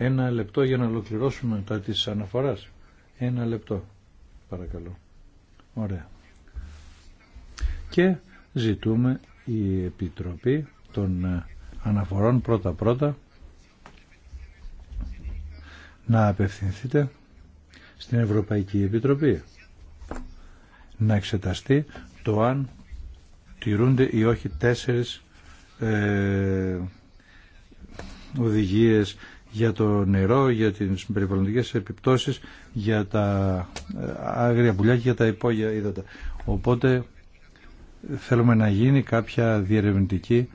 Ένα λεπτό για να ολοκληρώσουμε τα της αναφοράς. Ένα λεπτό, παρακαλώ. Ωραία. Και ζητούμε η Επιτροπή των ε, Αναφορών πρώτα-πρώτα να απευθυνθείτε στην Ευρωπαϊκή Επιτροπή να εξεταστεί το αν τηρούνται ή όχι τέσσερις ε, οδηγίες για το νερό, για τις περιβαλλοντικές επιπτώσεις, για τα ε, άγρια πουλιά και για τα υπόγεια ύδατα. Οπότε θέλουμε να γίνει κάποια διερευνητική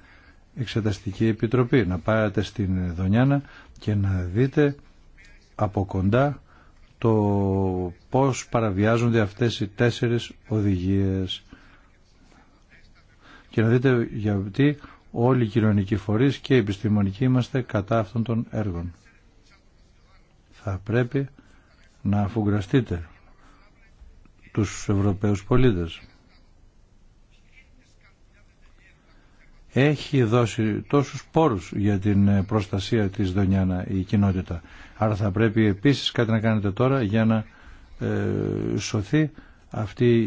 εξεταστική επιτροπή. Να πάρετε στην Δονιάνα και να δείτε από κοντά το πώς παραβιάζονται αυτές οι τέσσερις οδηγίες. Και να δείτε γιατί όλοι οι κοινωνικοί φορείς και οι επιστημονικοί είμαστε κατά αυτών των έργων. Θα πρέπει να αφουγκραστείτε τους Ευρωπαίους πολίτες. Έχει δώσει τόσους πόρους για την προστασία της Δονιάνα η κοινότητα. Άρα θα πρέπει επίσης κάτι να κάνετε τώρα για να ε, σωθεί αυτή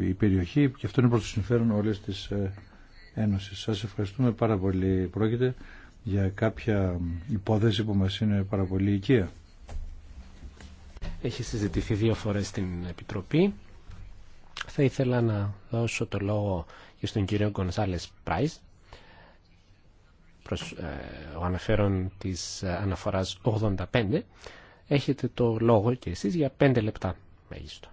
η περιοχή και αυτό είναι προς το συμφέρον όλες τις ε, Ένωση. σά ευχαριστούμε πάρα πολύ. Πρόκειται για κάποια υπόθεση που μα είναι πάρα πολύ οικία. Έχει συζητηθεί δύο φορέ στην Επιτροπή. Θα ήθελα να δώσω το λόγο και στον κύριο Γκονσάλες Πραι, προς, ε, ο αναφέρον της αναφοράς 85. Έχετε το λόγο και εσείς για πέντε λεπτά μέγιστο.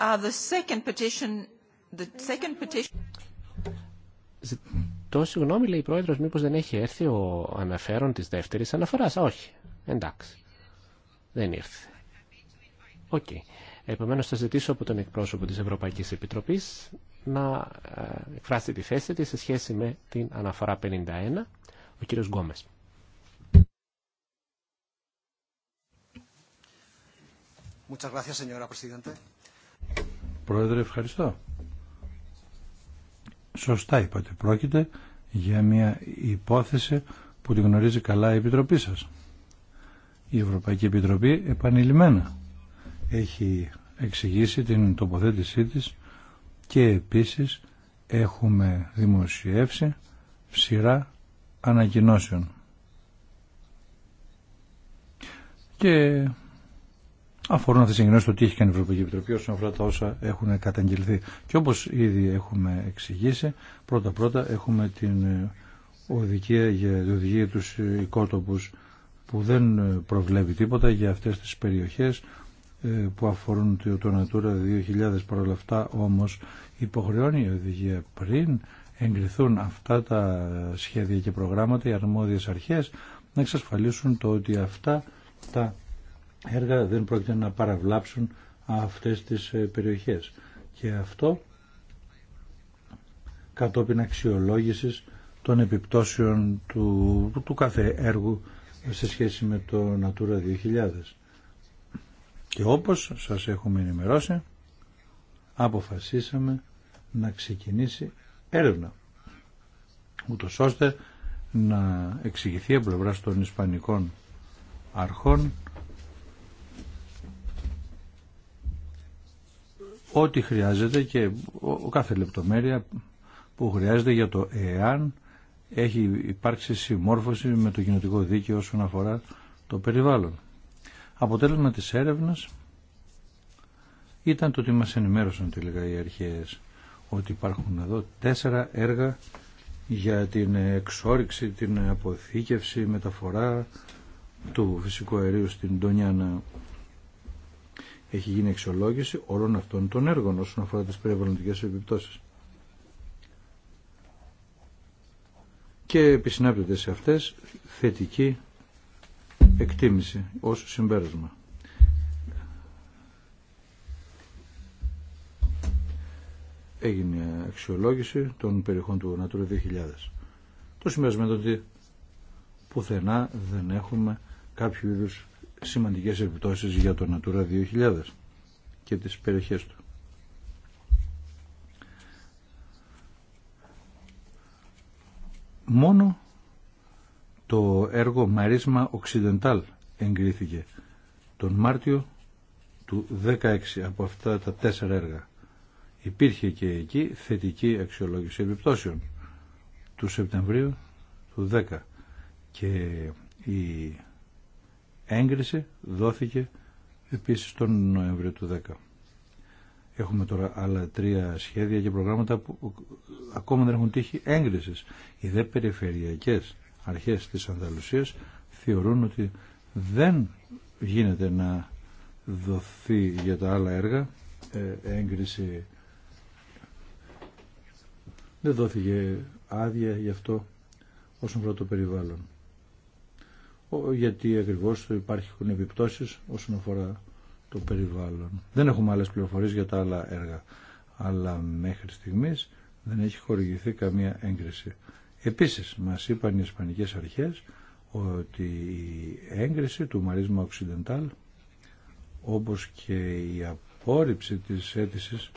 Uh, Το συγγνώμη, λέει η πρόεδρος, μήπως δεν έχει έρθει ο αναφέρον της δεύτερης αναφοράς. Όχι. Εντάξει. Δεν ήρθε. Οκ. Επομένως θα ζητήσω από τον εκπρόσωπο της Ευρωπαϊκής Επιτροπής να ε, εκφράσει τη θέση της σε σχέση με την αναφορά 51, ο κύριος Γκόμες. Muchas gracias, señora Presidente. Πρόεδρε, ευχαριστώ. Σωστά είπατε. Πρόκειται για μια υπόθεση που τη γνωρίζει καλά η Επιτροπή σας. Η Ευρωπαϊκή Επιτροπή επανειλημμένα έχει εξηγήσει την τοποθέτησή της και επίσης έχουμε δημοσιεύσει σειρά ανακοινώσεων. Και αφορούν αυτέ τι εγγενώσει το τι έχει κάνει η Ευρωπαϊκή Επιτροπή όσον αφορά τα όσα έχουν καταγγελθεί. Και όπω ήδη έχουμε εξηγήσει, πρώτα-πρώτα έχουμε την ε, οδηγία για την οδηγία του ε, οικότοπου που δεν ε, προβλέπει τίποτα για αυτέ τι περιοχέ που αφορούν το Natura 2000 παρόλα αυτά όμως υποχρεώνει η οδηγία πριν εγκριθούν αυτά τα σχέδια και προγράμματα οι αρμόδιες αρχές να εξασφαλίσουν το ότι αυτά τα έργα δεν πρόκειται να παραβλάψουν αυτές τις ε, περιοχές. Και αυτό κατόπιν αξιολόγησης των επιπτώσεων του, του κάθε έργου σε σχέση με το Natura 2000. Και όπως σας έχουμε ενημερώσει, αποφασίσαμε να ξεκινήσει έρευνα, ούτως ώστε να εξηγηθεί από πλευρά των Ισπανικών αρχών ό,τι χρειάζεται και ο, κάθε λεπτομέρεια που χρειάζεται για το εάν έχει υπάρξει συμμόρφωση με το κοινωτικό δίκαιο όσον αφορά το περιβάλλον. Αποτέλεσμα της έρευνας ήταν το ότι μας ενημέρωσαν τελικά οι αρχές ότι υπάρχουν εδώ τέσσερα έργα για την εξόριξη, την αποθήκευση, μεταφορά του φυσικού αερίου στην Τονιάνα έχει γίνει αξιολόγηση όλων αυτών των έργων όσον αφορά τις περιβαλλοντικές επιπτώσεις. Και επισυνάπτεται σε αυτές θετική εκτίμηση ως συμπέρασμα. Έγινε αξιολόγηση των περιοχών του Natura 2000. Το συμπέρασμα είναι ότι πουθενά δεν έχουμε κάποιο είδους σημαντικές επιπτώσεις για το Natura 2000 και τις περιοχές του. Μόνο το έργο Μαρίσμα Οξιδεντάλ εγκρίθηκε τον Μάρτιο του 16 από αυτά τα τέσσερα έργα. Υπήρχε και εκεί θετική αξιολόγηση επιπτώσεων του Σεπτεμβρίου του 10 και η έγκριση δόθηκε επίσης τον Νοέμβριο του 10. Έχουμε τώρα άλλα τρία σχέδια και προγράμματα που ακόμα δεν έχουν τύχει έγκρισης. Οι δε περιφερειακές αρχές της Ανταλουσίας θεωρούν ότι δεν γίνεται να δοθεί για τα άλλα έργα ε, έγκριση δεν δόθηκε άδεια γι' αυτό όσον αφορά το περιβάλλον γιατί ακριβώς υπάρχουν επιπτώσεις όσον αφορά το περιβάλλον. Δεν έχουμε άλλες πληροφορίες για τα άλλα έργα, αλλά μέχρι στιγμής δεν έχει χορηγηθεί καμία έγκριση. Επίσης, μας είπαν οι Ισπανικές Αρχές ότι η έγκριση του Μαρίσμα οξιδεντάλ, όπως και η απόρριψη της αίτηση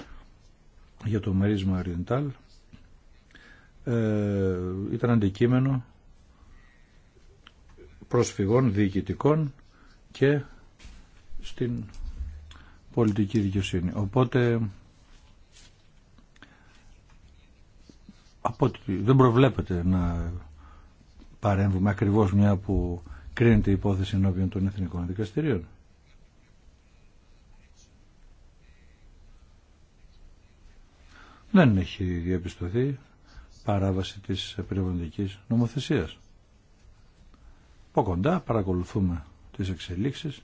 για το Μαρίσμα Οριεντάλ, ήταν αντικείμενο προσφυγών διοικητικών και στην πολιτική δικαιοσύνη. Οπότε από δεν προβλέπεται να παρέμβουμε ακριβώς μια που κρίνεται η υπόθεση ενώπιον των εθνικών δικαστηρίων. Δεν έχει διαπιστωθεί παράβαση της περιβαλλοντικής νομοθεσίας από κοντά παρακολουθούμε τις εξελίξεις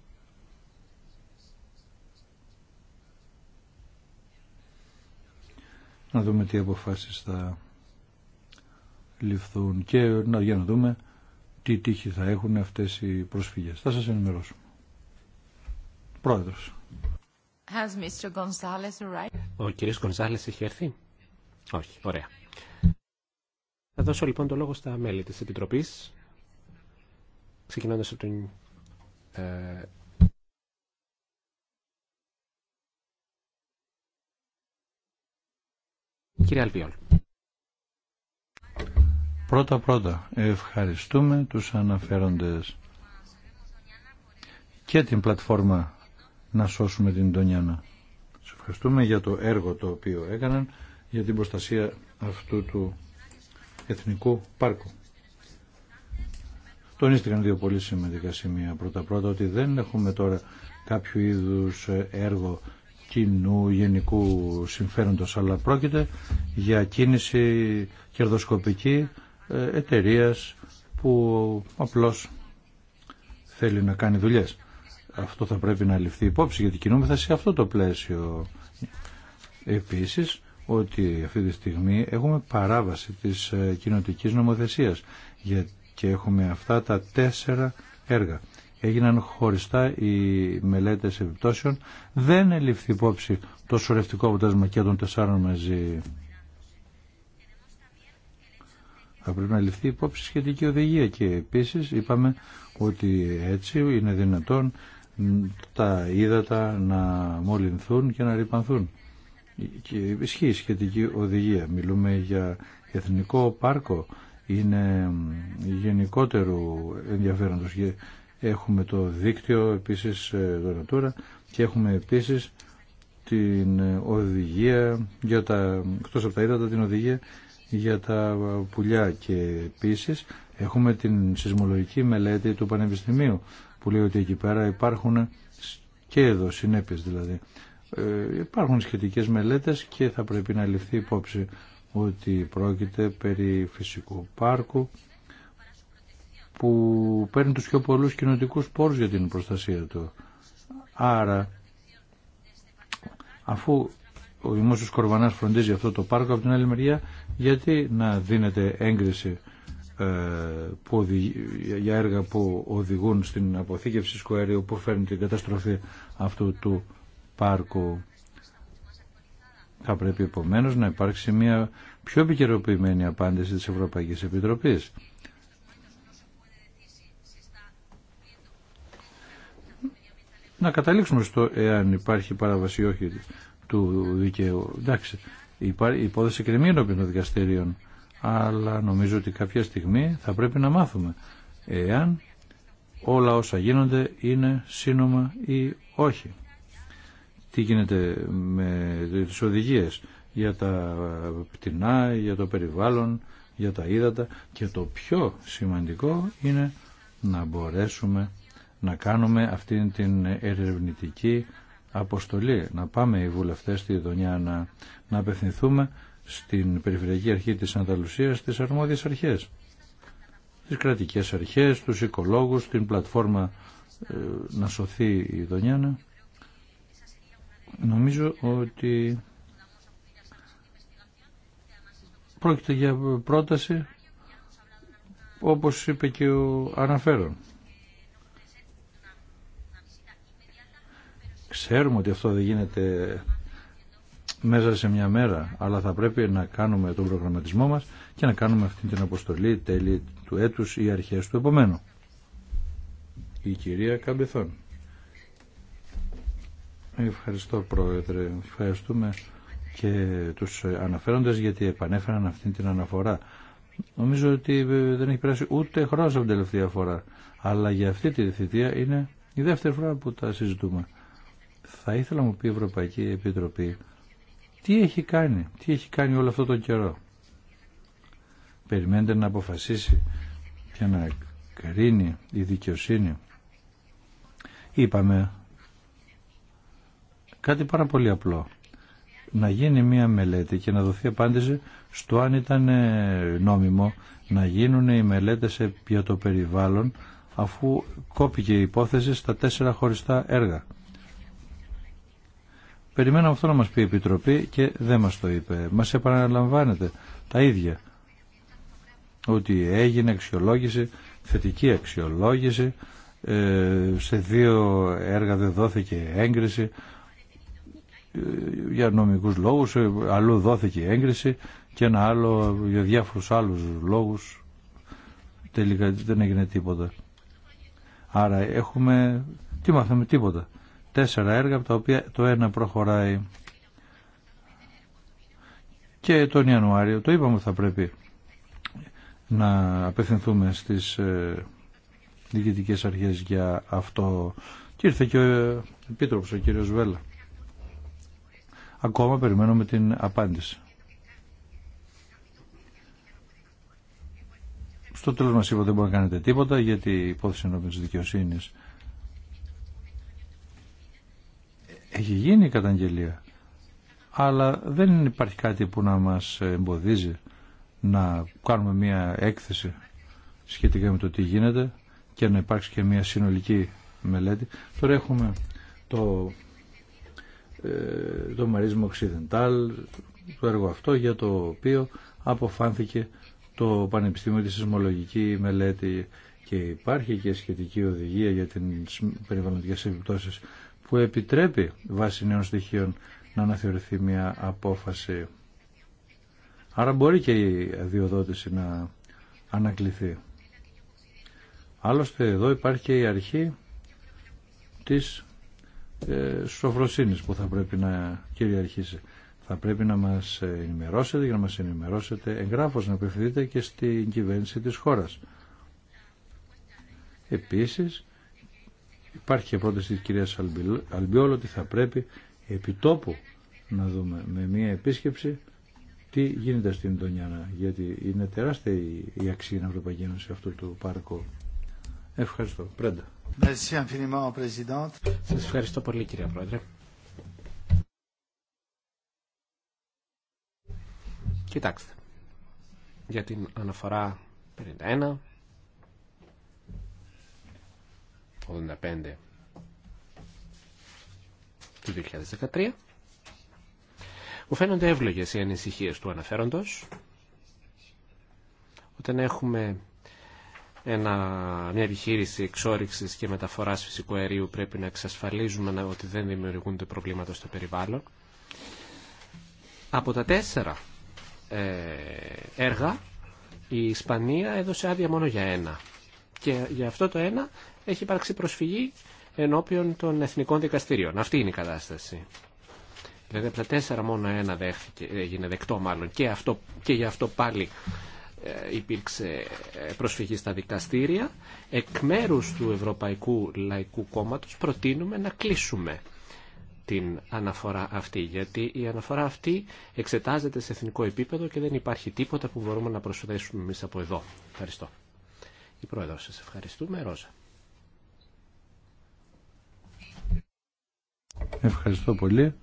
να δούμε τι αποφάσεις θα ληφθούν και να, για να δούμε τι τύχη θα έχουν αυτές οι προσφυγές. Θα σας ενημερώσουμε. Πρόεδρος. Has Mr. Gonzalez Ο κύριος Γκονσάλες έχει έρθει. Όχι, ωραία. Θα δώσω λοιπόν το λόγο στα μέλη της Επιτροπής ξεκινώντας από την ε, Κύριε Αλβιόλ. Πρώτα πρώτα ευχαριστούμε τους αναφέροντες και την πλατφόρμα να σώσουμε την Τονιάνα. Σε ευχαριστούμε για το έργο το οποίο έκαναν για την προστασία αυτού του εθνικού πάρκου. Τονίστηκαν δύο πολύ σημαντικά σημεία. Πρώτα-πρώτα ότι δεν έχουμε τώρα κάποιο είδους έργο κοινού γενικού συμφέροντος, αλλά πρόκειται για κίνηση κερδοσκοπική ε, εταιρεία που απλώς θέλει να κάνει δουλειές. Αυτό θα πρέπει να ληφθεί υπόψη γιατί κινούμεθα σε αυτό το πλαίσιο. Επίσης, ότι αυτή τη στιγμή έχουμε παράβαση της ε, κοινοτικής νομοθεσίας για και έχουμε αυτά τα τέσσερα έργα. Έγιναν χωριστά οι μελέτες επιπτώσεων. Δεν ελήφθη υπόψη το σωρευτικό αποτέλεσμα και των τεσσάρων μαζί. Θα πρέπει να ληφθεί υπόψη σχετική οδηγία και επίσης είπαμε ότι έτσι είναι δυνατόν τα ύδατα να μολυνθούν και να ρηπανθούν. Και ισχύει σχετική οδηγία. Μιλούμε για εθνικό πάρκο, είναι γενικότερου ενδιαφέροντος. Έχουμε το δίκτυο επίσης ε, το και έχουμε επίσης την οδηγία για τα, εκτός από τα ύδατα την οδηγία για τα πουλιά και επίσης έχουμε την σεισμολογική μελέτη του Πανεπιστημίου που λέει ότι εκεί πέρα υπάρχουν και εδώ συνέπειες δηλαδή ε, υπάρχουν σχετικές μελέτες και θα πρέπει να ληφθεί υπόψη ότι πρόκειται περί φυσικού πάρκου που παίρνει τους πιο πολλούς κοινωτικούς πόρους για την προστασία του. Άρα, αφού ο δημόσιος Κορβανάς φροντίζει αυτό το πάρκο, από την άλλη μεριά, γιατί να δίνεται έγκριση ε, για έργα που οδηγούν στην αποθήκευση σκοέριου που φέρνει την καταστροφή αυτού του πάρκου. Θα πρέπει επομένως να υπάρξει μια πιο επικαιροποιημένη απάντηση της Ευρωπαϊκής Επιτροπής. Να καταλήξουμε στο εάν υπάρχει παράβαση όχι του δικαίου. Εντάξει, υπάρχει υπόθεση κρεμή ενώπιον των δικαστηρίων, αλλά νομίζω ότι κάποια στιγμή θα πρέπει να μάθουμε εάν όλα όσα γίνονται είναι σύνομα ή όχι τι γίνεται με τις οδηγίες για τα πτηνά, για το περιβάλλον, για τα ύδατα και το πιο σημαντικό είναι να μπορέσουμε να κάνουμε αυτή την ερευνητική αποστολή, να πάμε οι βουλευτές στη Δονιά να, απευθυνθούμε στην Περιφερειακή Αρχή της Ανταλουσίας στις αρμόδιες αρχές τις κρατικές αρχές, τους οικολόγους, την πλατφόρμα ε, να σωθεί η Δονιάνα Νομίζω ότι πρόκειται για πρόταση όπως είπε και ο αναφέρον. Ξέρουμε ότι αυτό δεν γίνεται μέσα σε μια μέρα, αλλά θα πρέπει να κάνουμε τον προγραμματισμό μας και να κάνουμε αυτή την αποστολή τέλη του έτους ή αρχές του επομένου. Η κυρία Καμπεθών. Ευχαριστώ Πρόεδρε. Ευχαριστούμε και τους αναφέροντες γιατί επανέφεραν αυτή την αναφορά. Νομίζω ότι ε, δεν έχει περάσει ούτε χρόνος από την τελευταία φορά. Αλλά για αυτή τη θητεία είναι η δεύτερη φορά που τα συζητούμε. Θα ήθελα να μου πει η Ευρωπαϊκή Επιτροπή τι έχει κάνει, τι έχει κάνει όλο αυτό το καιρό. Περιμένετε να αποφασίσει και να κρίνει η δικαιοσύνη. Είπαμε Κάτι πάρα πολύ απλό. Να γίνει μία μελέτη και να δοθεί απάντηση στο αν ήταν ε, νόμιμο να γίνουν οι μελέτες για το περιβάλλον αφού κόπηκε η υπόθεση στα τέσσερα χωριστά έργα. Περιμέναμε αυτό να μας πει η Επιτροπή και δεν μας το είπε. Μας επαναλαμβάνεται τα ίδια. Ότι έγινε αξιολόγηση, θετική αξιολόγηση, ε, σε δύο έργα δεν δόθηκε έγκριση, για νομικούς λόγους, ε, αλλού δόθηκε η έγκριση και ένα άλλο για διάφορους άλλους λόγους τελικά δεν έγινε τίποτα. Άρα έχουμε, τι μάθαμε, τίποτα. Τέσσερα έργα από τα οποία το ένα προχωράει και τον Ιανουάριο, το είπαμε θα πρέπει να απευθυνθούμε στις ε, διοικητικές αρχές για αυτό και ήρθε και ο ε, Επίτροπος, ο κύριος Βέλλα Ακόμα περιμένουμε την απάντηση. Στο τέλος μας είπα δεν μπορεί να κάνετε τίποτα γιατί η υπόθεση ενώπιση δικαιοσύνης έχει γίνει η καταγγελία αλλά δεν υπάρχει κάτι που να μας εμποδίζει να κάνουμε μια έκθεση σχετικά με το τι γίνεται και να υπάρξει και μια συνολική μελέτη. Τώρα έχουμε το ε, το μαρίσμο Ξιδεντάλ το έργο αυτό για το οποίο αποφάνθηκε το Πανεπιστήμιο της Σεισμολογική Μελέτη και υπάρχει και σχετική οδηγία για τι περιβαλλοντικέ επιπτώσει που επιτρέπει βάσει νέων στοιχείων να αναθεωρηθεί μια απόφαση. Άρα μπορεί και η αδειοδότηση να ανακληθεί. Άλλωστε εδώ υπάρχει και η αρχή της ε, σοφροσύνης που θα πρέπει να κυριαρχήσει. Θα πρέπει να μας ενημερώσετε για να μας ενημερώσετε εγγράφως να απευθυνθείτε και στην κυβέρνηση της χώρας. Επίσης υπάρχει και πρόταση της κυρίας Αλμπιόλ ότι θα πρέπει επιτόπου να δούμε με μια επίσκεψη τι γίνεται στην Τονιάνα γιατί είναι τεράστια η αξία στην Ευρωπαϊκή Ένωση αυτού του πάρκου. Ευχαριστώ. Πρέντα. Σας ευχαριστώ πολύ κύριε Πρόεδρε. Κοιτάξτε, για την αναφορά 51, 85 του 2013, μου φαίνονται εύλογες οι ανησυχίες του αναφέροντος, όταν έχουμε ένα, μια επιχείρηση εξόριξης και μεταφοράς φυσικού αερίου πρέπει να εξασφαλίζουμε ότι δεν δημιουργούνται προβλήματα στο περιβάλλον. Από τα τέσσερα ε, έργα η Ισπανία έδωσε άδεια μόνο για ένα. Και για αυτό το ένα έχει υπάρξει προσφυγή ενώπιον των εθνικών δικαστηρίων. Αυτή είναι η κατάσταση. Δηλαδή από τα τέσσερα μόνο ένα δέχθηκε, έγινε δεκτό μάλλον και, αυτό, και για αυτό πάλι υπήρξε προσφυγή στα δικαστήρια. Εκ μέρους του Ευρωπαϊκού Λαϊκού Κόμματος προτείνουμε να κλείσουμε την αναφορά αυτή, γιατί η αναφορά αυτή εξετάζεται σε εθνικό επίπεδο και δεν υπάρχει τίποτα που μπορούμε να προσθέσουμε εμείς από εδώ. Ευχαριστώ. Η Πρόεδρος σας ευχαριστούμε. Ρόζα. Ευχαριστώ πολύ.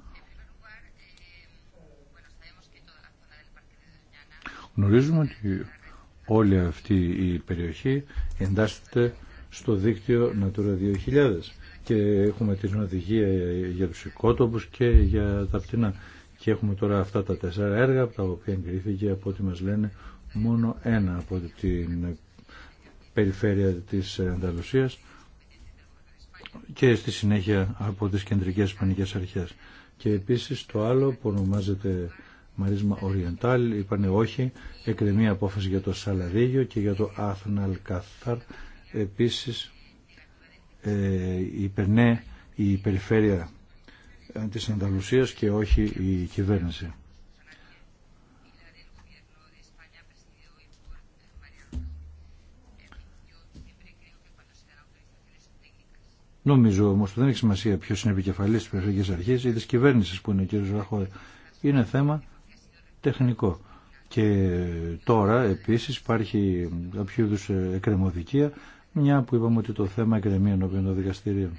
Γνωρίζουμε ότι όλη αυτή η περιοχή εντάσσεται στο δίκτυο Natura 2000 και έχουμε την οδηγία για τους οικότοπους και για τα πτηνά και έχουμε τώρα αυτά τα τέσσερα έργα από τα οποία εγκρίθηκε από ό,τι μας λένε μόνο ένα από την περιφέρεια της Ανταλουσίας και στη συνέχεια από τις κεντρικές πανικές αρχές. Και επίσης το άλλο που ονομάζεται Μαρίσμα Οριεντάλ είπαν όχι, μία απόφαση για το Σαλαδίγιο και για το Αθναλ Καθάρ. Επίσης ε, υπερνέ η περιφέρεια της Ανταλουσίας και όχι η κυβέρνηση. Νομίζω όμω ότι δεν έχει σημασία ποιο είναι επικεφαλή τη Περιφερειακή Αρχή ή τη κυβέρνηση που είναι ο κ. Ραχώδη. Είναι θέμα τεχνικό. Και τώρα επίσης υπάρχει κάποιο είδου ε, εκκρεμωδικία, μια που είπαμε ότι το θέμα εκκρεμεί ενώπιον των δικαστηρίων.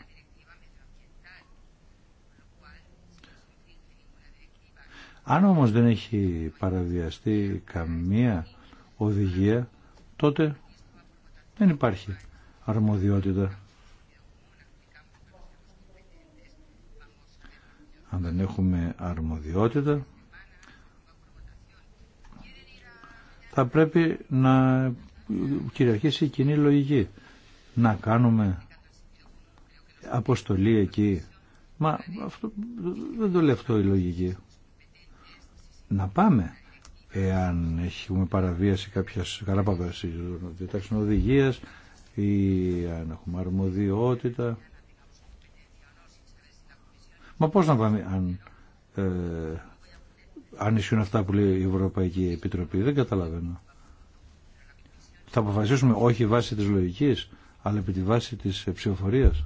Αν όμως δεν έχει παραβιαστεί καμία οδηγία, τότε δεν υπάρχει αρμοδιότητα. Αν δεν έχουμε αρμοδιότητα, θα πρέπει να κυριαρχήσει η κοινή λογική. Να κάνουμε αποστολή εκεί. Μα αυτό, δεν το λέει αυτό η λογική. Να πάμε εάν έχουμε παραβίαση κάποιας καλά διατάξεων ή αν έχουμε αρμοδιότητα. Μα πώς να πάμε αν ε, αν ισχύουν αυτά που λέει η Ευρωπαϊκή Επιτροπή. Δεν καταλαβαίνω. Θα αποφασίσουμε όχι βάσει της λογικής, αλλά επί τη βάση της ψηφοφορίας.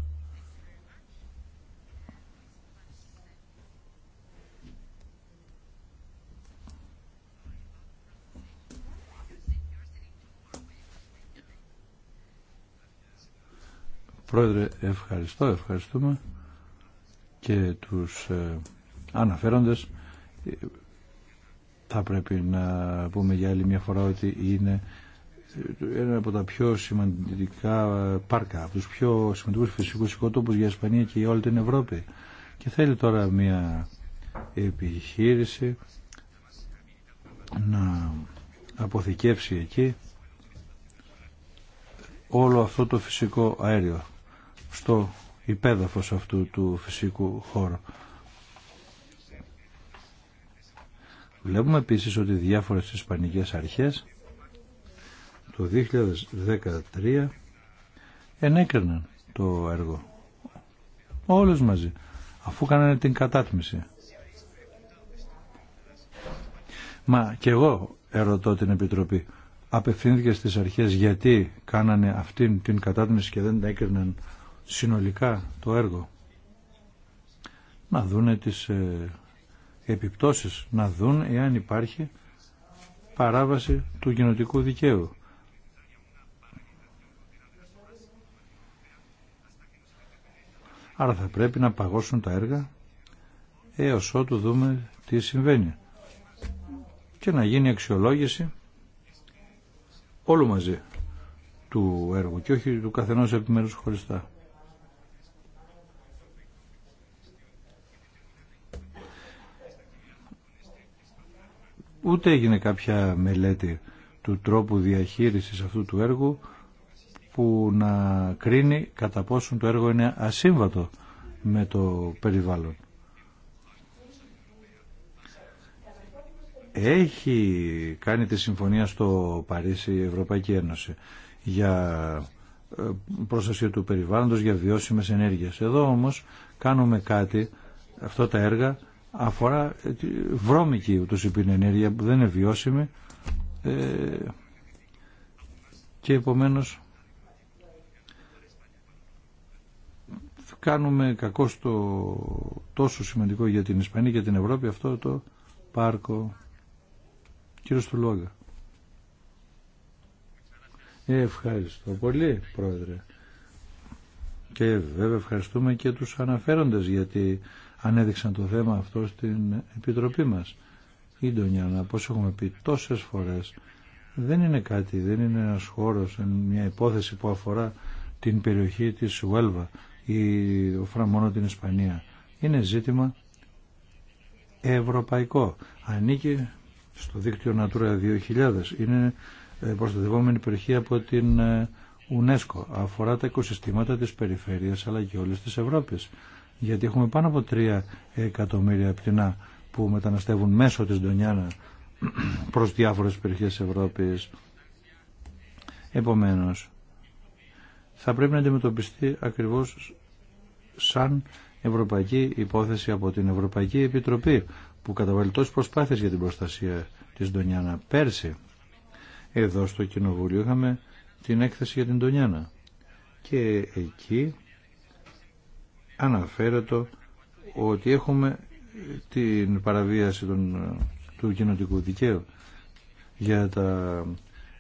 Πρόεδρε, ευχαριστώ, ευχαριστούμε και τους ε, αναφέροντες θα πρέπει να πούμε για άλλη μια φορά ότι είναι ένα από τα πιο σημαντικά πάρκα, από τους πιο σημαντικούς φυσικούς οικοτόπους για Ισπανία και για όλη την Ευρώπη. Και θέλει τώρα μια επιχείρηση να αποθηκεύσει εκεί όλο αυτό το φυσικό αέριο στο υπέδαφος αυτού του φυσικού χώρου. Βλέπουμε επίσης ότι διάφορες ισπανικές αρχές το 2013 ενέκριναν το έργο. Όλες μαζί. Αφού κάνανε την κατάτμιση. Μα και εγώ ερωτώ την Επιτροπή. Απευθύνθηκε στις αρχές γιατί κάνανε αυτήν την κατάτμιση και δεν έκριναν συνολικά το έργο. Να δούνε τις ε, επιπτώσεις να δουν εάν υπάρχει παράβαση του κοινοτικού δικαίου. Άρα θα πρέπει να παγώσουν τα έργα έως ότου δούμε τι συμβαίνει και να γίνει αξιολόγηση όλου μαζί του έργου και όχι του καθενός επιμέρους χωριστά. ούτε έγινε κάποια μελέτη του τρόπου διαχείρισης αυτού του έργου που να κρίνει κατά πόσον το έργο είναι ασύμβατο με το περιβάλλον. Έχει κάνει τη συμφωνία στο Παρίσι η Ευρωπαϊκή Ένωση για ε, προστασία του περιβάλλοντος, για βιώσιμες ενέργειες. Εδώ όμως κάνουμε κάτι, αυτά τα έργα αφορά ε, βρώμικη ούτως είπε ενέργεια που δεν είναι βιώσιμη ε, και επομένως κάνουμε κακό στο τόσο σημαντικό για την Ισπανία και την Ευρώπη αυτό το πάρκο κύριος του Λόγκα ε, Ευχαριστώ πολύ πρόεδρε και βέβαια ευχαριστούμε και τους αναφέροντες γιατί ανέδειξαν το θέμα αυτό στην Επιτροπή μας. Η Ντονιάνα, πώς έχουμε πει τόσες φορές, δεν είναι κάτι, δεν είναι ένας χώρος, μια υπόθεση που αφορά την περιοχή της Σουέλβα ή οφρά μόνο την Ισπανία. Είναι ζήτημα ευρωπαϊκό. Ανήκει στο δίκτυο Natura 2000. Είναι ε, προστατευόμενη περιοχή από την ε, UNESCO. Αφορά τα οικοσυστήματα της περιφέρειας αλλά και όλες της Ευρώπης γιατί έχουμε πάνω από 3 εκατομμύρια πτηνά που μεταναστεύουν μέσω της Ντονιάνα προς διάφορες περιοχές Ευρώπης. Επομένως, θα πρέπει να αντιμετωπιστεί ακριβώς σαν ευρωπαϊκή υπόθεση από την Ευρωπαϊκή Επιτροπή που καταβάλει τόσες προσπάθειες για την προστασία της Ντονιάνα πέρσι. Εδώ στο Κοινοβούλιο είχαμε την έκθεση για την Ντονιάνα και εκεί αναφέρετο ότι έχουμε την παραβίαση του κοινοτικού δικαίου για τα,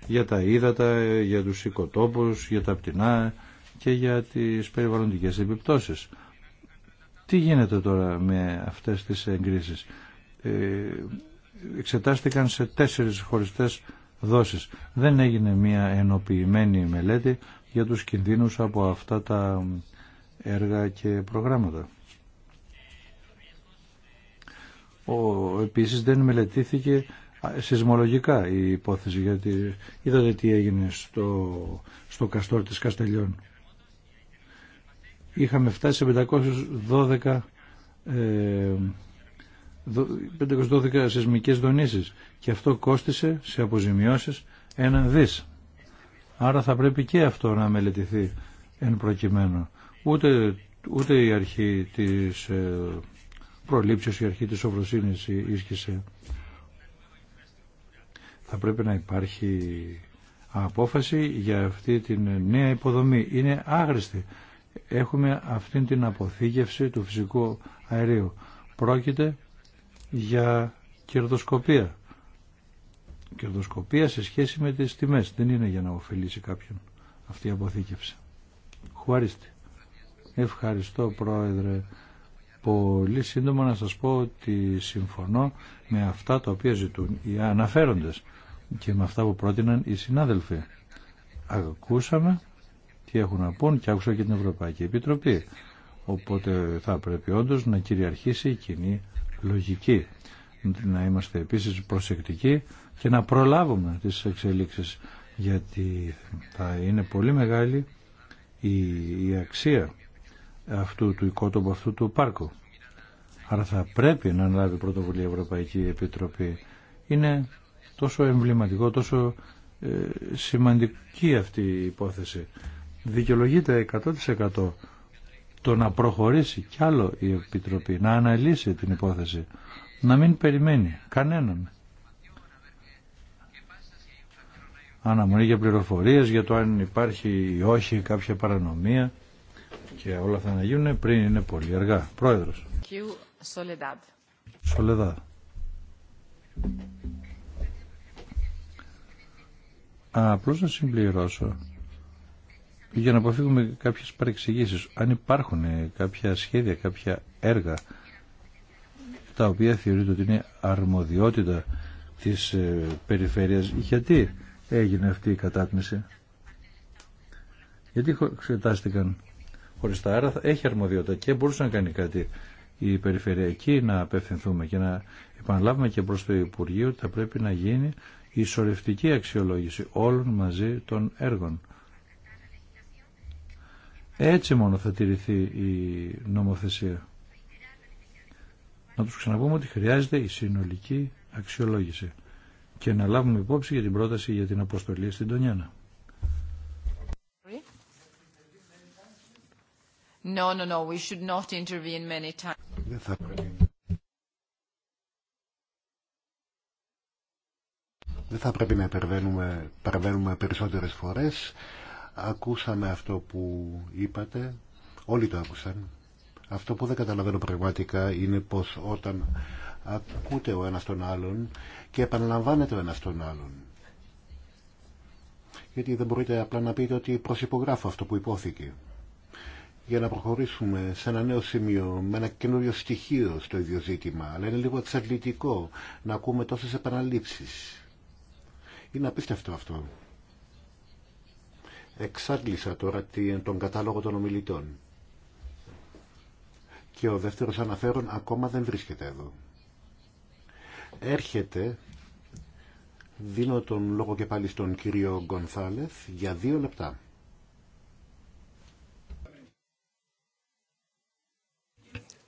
για τα ύδατα, για τους οικοτόπους, για τα πτηνά και για τις περιβαλλοντικές επιπτώσεις. Τι γίνεται τώρα με αυτές τις εγκρίσεις. Ε, εξετάστηκαν σε τέσσερις χωριστές δόσεις. Δεν έγινε μια ενοποιημένη μελέτη για τους κινδύνους από αυτά τα έργα και προγράμματα. Ο, επίσης δεν μελετήθηκε σεισμολογικά η υπόθεση γιατί είδατε τι έγινε στο, στο καστόρ της Καστελιών. Είχαμε φτάσει σε 512 ε, 512 σεισμικές δονήσεις και αυτό κόστισε σε αποζημιώσεις ένα δις. Άρα θα πρέπει και αυτό να μελετηθεί εν προκειμένου ούτε, ούτε η αρχή της ε, προλήψεως, η αρχή της σοφροσύνης ίσχυσε. Θα πρέπει να υπάρχει απόφαση για αυτή την νέα υποδομή. Είναι άγριστη. Έχουμε αυτή την αποθήκευση του φυσικού αερίου. Πρόκειται για κερδοσκοπία. Κερδοσκοπία σε σχέση με τις τιμές. Δεν είναι για να ωφελήσει κάποιον αυτή η αποθήκευση. Χουαρίστη. Ευχαριστώ Πρόεδρε. Πολύ σύντομα να σας πω ότι συμφωνώ με αυτά τα οποία ζητούν οι αναφέροντες και με αυτά που πρότειναν οι συνάδελφοι. Ακούσαμε τι έχουν να πούν και άκουσα και την Ευρωπαϊκή Επιτροπή. Οπότε θα πρέπει όντω να κυριαρχήσει η κοινή λογική. Να είμαστε επίσης προσεκτικοί και να προλάβουμε τις εξελίξεις γιατί θα είναι πολύ μεγάλη η αξία αυτού του οικότοπου, αυτού του πάρκου. Άρα θα πρέπει να αναλάβει πρωτοβουλία η Ευρωπαϊκή Επιτροπή. Είναι τόσο εμβληματικό, τόσο ε, σημαντική αυτή η υπόθεση. Δικαιολογείται 100% το να προχωρήσει κι άλλο η Επιτροπή, να αναλύσει την υπόθεση, να μην περιμένει κανέναν. Αναμονή για πληροφορίες για το αν υπάρχει ή όχι κάποια παρανομία και όλα θα αναγίνουν πριν είναι πολύ αργά. Πρόεδρος. Σολεδάδ. Απλώς να συμπληρώσω για να αποφύγουμε κάποιες παρεξηγήσεις. Αν υπάρχουν κάποια σχέδια, κάποια έργα τα οποία θεωρείται ότι είναι αρμοδιότητα της ε, περιφέρειας, γιατί έγινε αυτή η κατάκνηση. Γιατί εξετάστηκαν χωριστά. Άρα έχει αρμοδιότητα και μπορούσε να κάνει κάτι η περιφερειακή να απευθυνθούμε και να επαναλάβουμε και προς το Υπουργείο ότι θα πρέπει να γίνει η ισορρευτική αξιολόγηση όλων μαζί των έργων. Έτσι μόνο θα τηρηθεί η νομοθεσία. Να τους ξαναπούμε ότι χρειάζεται η συνολική αξιολόγηση και να λάβουμε υπόψη για την πρόταση για την αποστολή στην Τονιάνα. No, no, no, we Δεν θα πρέπει να υπερβαίνουμε, παραβαίνουμε περισσότερες φορές. Ακούσαμε αυτό που είπατε, όλοι το άκουσαν. Αυτό που δεν καταλαβαίνω πραγματικά είναι πως όταν ακούτε ο ένας τον άλλον και επαναλαμβάνετε ο ένας τον άλλον. Γιατί δεν μπορείτε απλά να πείτε ότι προσυπογράφω αυτό που υπόθηκε για να προχωρήσουμε σε ένα νέο σημείο, με ένα καινούριο στοιχείο στο ίδιο ζήτημα, αλλά είναι λίγο τσαρλητικό να ακούμε τόσες επαναλήψεις. Είναι απίστευτο αυτό. Εξάντλησα τώρα τον κατάλογο των ομιλητών. Και ο δεύτερος αναφέρον ακόμα δεν βρίσκεται εδώ. Έρχεται, δίνω τον λόγο και πάλι στον κύριο Γκονθάλεθ για δύο λεπτά.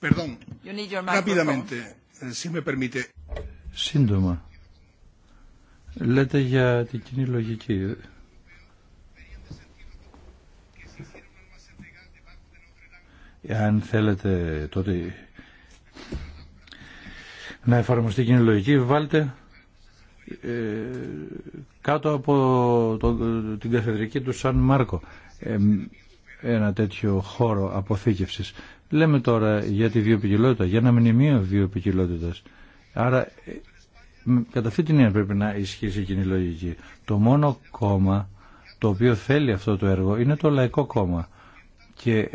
Eh, Σύντομα. Λέτε για την κοινή λογική. Αν θέλετε τότε να εφαρμοστεί κοινή λογική, βάλτε ε, κάτω από την καθεδρική του Σαν Μάρκο ε, ένα τέτοιο χώρο αποθήκευσης. Λέμε τώρα για τη βιοπικιλότητα, για ένα μνημείο βιοπικιλότητας. Άρα ε, κατά αυτή την έννοια πρέπει να ισχύσει η κοινή λογική. Το μόνο κόμμα το οποίο θέλει αυτό το έργο είναι το Λαϊκό Κόμμα και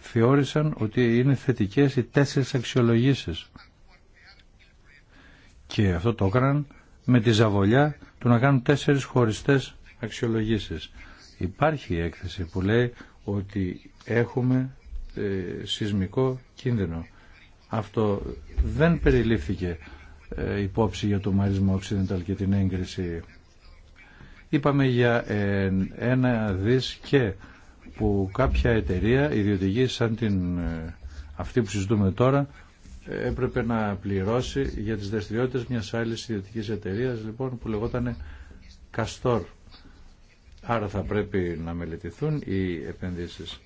θεώρησαν ότι είναι θετικές οι τέσσερις αξιολογήσεις. Και αυτό το έκαναν με τη ζαβολιά του να κάνουν τέσσερις χωριστές αξιολογήσεις. Υπάρχει η έκθεση που λέει ότι έχουμε ε, σεισμικό κίνδυνο. Αυτό δεν περιλήφθηκε ε, υπόψη για το μαρισμό Occidental και την έγκριση. Είπαμε για ε, ένα δις και που κάποια εταιρεία ιδιωτική σαν την, αυτή που συζητούμε τώρα έπρεπε να πληρώσει για τις δραστηριότητες μιας άλλης ιδιωτικής εταιρείας λοιπόν, που λεγόταν Καστόρ. Άρα θα πρέπει να μελετηθούν οι επενδύσεις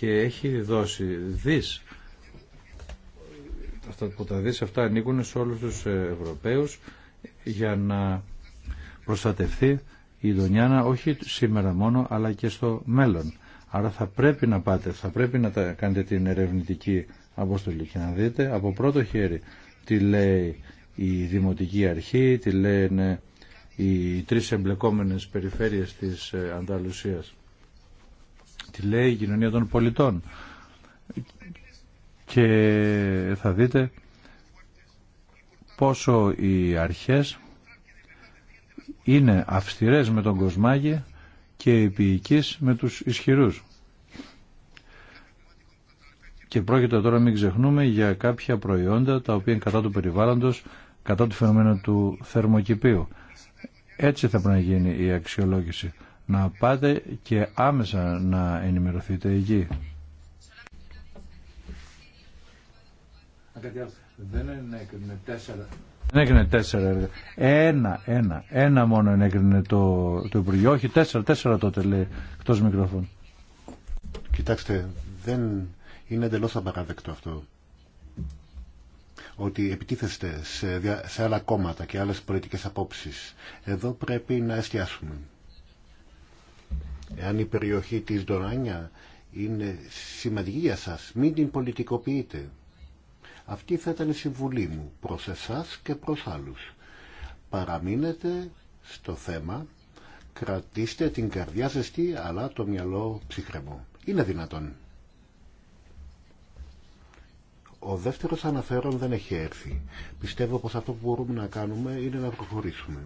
και έχει δώσει δις αυτά που τα δις αυτά ανήκουν σε όλους τους ε, Ευρωπαίους για να προστατευτεί η Δονιάνα όχι σήμερα μόνο αλλά και στο μέλλον. Άρα θα πρέπει να πάτε, θα πρέπει να κάνετε την ερευνητική αποστολή και να δείτε από πρώτο χέρι τι λέει η Δημοτική Αρχή, τι λένε οι τρεις εμπλεκόμενες περιφέρειες της ε, Ανταλουσίας τη λέει η κοινωνία των πολιτών. Και θα δείτε πόσο οι αρχές είναι αυστηρές με τον κοσμάγι και επίοικείς με τους ισχυρούς. Και πρόκειται τώρα μην ξεχνούμε για κάποια προϊόντα τα οποία είναι κατά του περιβάλλοντος, κατά του φαινομένου του θερμοκηπίου. Έτσι θα πρέπει να γίνει η αξιολόγηση να πάτε και άμεσα να ενημερωθείτε εκεί. Δεν ενέκρινε τέσσερα. Δεν έκρινε τέσσερα Ένα, ένα, ένα μόνο ενέκρινε το, το Υπουργείο. Όχι τέσσερα, τέσσερα τότε λέει εκτό μικρόφωνου. Κοιτάξτε, δεν είναι εντελώ απαραδεκτό αυτό. Ότι επιτίθεστε σε, σε άλλα κόμματα και άλλε πολιτικέ απόψει. Εδώ πρέπει να εστιάσουμε εάν η περιοχή της Ντοράνια είναι σημαντική για σας, μην την πολιτικοποιείτε. Αυτή θα ήταν η συμβουλή μου προς εσάς και προς άλλους. Παραμείνετε στο θέμα, κρατήστε την καρδιά ζεστή αλλά το μυαλό ψυχρεμό. Είναι δυνατόν. Ο δεύτερος αναφέρον δεν έχει έρθει. Πιστεύω πως αυτό που μπορούμε να κάνουμε είναι να προχωρήσουμε.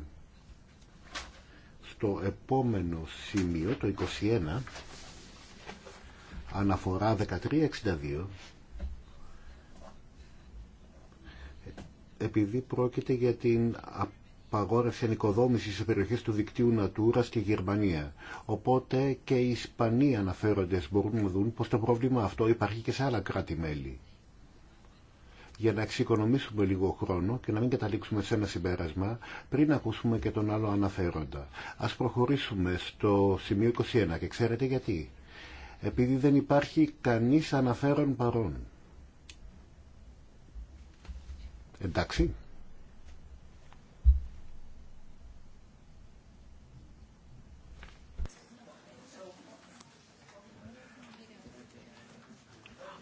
Το επόμενο σημείο, το 21, αναφορά 1362, επειδή πρόκειται για την απαγόρευση ενοικοδόμησης σε περιοχές του δικτύου Νατούρα στη Γερμανία. Οπότε και οι Ισπανοί αναφέροντες μπορούν να δουν πως το πρόβλημα αυτό υπάρχει και σε άλλα κράτη-μέλη για να εξοικονομήσουμε λίγο χρόνο και να μην καταλήξουμε σε ένα συμπέρασμα πριν ακούσουμε και τον άλλο αναφέροντα. Ας προχωρήσουμε στο σημείο 21 και ξέρετε γιατί. Επειδή δεν υπάρχει κανείς αναφέρον παρόν. Εντάξει.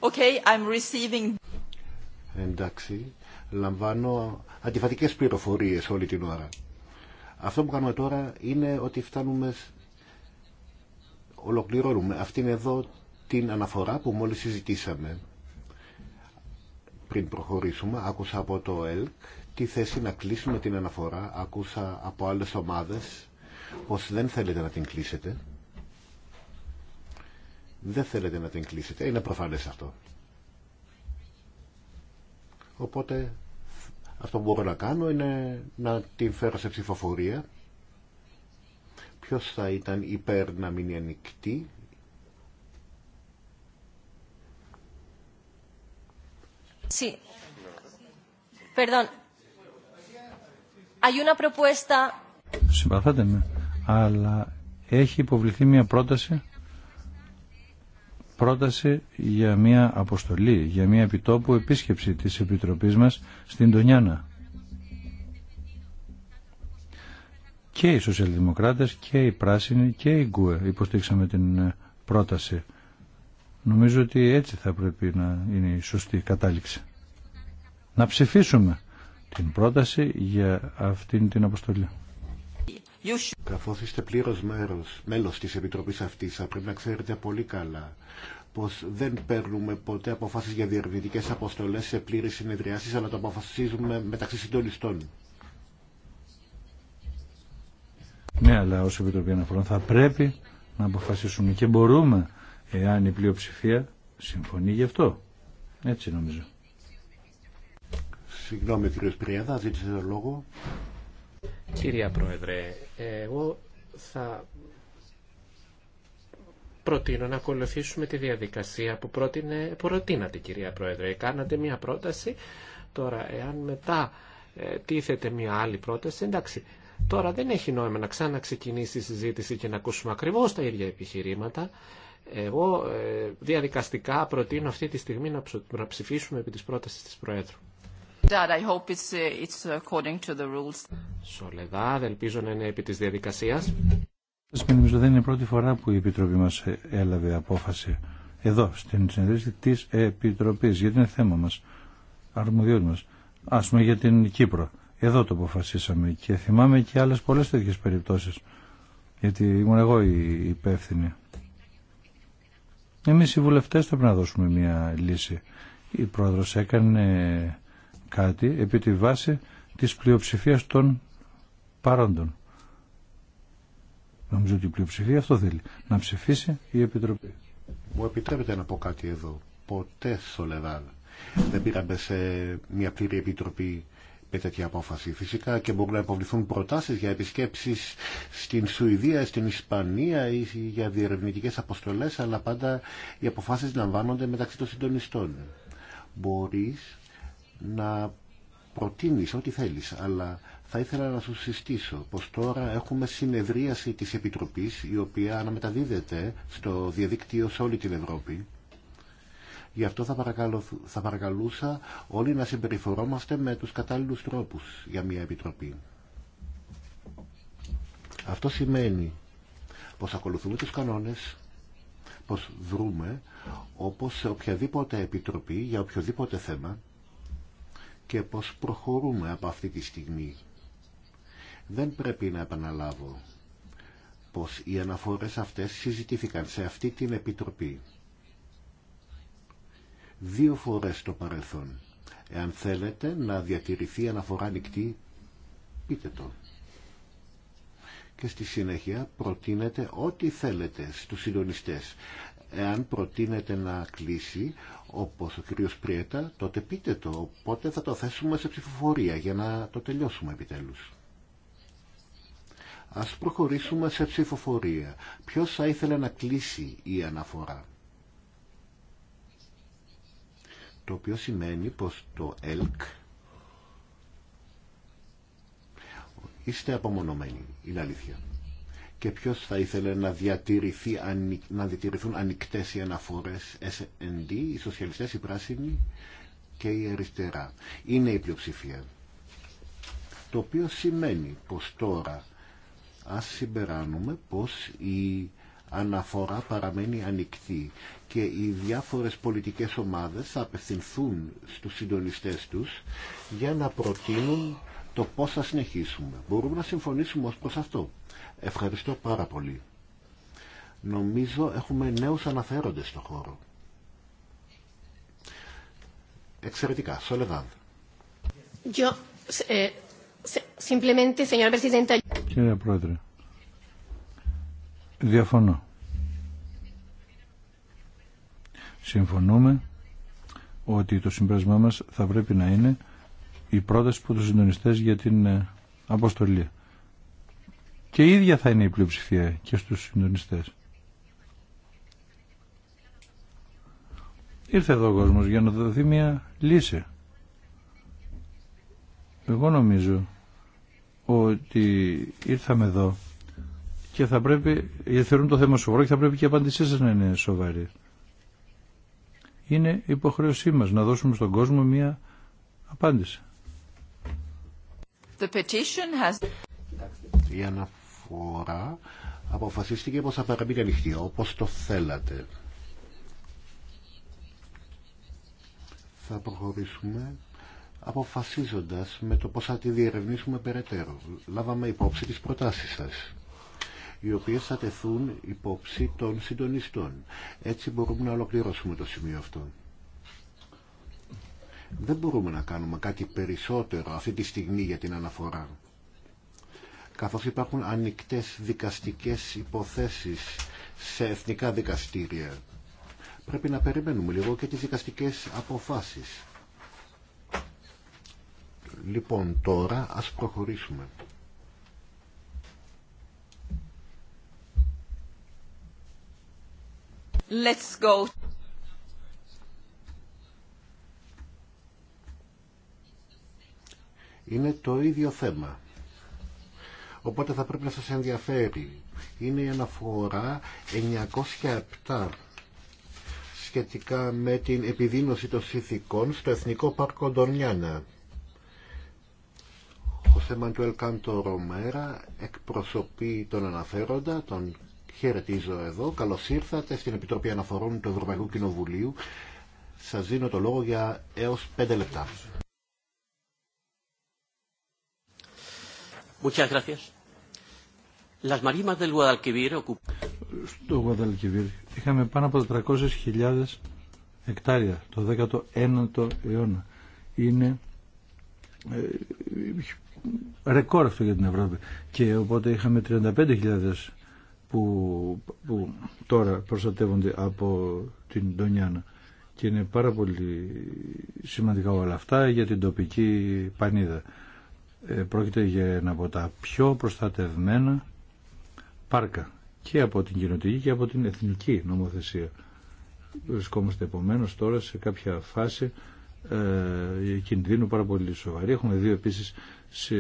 Okay, I'm receiving εντάξει, λαμβάνω αντιφατικές πληροφορίες όλη την ώρα. Αυτό που κάνουμε τώρα είναι ότι φτάνουμε, ολοκληρώνουμε αυτήν εδώ την αναφορά που μόλις συζητήσαμε. Πριν προχωρήσουμε, άκουσα από το ΕΛΚ τι θέση να κλείσουμε την αναφορά. Άκουσα από άλλες ομάδες πως δεν θέλετε να την κλείσετε. Δεν θέλετε να την κλείσετε. Είναι προφανές αυτό. Οπότε αυτό που μπορώ να κάνω είναι να την φέρω σε ψηφοφορία. Ποιος θα ήταν υπέρ να μείνει ανοιχτή. Sí. Perdón. Hay una Συμπαθάτε με, αλλά έχει υποβληθεί μια πρόταση πρόταση για μια αποστολή, για μια επιτόπου επίσκεψη της Επιτροπής μας στην Τονιάνα. Και οι σοσιαλδημοκράτες και οι πράσινοι και οι γκουε υποστήξαμε την ε, πρόταση. Νομίζω ότι έτσι θα πρέπει να είναι η σωστή κατάληξη. Να ψηφίσουμε την πρόταση για αυτήν την αποστολή. Καθώ είστε πλήρω μέλο μέλος της Επιτροπής αυτής, θα πρέπει να ξέρετε πολύ καλά πως δεν παίρνουμε ποτέ αποφάσεις για διερμηνικέ αποστολέ σε πλήρε συνεδριάσεις, αλλά το αποφασίζουμε μεταξύ συντονιστών. Ναι, αλλά ω Επιτροπή Αναφορών θα πρέπει να αποφασίσουμε και μπορούμε, εάν η πλειοψηφία συμφωνεί γι' αυτό. Έτσι νομίζω. Συγγνώμη κύριε Σπριέδα, ζήτησε το λόγο. Κυρία Πρόεδρε, εγώ θα προτείνω να ακολουθήσουμε τη διαδικασία που πρότεινε, προτείνατε κυρία Πρόεδρε. Κάνατε μια πρόταση, τώρα εάν μετά ε, τίθεται μια άλλη πρόταση, εντάξει, τώρα δεν έχει νόημα να ξαναξεκινήσει η συζήτηση και να ακούσουμε ακριβώς τα ίδια επιχειρήματα. Εγώ ε, διαδικαστικά προτείνω αυτή τη στιγμή να ψηφίσουμε επί της πρότασης της Προέδρου. Soledad, I hope it's, uh, it's according to the rules. ελπίζω να είναι επί της διαδικασίας. Νομίζω δεν είναι η πρώτη φορά που η Επιτροπή μας ε, έλαβε απόφαση εδώ, στην συνεδρίαση της Επιτροπής, γιατί είναι θέμα μας, αρμοδιότητα μας. Ας πούμε για την Κύπρο. Εδώ το αποφασίσαμε και θυμάμαι και άλλες πολλές τέτοιες περιπτώσεις. Γιατί ήμουν εγώ η υπεύθυνη. Εμείς οι βουλευτές πρέπει να δώσουμε μια λύση. Η πρόεδρος έκανε κάτι επί τη βάση της πλειοψηφίας των παρόντων. Νομίζω ότι η πλειοψηφία αυτό θέλει. Να ψηφίσει η Επιτροπή. Μου επιτρέπετε να πω κάτι εδώ. Ποτέ Σολεδάδ δεν πήραμε σε μια πλήρη επιτροπή με τέτοια απόφαση. Φυσικά και μπορούν να υποβληθούν προτάσει για επισκέψει στην Σουηδία, στην Ισπανία ή για διερευνητικέ αποστολέ, αλλά πάντα οι αποφάσει λαμβάνονται μεταξύ των συντονιστών. Μπορεί να προτείνεις ό,τι θέλεις, αλλά θα ήθελα να σου συστήσω πως τώρα έχουμε συνεδρίαση της Επιτροπής η οποία αναμεταδίδεται στο διαδίκτυο σε όλη την Ευρώπη. Γι' αυτό θα, θα παρακαλούσα όλοι να συμπεριφορόμαστε με τους κατάλληλους τρόπους για μια Επιτροπή. Αυτό σημαίνει πως ακολουθούμε τους κανόνες, πως βρούμε όπως σε οποιαδήποτε Επιτροπή για οποιοδήποτε θέμα και πώς προχωρούμε από αυτή τη στιγμή. Δεν πρέπει να επαναλάβω πως οι αναφορές αυτές συζητήθηκαν σε αυτή την Επιτροπή. Δύο φορές το παρελθόν. Εάν θέλετε να διατηρηθεί αναφορά ανοιχτή, πείτε το. Και στη συνέχεια προτείνετε ό,τι θέλετε στους συντονιστές εάν προτείνετε να κλείσει, όπως ο κύριος Πριέτα, τότε πείτε το, πότε θα το θέσουμε σε ψηφοφορία για να το τελειώσουμε επιτέλους. Ας προχωρήσουμε σε ψηφοφορία. Ποιος θα ήθελε να κλείσει η αναφορά. Το οποίο σημαίνει πως το ΕΛΚ είστε απομονωμένοι. Είναι αλήθεια και ποιος θα ήθελε να, διατηρηθεί, να διατηρηθούν ανοιχτές οι αναφορές SND, οι σοσιαλιστές, οι πράσινοι και η αριστερά. Είναι η πλειοψηφία. Το οποίο σημαίνει πως τώρα ας συμπεράνουμε πως η αναφορά παραμένει ανοιχτή και οι διάφορες πολιτικές ομάδες θα απευθυνθούν στους συντονιστές τους για να προτείνουν το πώς θα συνεχίσουμε. Μπορούμε να συμφωνήσουμε ως προς αυτό. Ευχαριστώ πάρα πολύ. Νομίζω έχουμε νέους αναφέροντες στο χώρο. Εξαιρετικά. Σολεδάδ. Eh, Κύριε Πρόεδρε, διαφωνώ. Συμφωνούμε ότι το συμπέρασμά μας θα πρέπει να είναι η πρόταση που τους συντονιστές για την ε, αποστολή και η ίδια θα είναι η πλειοψηφία και στους συντονιστές. Ήρθε εδώ ο κόσμος για να δοθεί μια λύση. Εγώ νομίζω ότι ήρθαμε εδώ και θα πρέπει, γιατί θεωρούν το θέμα σοβαρό και θα πρέπει και η απάντησή σας να είναι σοβαρή. Είναι υποχρέωσή μας να δώσουμε στον κόσμο μια απάντηση. The petition φορά αποφασίστηκε πως θα παραμείνει ανοιχτή όπως το θέλατε. Θα προχωρήσουμε αποφασίζοντας με το πως θα τη διερευνήσουμε περαιτέρω. Λάβαμε υπόψη τις προτάσεις σας οι οποίες θα τεθούν υπόψη των συντονιστών. Έτσι μπορούμε να ολοκληρώσουμε το σημείο αυτό. Δεν μπορούμε να κάνουμε κάτι περισσότερο αυτή τη στιγμή για την αναφορά καθώς υπάρχουν ανοιχτές δικαστικές υποθέσεις σε εθνικά δικαστήρια. Πρέπει να περιμένουμε λίγο και τις δικαστικές αποφάσεις. Λοιπόν, τώρα ας προχωρήσουμε. Let's go. Είναι το ίδιο θέμα. Οπότε θα πρέπει να σας ενδιαφέρει. Είναι η αναφορά 907 σχετικά με την επιδείνωση των συνθηκών στο Εθνικό Πάρκο Ντονιάνα. Ο Μαντουέλ Κάντο Ρομέρα εκπροσωπεί τον αναφέροντα, τον χαιρετίζω εδώ. Καλώς ήρθατε στην Επιτροπή Αναφορών του Ευρωπαϊκού Κοινοβουλίου. Σας δίνω το λόγο για έως 5 λεπτά. Muchas gracias. Las marismas del Guadalquivir ocupan... Στο Γουαδαλκιβίρ είχαμε πάνω από 400.000 εκτάρια το 19ο αιώνα. Είναι ε, ρεκόρ αυτό για την Ευρώπη. Και οπότε είχαμε 35.000 που, που τώρα προστατεύονται από την Ντονιάνα. Και είναι πάρα πολύ σημαντικά όλα αυτά για την τοπική πανίδα. Ε, πρόκειται για ένα από τα πιο προστατευμένα πάρκα και από την κοινωτική και από την εθνική νομοθεσία. Βρισκόμαστε επομένω τώρα σε κάποια φάση ε, κινδύνου πάρα πολύ σοβαρή. Έχουμε δύο επίση σε,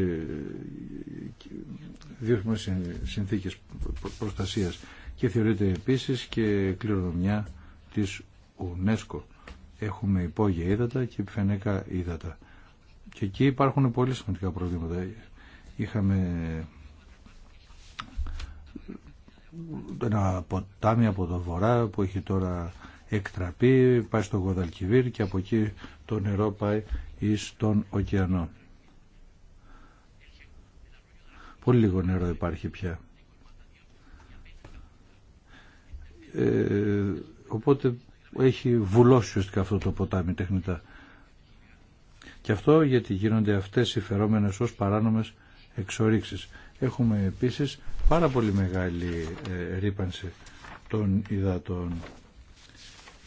δύο συνθήκες προστασίας και θεωρείται επίσης και κληρονομιά της UNESCO. Έχουμε υπόγεια ύδατα και επιφανέκα ύδατα. Και εκεί υπάρχουν πολύ σημαντικά προβλήματα. Είχαμε ένα ποτάμι από το βορρά που έχει τώρα εκτραπεί, πάει στο Γοδαλκιβίρ και από εκεί το νερό πάει εις τον ωκεανό. Πολύ λίγο νερό υπάρχει πια. Ε, οπότε έχει βουλώσει ουσιαστικά αυτό το ποτάμι τεχνητά. Και αυτό γιατί γίνονται αυτές οι φερόμενες ως παράνομες εξορίξεις. Έχουμε επίσης πάρα πολύ μεγάλη ε, ρήπανση των υδατών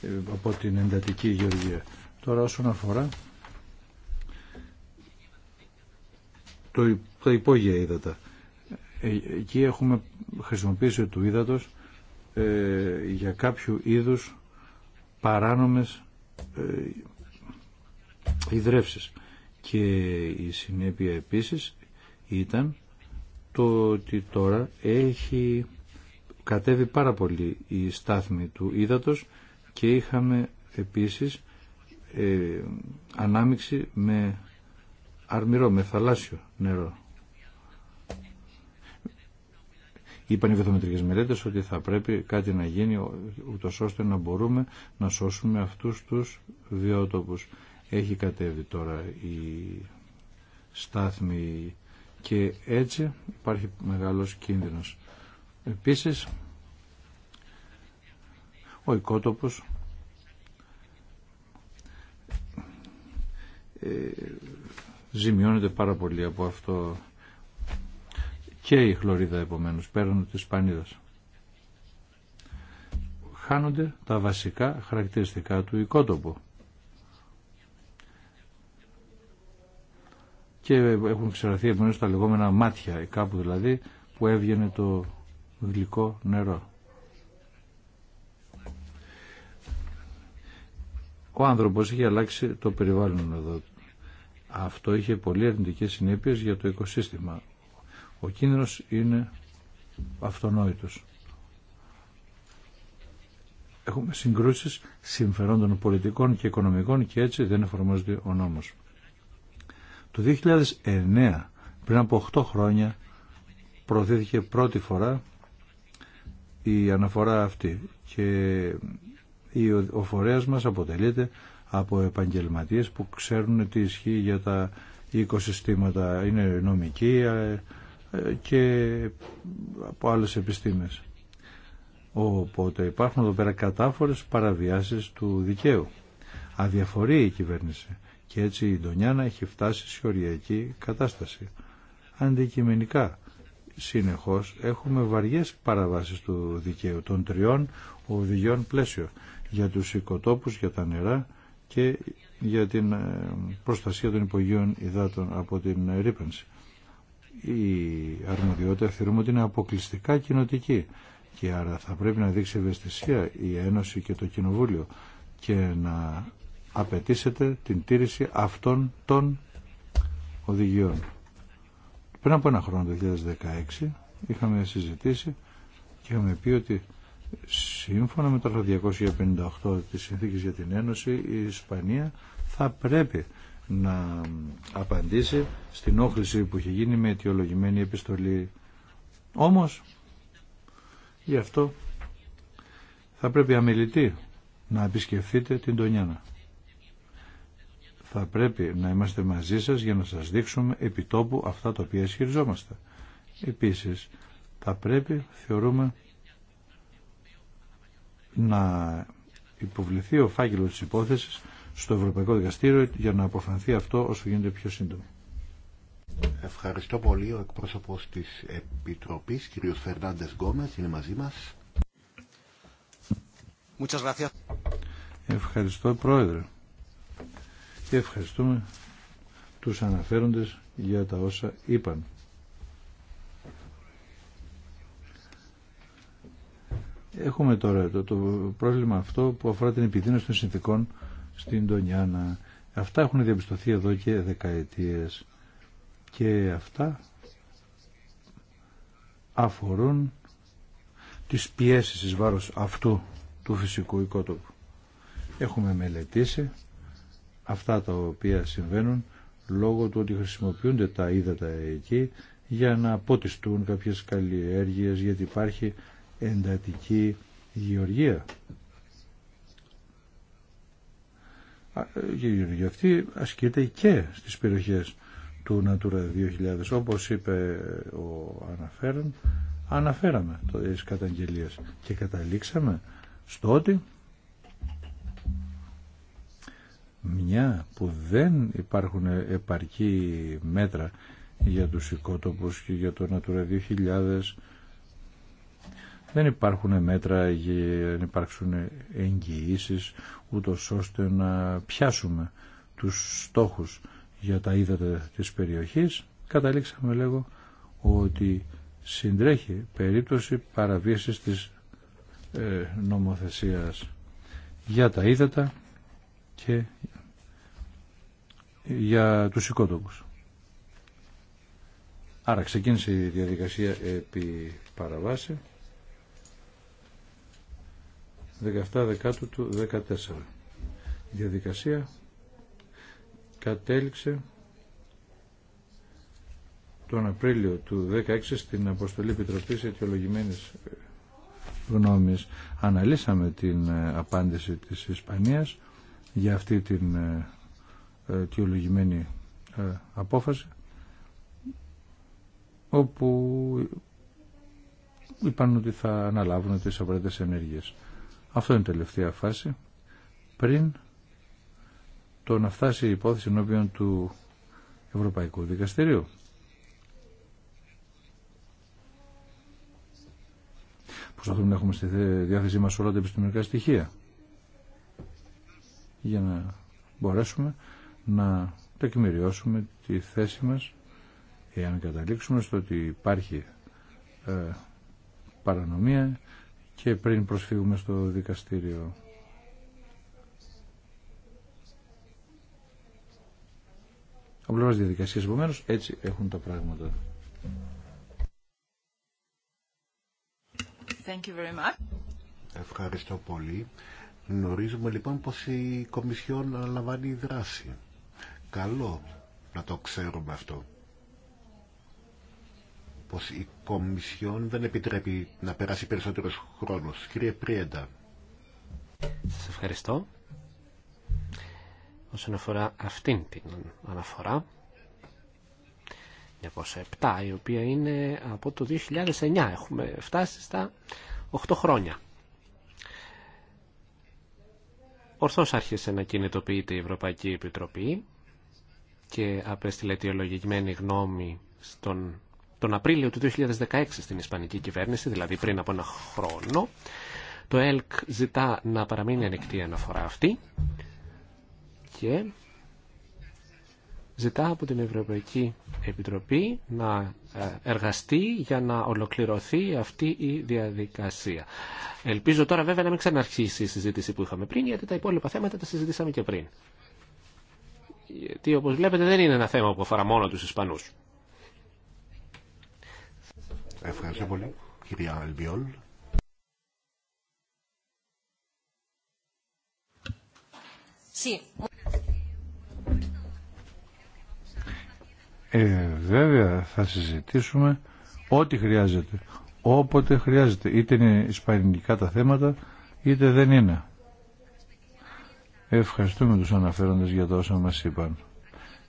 ε, από την εντατική γεωργία. Τώρα όσον αφορά το, τα υπόγεια ύδατα. Ε, εκεί έχουμε χρησιμοποίηση του ύδατος για κάποιου είδους παράνομες υδρεύσεις. Και η συνέπεια επίσης ήταν το ότι τώρα έχει κατέβει πάρα πολύ η στάθμη του ύδατος και είχαμε επίσης ε, ανάμιξη με αρμυρό, με θαλάσσιο νερό. Είπαν οι βεθομετρικές ότι θα πρέπει κάτι να γίνει ούτως ώστε να μπορούμε να σώσουμε αυτούς τους βιότοπους. Έχει κατέβει τώρα η στάθμη και έτσι υπάρχει μεγάλος κίνδυνος. Επίσης, ο οικότοπος ε, ζημιώνεται πάρα πολύ από αυτό και η χλωρίδα επομένως πέραν της σπανίδας. Χάνονται τα βασικά χαρακτηριστικά του οικότοπου. και έχουν ξεραθεί επομένως τα λεγόμενα μάτια κάπου δηλαδή που έβγαινε το γλυκό νερό. Ο άνθρωπος είχε αλλάξει το περιβάλλον εδώ. Αυτό είχε πολύ αρνητικέ συνέπειες για το οικοσύστημα. Ο κίνδυνος είναι αυτονόητος. Έχουμε συγκρούσεις συμφερόντων πολιτικών και οικονομικών και έτσι δεν εφαρμόζεται ο νόμος. Το 2009, πριν από 8 χρόνια, προωθήθηκε πρώτη φορά η αναφορά αυτή και ο φορέας μας αποτελείται από επαγγελματίες που ξέρουν τι ισχύει για τα οικοσυστήματα. Είναι νομική ε, ε, και από άλλες επιστήμες. Οπότε υπάρχουν εδώ πέρα κατάφορες παραβιάσεις του δικαίου. Αδιαφορεί η κυβέρνηση και έτσι η Ντονιάνα έχει φτάσει σε οριακή κατάσταση. Αντικειμενικά, συνεχώς έχουμε βαριές παραβάσεις του δικαίου των τριών οδηγιών πλαίσιο για τους οικοτόπους, για τα νερά και για την ε, προστασία των υπογείων υδάτων από την ε, ρήπανση. Η αρμοδιότητα θεωρούμε ότι είναι αποκλειστικά κοινοτική και άρα θα πρέπει να δείξει ευαισθησία η Ένωση και το Κοινοβούλιο και απαιτήσετε την τήρηση αυτών των οδηγιών. Πριν από ένα χρόνο, το 2016, είχαμε συζητήσει και είχαμε πει ότι σύμφωνα με το 258 της Συνθήκης για την Ένωση, η Ισπανία θα πρέπει να απαντήσει στην όχληση που είχε γίνει με αιτιολογημένη επιστολή. Όμως, γι' αυτό θα πρέπει αμελητή να επισκεφθείτε την Τονιάνα θα πρέπει να είμαστε μαζί σας για να σας δείξουμε επιτόπου αυτά τα οποία ισχυριζόμαστε. Επίσης, θα πρέπει, θεωρούμε, να υποβληθεί ο φάκελος της υπόθεσης στο Ευρωπαϊκό Δικαστήριο για να αποφανθεί αυτό όσο γίνεται πιο σύντομο. Ευχαριστώ πολύ. Ο εκπρόσωπος της Επιτροπής, κ. Φερνάντες Γκόμες, είναι μαζί μας. Ευχαριστώ, Πρόεδρε και ευχαριστούμε τους αναφέροντες για τα όσα είπαν. Έχουμε τώρα το, το πρόβλημα αυτό που αφορά την επιδείνωση των συνθήκων στην Τονιάνα. Αυτά έχουν διαπιστωθεί εδώ και δεκαετίες και αυτά αφορούν τις πιέσεις εις βάρος αυτού του φυσικού οικότοπου. Έχουμε μελετήσει αυτά τα οποία συμβαίνουν λόγω του ότι χρησιμοποιούνται τα ύδατα εκεί για να αποτιστούν κάποιες καλλιέργειες γιατί υπάρχει εντατική γεωργία. η γεωργία αυτή ασκείται και στις περιοχές του Natura 2000. Όπως είπε ο Αναφέρον, αναφέραμε τις καταγγελίες και καταλήξαμε στο ότι μια που δεν υπάρχουν επαρκή μέτρα για τους οικότοπους και για το Natura 2000 δεν υπάρχουν μέτρα για να υπάρξουν εγγυήσεις ούτω ώστε να πιάσουμε τους στόχους για τα ύδατα της περιοχής καταλήξαμε λέγω ότι συντρέχει περίπτωση παραβίασης της ε, νομοθεσίας για τα ύδατα και για τους οικότοπους. Άρα ξεκίνησε η διαδικασία επί παραβάση 17 Δεκάτου του 14. Η διαδικασία κατέληξε τον Απρίλιο του 16 στην Αποστολή Επιτροπής Αιτιολογημένης Γνώμης. Αναλύσαμε την ε, απάντηση της Ισπανίας για αυτή την ε, ε, αιτιολογημένη ε, απόφαση όπου είπαν ότι θα αναλάβουν τις απαραίτητες ενέργειες. Αυτό είναι η τελευταία φάση πριν το να φτάσει η υπόθεση ενώπιον του Ευρωπαϊκού Δικαστηρίου. Προσπαθούμε να έχουμε στη διάθεσή μας όλα τα επιστημονικά στοιχεία για να μπορέσουμε να τεκμηριώσουμε τη θέση μας εάν καταλήξουμε στο ότι υπάρχει ε, παρανομία και πριν προσφύγουμε στο δικαστήριο. Απλώς διαδικασίας επομένως έτσι έχουν τα πράγματα. Thank you very Ευχαριστώ πολύ. Γνωρίζουμε λοιπόν πως η Κομισιόν αναλαμβάνει δράση. Καλό να το ξέρουμε αυτό. Πως η Κομισιόν δεν επιτρέπει να περάσει περισσότερος χρόνος. Κύριε Πριέντα. Σας ευχαριστώ. Όσον αφορά αυτήν την αναφορά, 207, η οποία είναι από το 2009. Έχουμε φτάσει στα 8 χρόνια. Ορθώς άρχισε να κινητοποιείται η Ευρωπαϊκή Επιτροπή και απέστειλε αιτιολογημένη γνώμη στον, τον Απρίλιο του 2016 στην Ισπανική κυβέρνηση, δηλαδή πριν από ένα χρόνο. Το ΕΛΚ ζητά να παραμείνει ανοιχτή η αναφορά αυτή και ζητά από την Ευρωπαϊκή Επιτροπή να ε, εργαστεί για να ολοκληρωθεί αυτή η διαδικασία. Ελπίζω τώρα βέβαια να μην ξαναρχίσει η συζήτηση που είχαμε πριν, γιατί τα υπόλοιπα θέματα τα συζητήσαμε και πριν. Γιατί όπως βλέπετε δεν είναι ένα θέμα που αφορά μόνο τους Ισπανούς. Ευχαριστώ πολύ, κυρία Αλμπιόλ. Sí. Ε, βέβαια θα συζητήσουμε ό,τι χρειάζεται, όποτε χρειάζεται. Είτε είναι ισπανικά τα θέματα, είτε δεν είναι. Ευχαριστούμε τους αναφέροντες για το όσα μας είπαν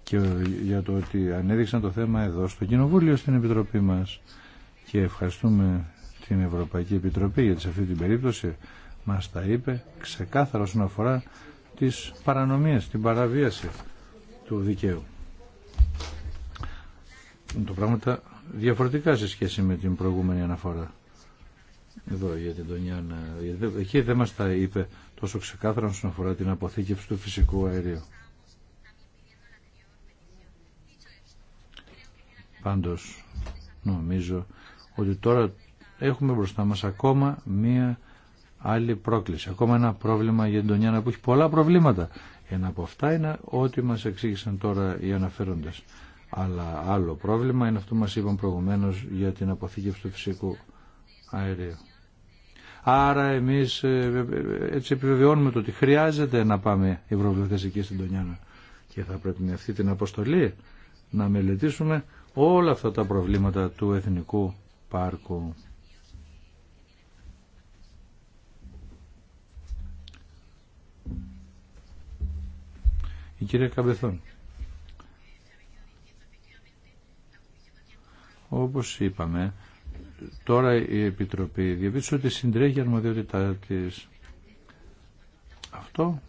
και για το ότι ανέδειξαν το θέμα εδώ στο Κοινοβούλιο, στην Επιτροπή μας και ευχαριστούμε την Ευρωπαϊκή Επιτροπή γιατί σε αυτή την περίπτωση μας τα είπε ξεκάθαρα όσον αφορά τις παρανομίες, την παραβίαση του δικαίου τα πράγματα διαφορετικά σε σχέση με την προηγούμενη αναφορά. Εδώ για την Τονιάνα. Εκεί δεν μας τα είπε τόσο ξεκάθαρα όσον αφορά την αποθήκευση του φυσικού αερίου. Πάντως νομίζω ότι τώρα έχουμε μπροστά μας ακόμα μία άλλη πρόκληση. Ακόμα ένα πρόβλημα για την Τονιάνα που έχει πολλά προβλήματα. Ένα από αυτά είναι ό,τι μας εξήγησαν τώρα οι αναφέροντες. Αλλά άλλο πρόβλημα είναι αυτό που μας είπαν προηγουμένως για την αποθήκευση του φυσικού αερίου. Άρα εμείς ε, ε, ε, έτσι επιβεβαιώνουμε το ότι χρειάζεται να πάμε οι εκεί στην Τονιάνα. Και θα πρέπει με αυτή την αποστολή να μελετήσουμε όλα αυτά τα προβλήματα του Εθνικού Πάρκου. Η κυρία Καμπεθόν. Όπως είπαμε, τώρα η Επιτροπή διαπίστωσε ότι συντρέχει η αρμοδιότητά της. Αυτό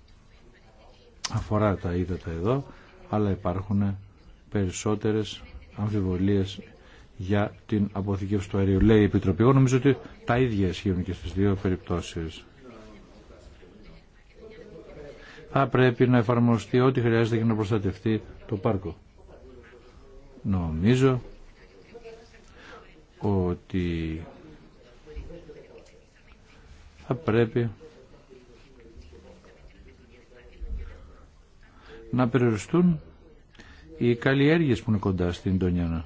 αφορά τα τα εδώ, αλλά υπάρχουν περισσότερες αμφιβολίες για την αποθηκεύση του αερίου. Λέει η Επιτροπή. Εγώ νομίζω ότι τα ίδια ισχύουν και στις δύο περιπτώσεις. Θα πρέπει να εφαρμοστεί ό,τι χρειάζεται για να προστατευτεί το πάρκο. Νομίζω ότι θα πρέπει να περιοριστούν οι καλλιέργειες που είναι κοντά στην Τονιάνα.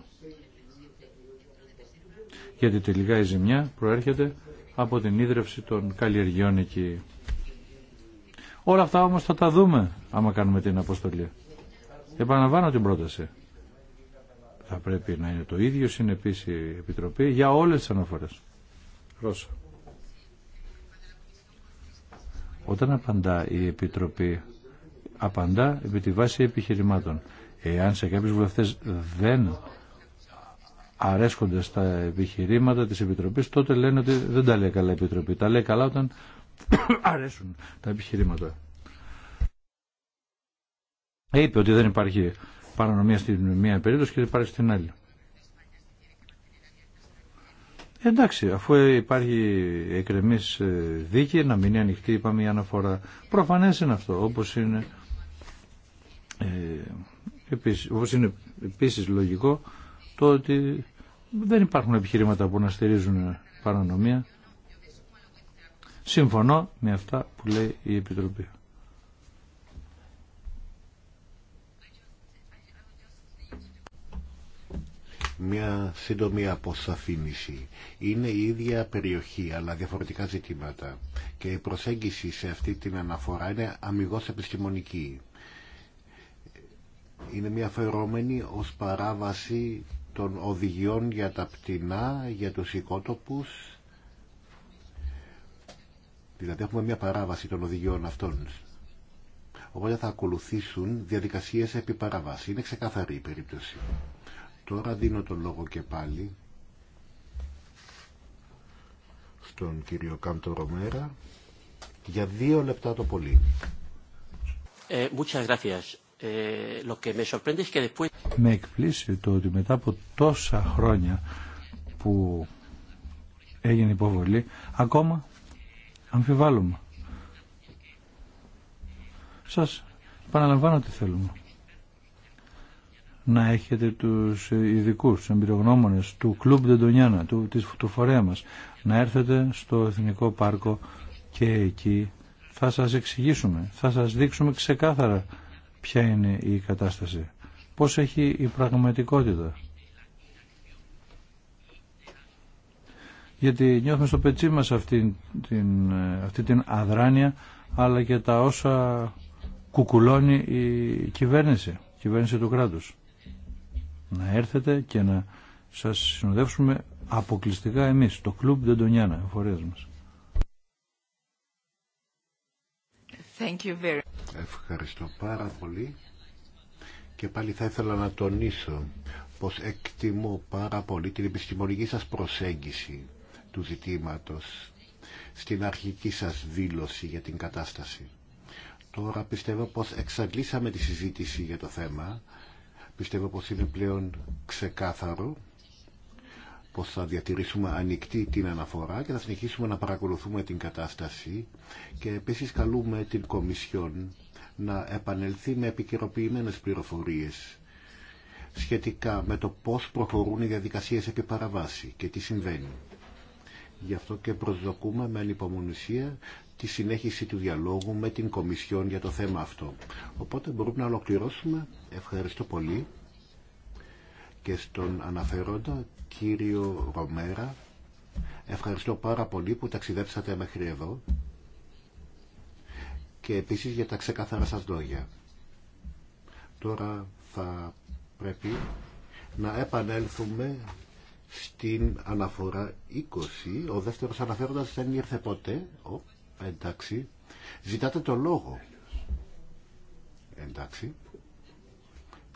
Γιατί τελικά η ζημιά προέρχεται από την ίδρυυση των καλλιεργειών εκεί. Όλα αυτά όμως θα τα δούμε άμα κάνουμε την αποστολή. Επαναλαμβάνω την πρόταση θα πρέπει να είναι το ίδιο συνεπής η Επιτροπή για όλες τις αναφορές. Ρώσο. Όταν απαντά η Επιτροπή, απαντά επί τη βάση επιχειρημάτων. Εάν σε κάποιους βουλευτές δεν αρέσκονται στα επιχειρήματα της Επιτροπής, τότε λένε ότι δεν τα λέει καλά η Επιτροπή. Τα λέει καλά όταν αρέσουν τα επιχειρήματα. Είπε ότι δεν υπάρχει παρανομία στην μία περίπτωση και πάρει στην άλλη. Εντάξει, αφού υπάρχει εκρεμή ε, δίκη, να μην είναι ανοιχτή, είπαμε, η αναφορά. Προφανέ είναι αυτό, όπω είναι. Ε, όπως είναι επίσης λογικό το ότι δεν υπάρχουν επιχειρήματα που να στηρίζουν παρανομία. Συμφωνώ με αυτά που λέει η Επιτροπή. μια σύντομη αποσαφήνιση. Είναι η ίδια περιοχή αλλά διαφορετικά ζητήματα και η προσέγγιση σε αυτή την αναφορά είναι αμυγός επιστημονική. Είναι μια αφαιρόμενη ως παράβαση των οδηγιών για τα πτηνά, για τους οικότοπους. Δηλαδή έχουμε μια παράβαση των οδηγιών αυτών. Οπότε θα ακολουθήσουν διαδικασίες επί παραβάση. Είναι ξεκαθαρή η περίπτωση. Τώρα δίνω τον λόγο και πάλι στον κύριο Κάμπτο Ρομέρα για δύο λεπτά το πολύ. Ε, ε, Με εκπλήσει το ότι μετά από τόσα χρόνια που έγινε υποβολή, ακόμα αμφιβάλλουμε. Σας επαναλαμβάνω τι θέλουμε να έχετε τους ειδικού, τους εμπειρογνώμονες του Κλουμπ Δεντονιάνα, του, της, του μας, να έρθετε στο Εθνικό Πάρκο και εκεί θα σας εξηγήσουμε, θα σας δείξουμε ξεκάθαρα ποια είναι η κατάσταση, πώς έχει η πραγματικότητα. Γιατί νιώθουμε στο πετσί μας αυτή την, αυτή την αδράνεια, αλλά και τα όσα κουκουλώνει η κυβέρνηση, η κυβέρνηση του κράτους να έρθετε και να σας συνοδεύσουμε αποκλειστικά εμείς, το κλουμπ Ντεντονιάνα, ο φορέας μας. Thank Ευχαριστώ πάρα πολύ και πάλι θα ήθελα να τονίσω πως εκτιμώ πάρα πολύ την επιστημονική σας προσέγγιση του ζητήματος στην αρχική σας δήλωση για την κατάσταση. Τώρα πιστεύω πως εξαντλήσαμε τη συζήτηση για το θέμα Πιστεύω πως είναι πλέον ξεκάθαρο πως θα διατηρήσουμε ανοιχτή την αναφορά και θα συνεχίσουμε να παρακολουθούμε την κατάσταση και επίσης καλούμε την Κομισιόν να επανελθεί με επικαιροποιημένες πληροφορίες σχετικά με το πώς προχωρούν οι διαδικασίες επί παραβάση και τι συμβαίνει. Γι' αυτό και προσδοκούμε με ανυπομονησία τη συνέχιση του διαλόγου με την Κομισιόν για το θέμα αυτό. Οπότε μπορούμε να ολοκληρώσουμε Ευχαριστώ πολύ και στον αναφέροντα κύριο Ρομέρα. Ευχαριστώ πάρα πολύ που ταξιδέψατε μέχρι εδώ και επίσης για τα ξεκάθαρα σας λόγια. Τώρα θα πρέπει να επανέλθουμε στην αναφορά 20. Ο δεύτερος αναφέροντας δεν ήρθε ποτέ. Ο, εντάξει. Ζητάτε το λόγο. Εντάξει.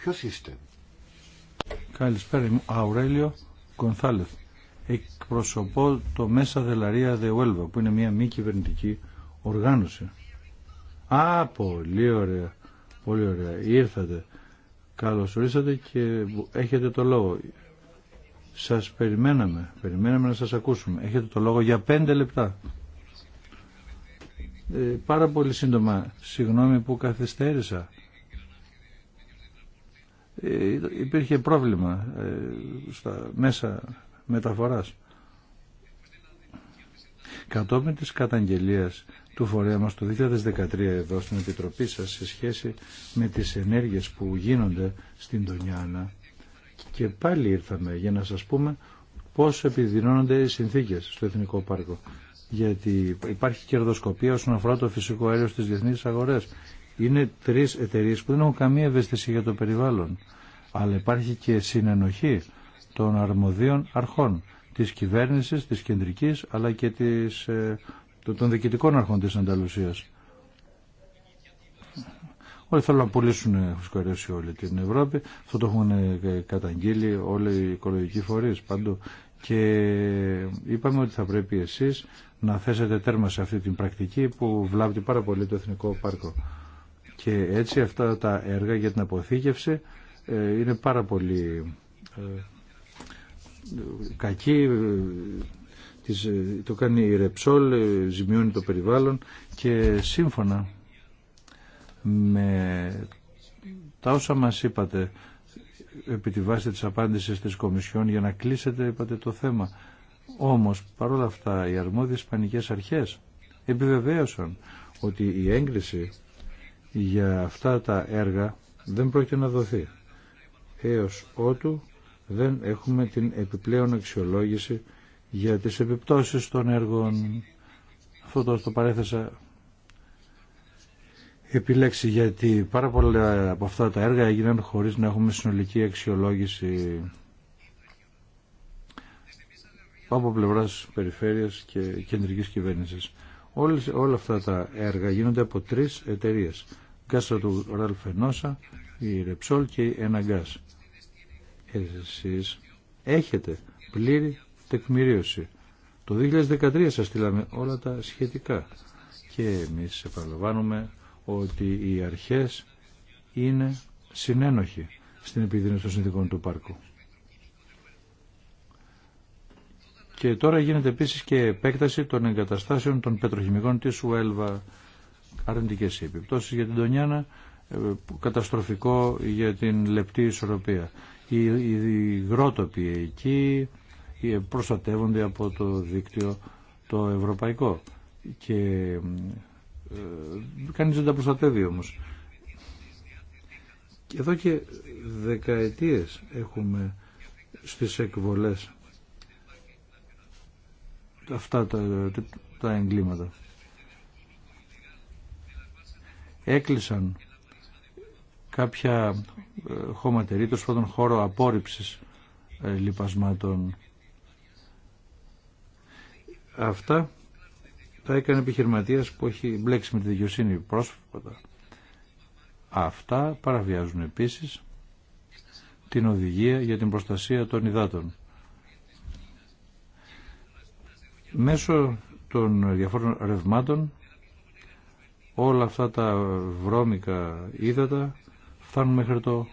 Ποιος είστε? Καλησπέρα μου. Αουρέλιο Κονθάλεφ. Εκπροσωπώ το Μέσα Δελαρία Δεουέλβα που είναι μια μη κυβερνητική οργάνωση. Α, πολύ ωραία. Πολύ ωραία. Ήρθατε. Καλώς ορίσατε και έχετε το λόγο. Σας περιμέναμε. Περιμέναμε να σας ακούσουμε. Έχετε το λόγο για πέντε λεπτά. Ε, πάρα πολύ σύντομα. Συγγνώμη που καθυστέρησα. Ε, υπήρχε πρόβλημα ε, στα μέσα μεταφοράς. Κατόπιν της καταγγελίας του φορέα μας το 2013 εδώ στην Επιτροπή σας σε σχέση με τις ενέργειες που γίνονται στην Τονιάνα και πάλι ήρθαμε για να σας πούμε πώς επιδεινώνονται οι συνθήκες στο Εθνικό Πάρκο γιατί υπάρχει κερδοσκοπία όσον αφορά το φυσικό αέριο στις διεθνείς αγορές είναι τρει εταιρείε που δεν έχουν καμία ευαίσθηση για το περιβάλλον. Αλλά υπάρχει και συνενοχή των αρμοδίων αρχών τη κυβέρνηση, τη κεντρική, αλλά και της, ε, των διοικητικών αρχών της Ανταλουσίας. Όλοι θέλουν να πουλήσουν σε όλη την Ευρώπη. Αυτό το έχουν ε, καταγγείλει όλοι οι οικολογικοί φορεί παντού. Και είπαμε ότι θα πρέπει εσείς να θέσετε τέρμα σε αυτή την πρακτική που βλάπτει πάρα πολύ το Εθνικό Πάρκο. Και έτσι αυτά τα έργα για την αποθήκευση ε, είναι πάρα πολύ ε, κακή ε, το κάνει η Ρεψόλ ζημιώνει το περιβάλλον και σύμφωνα με τα όσα μας είπατε επί τη βάση της απάντησης της Κομισιόν για να κλείσετε είπατε το θέμα όμως παρόλα αυτά οι αρμόδιες πανικές αρχές επιβεβαίωσαν ότι η έγκριση για αυτά τα έργα δεν πρόκειται να δοθεί έως ότου δεν έχουμε την επιπλέον αξιολόγηση για τις επιπτώσεις των έργων αυτό το, παρέθεσα επιλέξει γιατί πάρα πολλά από αυτά τα έργα έγιναν χωρίς να έχουμε συνολική αξιολόγηση από πλευράς περιφέρειας και κεντρικής κυβέρνησης. Όλες, όλα αυτά τα έργα γίνονται από τρεις εταιρείες. Γκάστα του Ραλφενόσα, η Ρεψόλ και η Εναγκάς. Εσείς έχετε πλήρη τεκμηρίωση. Το 2013 σας στείλαμε όλα τα σχετικά και εμείς επαναλαμβάνουμε ότι οι αρχές είναι συνένοχοι στην επιδείνωση των συνθήκων του πάρκου. Και τώρα γίνεται επίση και επέκταση των εγκαταστάσεων των πετροχημικών τη Ουέλβα. Αρνητικές οι επιπτώσει για την Τονιάνα, ε, καταστροφικό για την λεπτή ισορροπία. Οι, οι εκεί ε, προστατεύονται από το δίκτυο το ευρωπαϊκό και ε, κανείς δεν τα προστατεύει όμως. Εδώ και δεκαετίες έχουμε στις εκβολές αυτά τα, τα εγκλήματα. Έκλεισαν κάποια ε, χωματερή, τόσο χώρο απόρριψης ε, λοιπασμάτων. Αυτά τα έκανε επιχειρηματίας που έχει μπλέξει με τη δικαιοσύνη πρόσφατα. Αυτά παραβιάζουν επίσης την οδηγία για την προστασία των υδάτων. Μέσω των διαφόρων ρευμάτων όλα αυτά τα βρώμικα ύδατα φτάνουν μέχρι το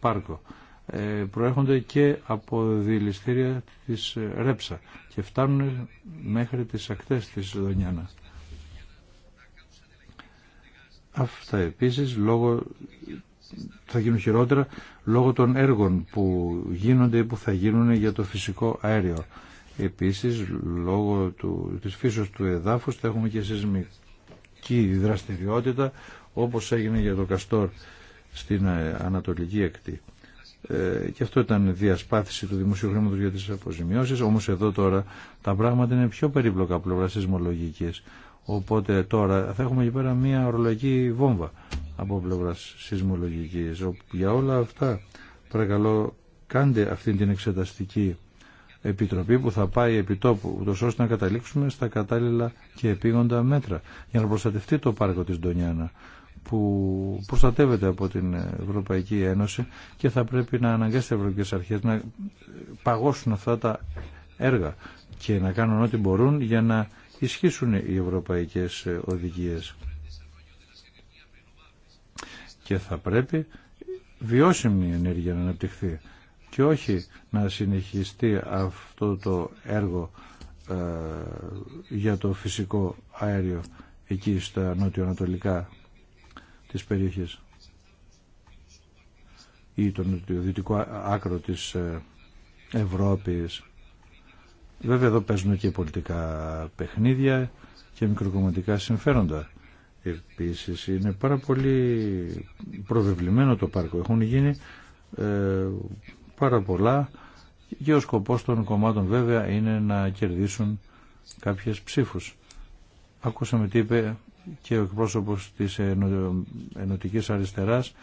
πάρκο. Ε, προέρχονται και από δηληστήρια της Ρέψα και φτάνουν μέχρι τις ακτές της Δονιάνα. Αυτά επίσης λόγω, θα γίνουν χειρότερα λόγω των έργων που γίνονται ή που θα γίνουν για το φυσικό αέριο. Επίσης, λόγω του, της φύσεως του εδάφους θα έχουμε και σεισμική δραστηριότητα όπως έγινε για το Καστόρ στην ε, Ανατολική Εκτή. Ε, και αυτό ήταν διασπάθηση του δημοσίου χρήματος για τις αποζημιώσεις, όμως εδώ τώρα τα πράγματα είναι πιο περίπλοκα πλευρά σεισμολογικής. Οπότε τώρα θα έχουμε εκεί πέρα μια ορολογική βόμβα από πλευρά σεισμολογικής. Για όλα αυτά παρακαλώ κάντε αυτή την εξεταστική επιτροπή που θα πάει επί τόπου, ούτως ώστε να καταλήξουμε στα κατάλληλα και επίγοντα μέτρα για να προστατευτεί το πάρκο της Ντονιάνα που προστατεύεται από την Ευρωπαϊκή Ένωση και θα πρέπει να αναγκάσει οι ευρωπαϊκές αρχές να παγώσουν αυτά τα έργα και να κάνουν ό,τι μπορούν για να ισχύσουν οι ευρωπαϊκές οδηγίες. Και θα πρέπει βιώσιμη ενέργεια να αναπτυχθεί και όχι να συνεχιστεί αυτό το έργο ε, για το φυσικό αέριο εκεί στα νότιο-ανατολικά της περιοχής ή το δυτικό άκρο της ε, Ευρώπης. Βέβαια εδώ παίζουν και πολιτικά παιχνίδια και μικροκομματικά συμφέροντα. Επίσης είναι πάρα πολύ προβεβλημένο το πάρκο. Έχουν γίνει ε, πάρα πολλά και ο σκοπός των κομμάτων βέβαια είναι να κερδίσουν κάποιες ψήφους. Ακούσαμε τι είπε και ο εκπρόσωπος της Ενωτικής Αριστεράς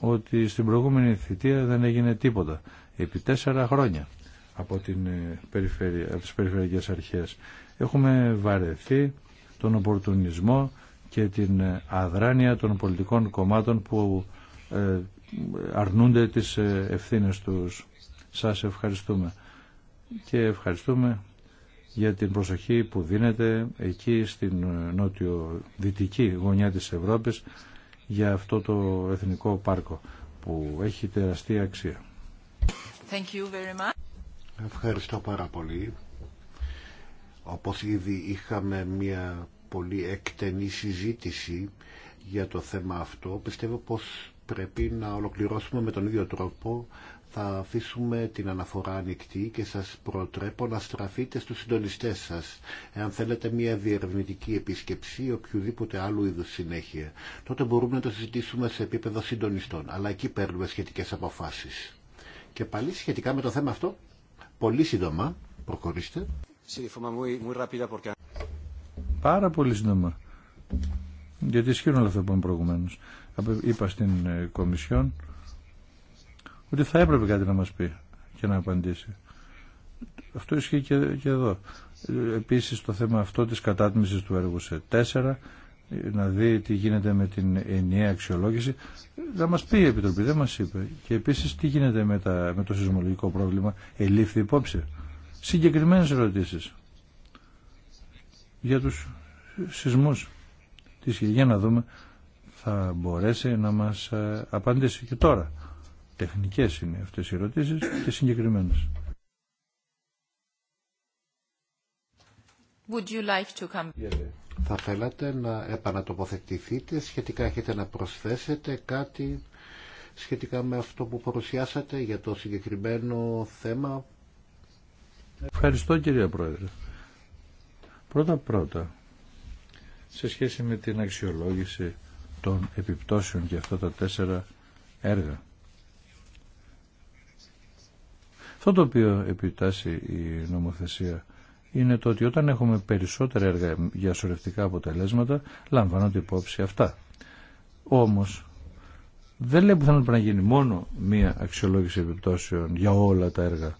ότι στην προηγούμενη θητεία δεν έγινε τίποτα. Επί τέσσερα χρόνια από, την ε, περιφέρεια, από τις περιφερειακές αρχές. Έχουμε βαρεθεί τον οπορτουνισμό και την ε, αδράνεια των πολιτικών κομμάτων που ε, αρνούνται τις ε, ευθύνες τους. Σας ευχαριστούμε. Και ευχαριστούμε για την προσοχή που δίνεται εκεί στην ε, νότιο-δυτική γωνιά της Ευρώπης για αυτό το εθνικό πάρκο που έχει τεραστία αξία. Thank you very much. Ευχαριστώ πάρα πολύ. Όπως ήδη είχαμε μια πολύ εκτενή συζήτηση για το θέμα αυτό, πιστεύω πως πρέπει να ολοκληρώσουμε με τον ίδιο τρόπο. Θα αφήσουμε την αναφορά ανοιχτή και σας προτρέπω να στραφείτε στους συντονιστές σας. Εάν θέλετε μια διερευνητική επίσκεψη ή οποιοδήποτε άλλου είδους συνέχεια, τότε μπορούμε να το συζητήσουμε σε επίπεδο συντονιστών. Αλλά εκεί παίρνουμε σχετικές αποφάσεις. Και πάλι σχετικά με το θέμα αυτό, πολύ σύντομα, προχωρήστε. Πάρα πολύ σύντομα. Γιατί ισχύουν όλα αυτά που είπαμε προηγουμένω είπα στην ε, Κομισιόν ότι θα έπρεπε κάτι να μας πει και να απαντήσει. Αυτό ισχύει και, και εδώ. Επίσης το θέμα αυτό της κατάτμισης του έργου σε τέσσερα, να δει τι γίνεται με την ενιαία αξιολόγηση, να μας πει η Επιτροπή, δεν μας είπε. Και επίσης τι γίνεται με, τα, το σεισμολογικό πρόβλημα, ελήφθη υπόψη. Συγκεκριμένες ερωτήσεις για τους σεισμούς. Τι για να δούμε θα μπορέσει να μας ε, απαντήσει και τώρα. Τεχνικές είναι αυτές οι ερωτήσεις και συγκεκριμένες. Θα θέλατε να επανατοποθετηθείτε σχετικά έχετε να προσθέσετε κάτι σχετικά με αυτό που παρουσιάσατε για το συγκεκριμένο θέμα. Ευχαριστώ κυρία Πρόεδρε. Πρώτα πρώτα σε σχέση με την αξιολόγηση των επιπτώσεων για αυτά τα τέσσερα έργα. Αυτό το οποίο επιτάσσει η νομοθεσία είναι το ότι όταν έχουμε περισσότερα έργα για σωρευτικά αποτελέσματα λαμβάνονται υπόψη αυτά. Όμως δεν λέει που πρέπει να γίνει μόνο μία αξιολόγηση επιπτώσεων για όλα τα έργα.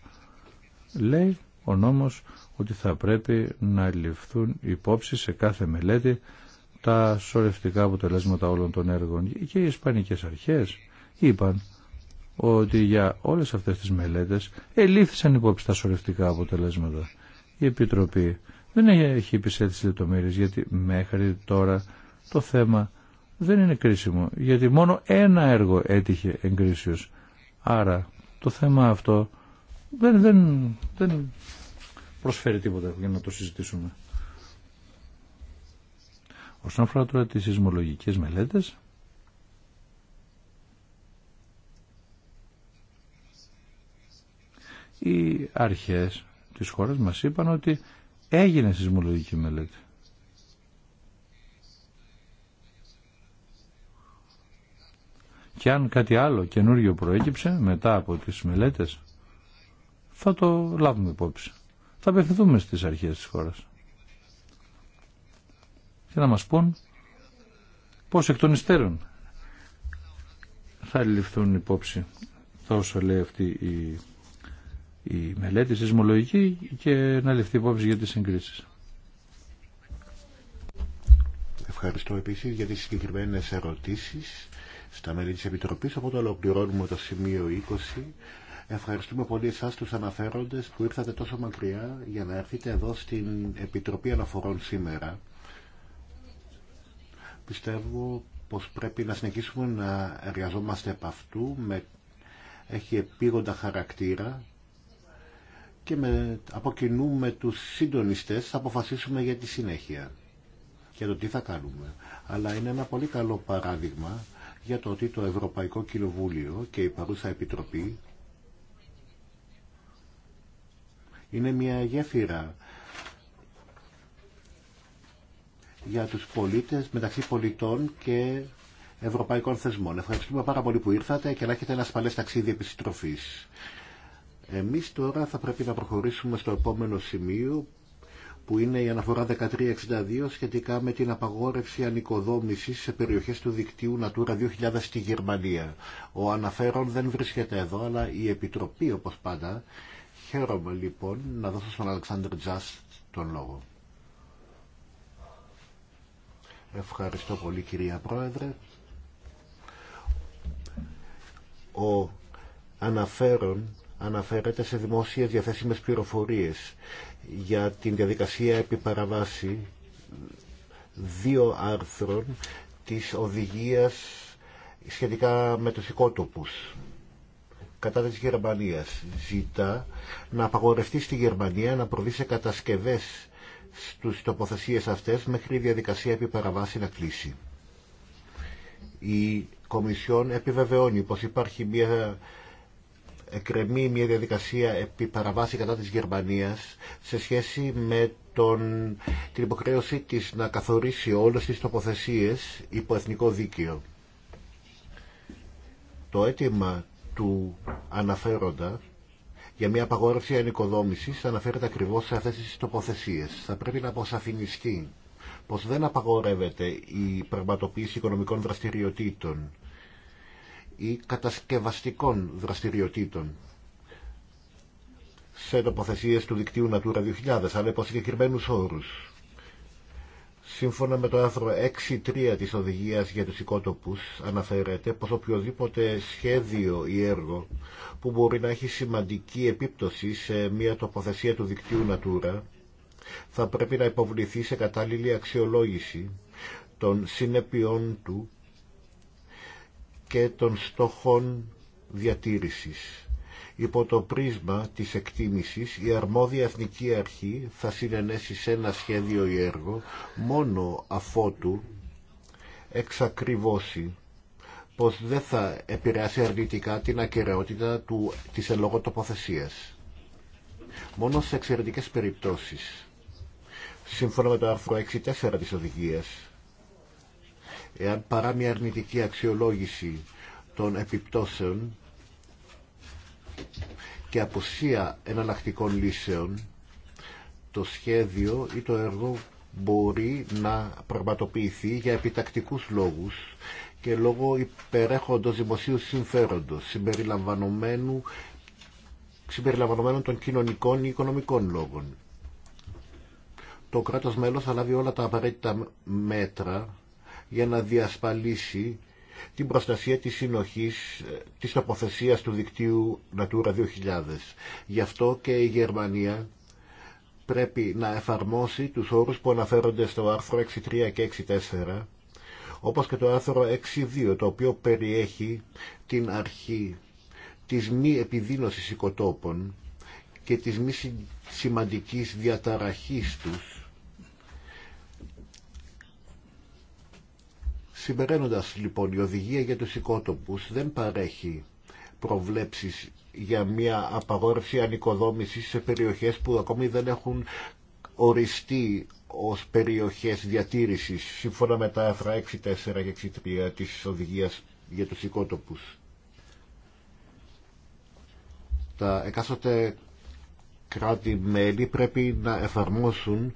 Λέει ο νόμος ότι θα πρέπει να ληφθούν υπόψη σε κάθε μελέτη τα σωρευτικά αποτελέσματα όλων των έργων και οι ισπανικές αρχές είπαν ότι για όλες αυτές τις μελέτες ελήφθησαν υπόψη τα σωρευτικά αποτελέσματα. Η Επιτροπή δεν έχει επισέτηση λεπτομέρειε γιατί μέχρι τώρα το θέμα δεν είναι κρίσιμο γιατί μόνο ένα έργο έτυχε εγκρίσιος. Άρα το θέμα αυτό δεν, δεν, δεν προσφέρει τίποτα για να το συζητήσουμε. Όσον αφορά τώρα τις σεισμολογικές μελέτες, οι αρχές της χώρας μας είπαν ότι έγινε σεισμολογική μελέτη. Και αν κάτι άλλο καινούργιο προέκυψε μετά από τις μελέτες, θα το λάβουμε υπόψη. Θα απευθυνθούμε στις αρχές της χώρας και να μας πούν πώς εκ των υστέρων θα ληφθούν υπόψη Τόσο λέει αυτή η, η μελέτη σεισμολογική και να ληφθεί υπόψη για τις συγκρίσεις. Ευχαριστώ επίσης για τις συγκεκριμένες ερωτήσεις στα μέλη της Επιτροπής. Από το ολοκληρώνουμε το σημείο 20. Ευχαριστούμε πολύ εσάς τους αναφέροντες που ήρθατε τόσο μακριά για να έρθετε εδώ στην Επιτροπή Αναφορών σήμερα πιστεύω πως πρέπει να συνεχίσουμε να εργαζόμαστε από αυτού με, έχει επίγοντα χαρακτήρα και με, από κοινού με τους συντονιστές θα αποφασίσουμε για τη συνέχεια και το τι θα κάνουμε αλλά είναι ένα πολύ καλό παράδειγμα για το ότι το Ευρωπαϊκό Κοινοβούλιο και η παρούσα Επιτροπή είναι μια γέφυρα για τους πολίτες μεταξύ πολιτών και ευρωπαϊκών θεσμών. Ευχαριστούμε πάρα πολύ που ήρθατε και να έχετε ένα ασφαλές ταξίδι επιστροφής. Εμείς τώρα θα πρέπει να προχωρήσουμε στο επόμενο σημείο που είναι η αναφορά 1362 σχετικά με την απαγόρευση ανοικοδόμησης σε περιοχές του δικτύου Natura 2000 στη Γερμανία. Ο αναφέρον δεν βρίσκεται εδώ, αλλά η Επιτροπή όπως πάντα. Χαίρομαι λοιπόν να δώσω στον Αλεξάνδρ Τζάστ τον λόγο. Ευχαριστώ πολύ κυρία Πρόεδρε. Ο αναφέρον αναφέρεται σε δημόσιες διαθέσιμες πληροφορίες για την διαδικασία επί παραβάση δύο άρθρων της οδηγίας σχετικά με τους οικότοπους κατά της Γερμανίας ζητά να απαγορευτεί στη Γερμανία να προβεί σε κατασκευές τους τοποθεσίες αυτές μέχρι η διαδικασία επί παραβάση να κλείσει. Η Κομισιόν επιβεβαιώνει πως υπάρχει μια εκκρεμή μια διαδικασία επί παραβάση κατά της Γερμανίας σε σχέση με τον, την υποχρέωσή της να καθορίσει όλες τις τοποθεσίες υπό εθνικό δίκαιο. Το αίτημα του αναφέροντα για μια απαγόρευση ανοικοδόμησης αναφέρεται ακριβώς σε αυτές τι τοποθεσίε. Θα πρέπει να αποσαφινιστεί πως δεν απαγορεύεται η πραγματοποίηση οικονομικών δραστηριοτήτων ή κατασκευαστικών δραστηριοτήτων σε τοποθεσίε του δικτύου Natura 2000, αλλά υπό συγκεκριμένου όρους. Σύμφωνα με το άρθρο 6.3 της οδηγίας για τους οικότοπους αναφέρεται πως οποιοδήποτε σχέδιο ή έργο που μπορεί να έχει σημαντική επίπτωση σε μια τοποθεσία του δικτύου Natura θα πρέπει να υποβληθεί σε κατάλληλη αξιολόγηση των συνεπειών του και των στόχων διατήρησης. Υπό το πρίσμα της εκτίμησης, η αρμόδια εθνική αρχή θα συνενέσει σε ένα σχέδιο ή έργο μόνο αφότου εξακριβώσει πως δεν θα επηρεάσει αρνητικά την ακαιρεότητα του, της ελόγω Μόνο σε εξαιρετικές περιπτώσεις, σύμφωνα με το άρθρο 6.4 της οδηγίας, εάν παρά μια αρνητική αξιολόγηση των επιπτώσεων και αποσία εναλλακτικών λύσεων το σχέδιο ή το έργο μπορεί να πραγματοποιηθεί για επιτακτικούς λόγους και λόγω υπερέχοντος δημοσίου συμφέροντος συμπεριλαμβανομένου συμπεριλαμβανομένων των κοινωνικών ή οικονομικών λόγων. Το κράτος μέλος θα λάβει όλα τα απαραίτητα μέτρα για να διασπαλίσει την προστασία της συνοχής ε, της τοποθεσίας του δικτύου Natura 2000. Γι' αυτό και η Γερμανία πρέπει να εφαρμόσει τους όρους που αναφέρονται στο άρθρο 6.3 και 6.4 όπως και το άρθρο 6.2 το οποίο περιέχει την αρχή της μη επιδίνωσης οικοτόπων και της μη σημαντικής διαταραχής τους Συμπεραίνοντας λοιπόν η οδηγία για τους οικότοπους δεν παρέχει προβλέψεις για μια απαγόρευση ανοικοδόμησης σε περιοχές που ακόμη δεν έχουν οριστεί ως περιοχές διατήρησης σύμφωνα με τα άρθρα 6.4 και 6.3 της οδηγίας για τους οικότοπους. Τα εκάστοτε κράτη-μέλη πρέπει να εφαρμόσουν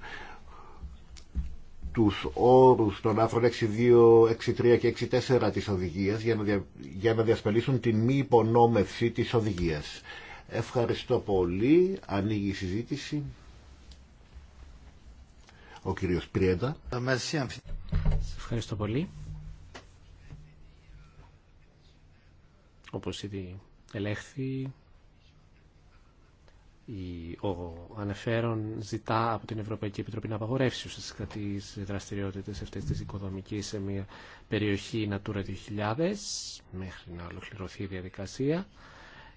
τους όρους των άφρων 6.2, 6.3 και 6.4 της οδηγίας για να, δια, για διασφαλίσουν την μη υπονόμευση της οδηγίας. Ευχαριστώ πολύ. Ανοίγει η συζήτηση. Ο κύριος Πριέντα. Ευχαριστώ πολύ. Όπως ήδη ελέγχθη, ο ανεφέρον ζητά από την Ευρωπαϊκή Επιτροπή να απαγορεύσει ουσιαστικά τις δραστηριότητες αυτέ της οικοδομικής σε μια περιοχή Natura 2000 μέχρι να ολοκληρωθεί η διαδικασία.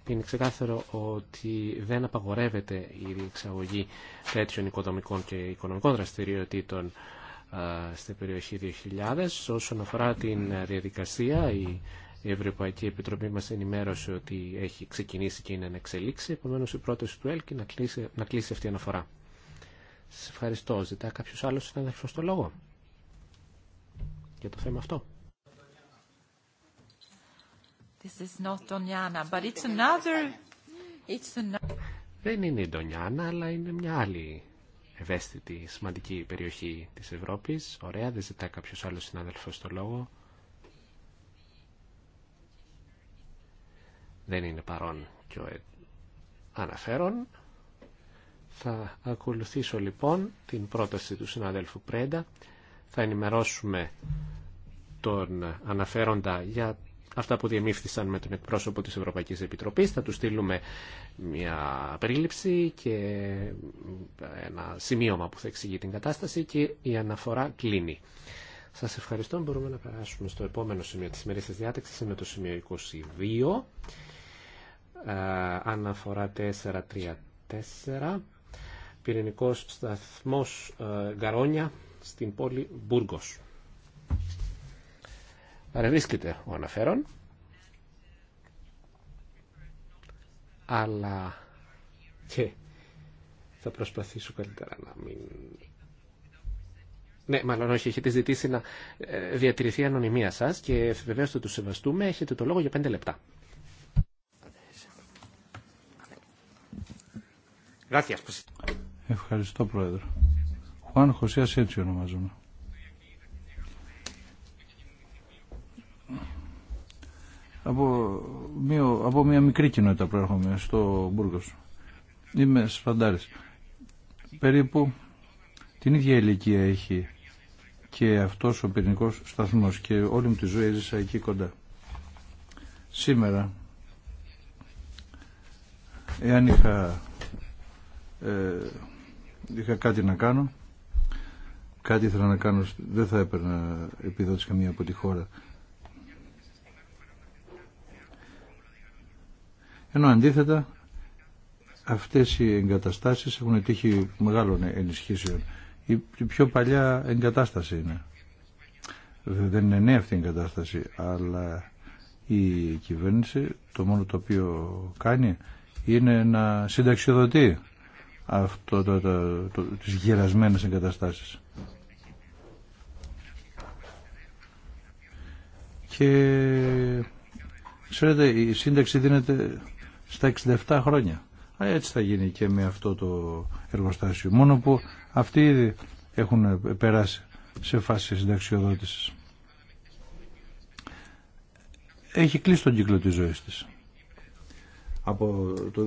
Είναι ξεκάθαρο ότι δεν απαγορεύεται η διεξαγωγή τέτοιων οικοδομικών και οικονομικών δραστηριοτήτων ε, στην περιοχή 2000. Όσον αφορά την ε, διαδικασία, η η Ευρωπαϊκή Επιτροπή μας ενημέρωσε ότι έχει ξεκινήσει και είναι εξελίξει. επομένως η πρόταση του ΕΛΚΙ να κλείσει, αυτή η αναφορά. Σας ευχαριστώ. Ζητά κάποιος άλλος συνάδελφο το λόγο για το θέμα αυτό. Δεν είναι η Ντονιάνα, αλλά είναι μια άλλη ευαίσθητη, σημαντική περιοχή της Ευρώπης. Ωραία, δεν ζητά κάποιος άλλος συνάδελφος το λόγο. δεν είναι παρόν και ο αναφέρον. Θα ακολουθήσω λοιπόν την πρόταση του συναδέλφου Πρέντα. Θα ενημερώσουμε τον αναφέροντα για αυτά που διεμήφθησαν με τον εκπρόσωπο της Ευρωπαϊκής Επιτροπής. Θα του στείλουμε μια περίληψη και ένα σημείωμα που θα εξηγεί την κατάσταση και η αναφορά κλείνει. Σας ευχαριστώ. Μπορούμε να περάσουμε στο επόμενο σημείο της σημερινής διάταξης. Είναι το σημείο 22 ε, αναφορά 434 πυρηνικός σταθμός ε, Γκαρόνια στην πόλη Μπούργος. Παρευρίσκεται ο αναφέρον, αλλά και θα προσπαθήσω καλύτερα να μην... Ναι, μάλλον όχι, έχετε ζητήσει να ε, διατηρηθεί η ανωνυμία σας και βεβαίως θα τους σεβαστούμε, έχετε το λόγο για πέντε λεπτά. Ευχαριστώ, πρόεδρο. Χουάν έτσι ονομάζομαι. Από μια, από μια μικρή κοινότητα προέρχομαι στο Μπούργος. Είμαι σφαντάρης. Περίπου την ίδια ηλικία έχει και αυτός ο πυρηνικός σταθμός και όλη μου τη ζωή έζησα εκεί κοντά. Σήμερα, εάν είχα ε, είχα κάτι να κάνω κάτι ήθελα να κάνω δεν θα έπαιρνα επιδότηση καμία από τη χώρα ενώ αντίθετα αυτές οι εγκαταστάσεις έχουν τύχει μεγάλων ενισχύσεων η πιο παλιά εγκατάσταση είναι δεν είναι νέα αυτή η εγκατάσταση αλλά η κυβέρνηση το μόνο το οποίο κάνει είναι να συνταξιοδοτεί αυτό το, το, το, τις γερασμένες εγκαταστάσεις. Και ξέρετε η σύνταξη δίνεται στα 67 χρόνια. Α, έτσι θα γίνει και με αυτό το εργοστάσιο. Μόνο που αυτοί ήδη έχουν περάσει σε φάση συνταξιοδότησης. Έχει κλείσει τον κύκλο της ζωής της. Από το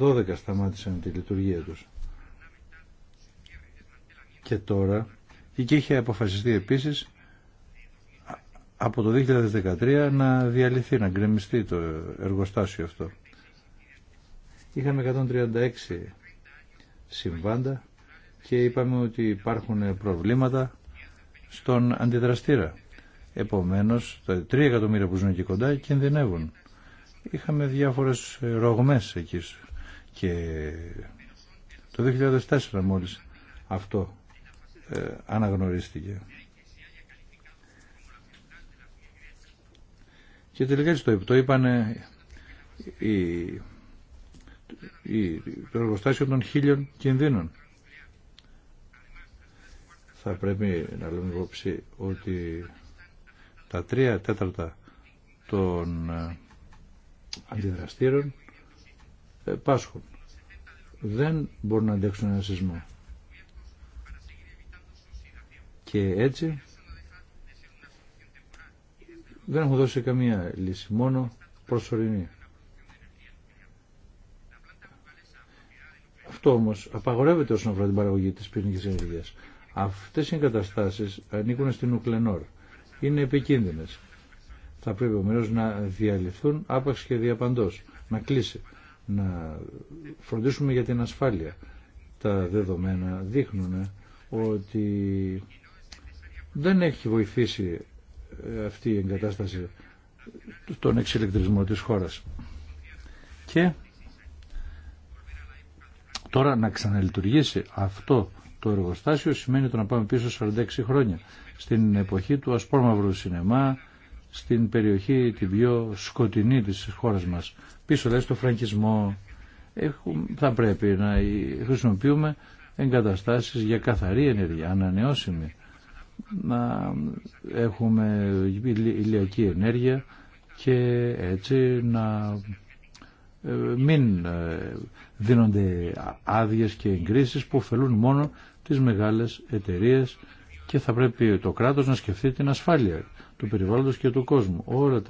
2012 σταμάτησαν τη λειτουργία τους. Και τώρα, και είχε αποφασιστεί επίσης από το 2013 να διαλυθεί, να γκρεμιστεί το εργοστάσιο αυτό. Είχαμε 136 συμβάντα και είπαμε ότι υπάρχουν προβλήματα στον αντιδραστήρα. Επομένως, τα 3 εκατομμύρια που ζουν εκεί κοντά κινδυνεύουν είχαμε διάφορες ρογμές εκεί και το 2004 μόλις αυτό ε, αναγνωρίστηκε. Και τελικά το είπε. Το είπαν η, η, το των χίλιων κινδύνων. Θα πρέπει να λέμε υπόψη ότι τα τρία τέταρτα των ε, αντιδραστήρων ε, πάσχουν. Δεν μπορούν να αντέξουν ένα σεισμό. Και έτσι δεν έχουν δώσει καμία λύση, μόνο προσωρινή. Αυτό όμως απαγορεύεται όσον αφορά την παραγωγή της πυρηνικής ενέργειας. Αυτές οι εγκαταστάσεις ανήκουν στην Ουκλενόρ. Είναι επικίνδυνες θα πρέπει ομιλώς να διαλυθούν άπαξ και διαπαντό, να κλείσει, να φροντίσουμε για την ασφάλεια. Τα δεδομένα δείχνουν ότι δεν έχει βοηθήσει ε, αυτή η εγκατάσταση τον εξηλεκτρισμό της χώρας. Και τώρα να ξαναλειτουργήσει αυτό το εργοστάσιο σημαίνει το να πάμε πίσω 46 χρόνια στην εποχή του ασπρόμαυρου σινεμά στην περιοχή την πιο σκοτεινή της χώρας μας. Πίσω λέει στο φραγκισμό θα πρέπει να χρησιμοποιούμε εγκαταστάσεις για καθαρή ενέργεια, ανανεώσιμη. Να έχουμε ηλιακή ενέργεια και έτσι να ε, μην ε, δίνονται άδειες και εγκρίσεις που ωφελούν μόνο τις μεγάλες εταιρείες και θα πρέπει το κράτος να σκεφτεί την ασφάλεια του περιβάλλοντος και του κόσμου. Όλα,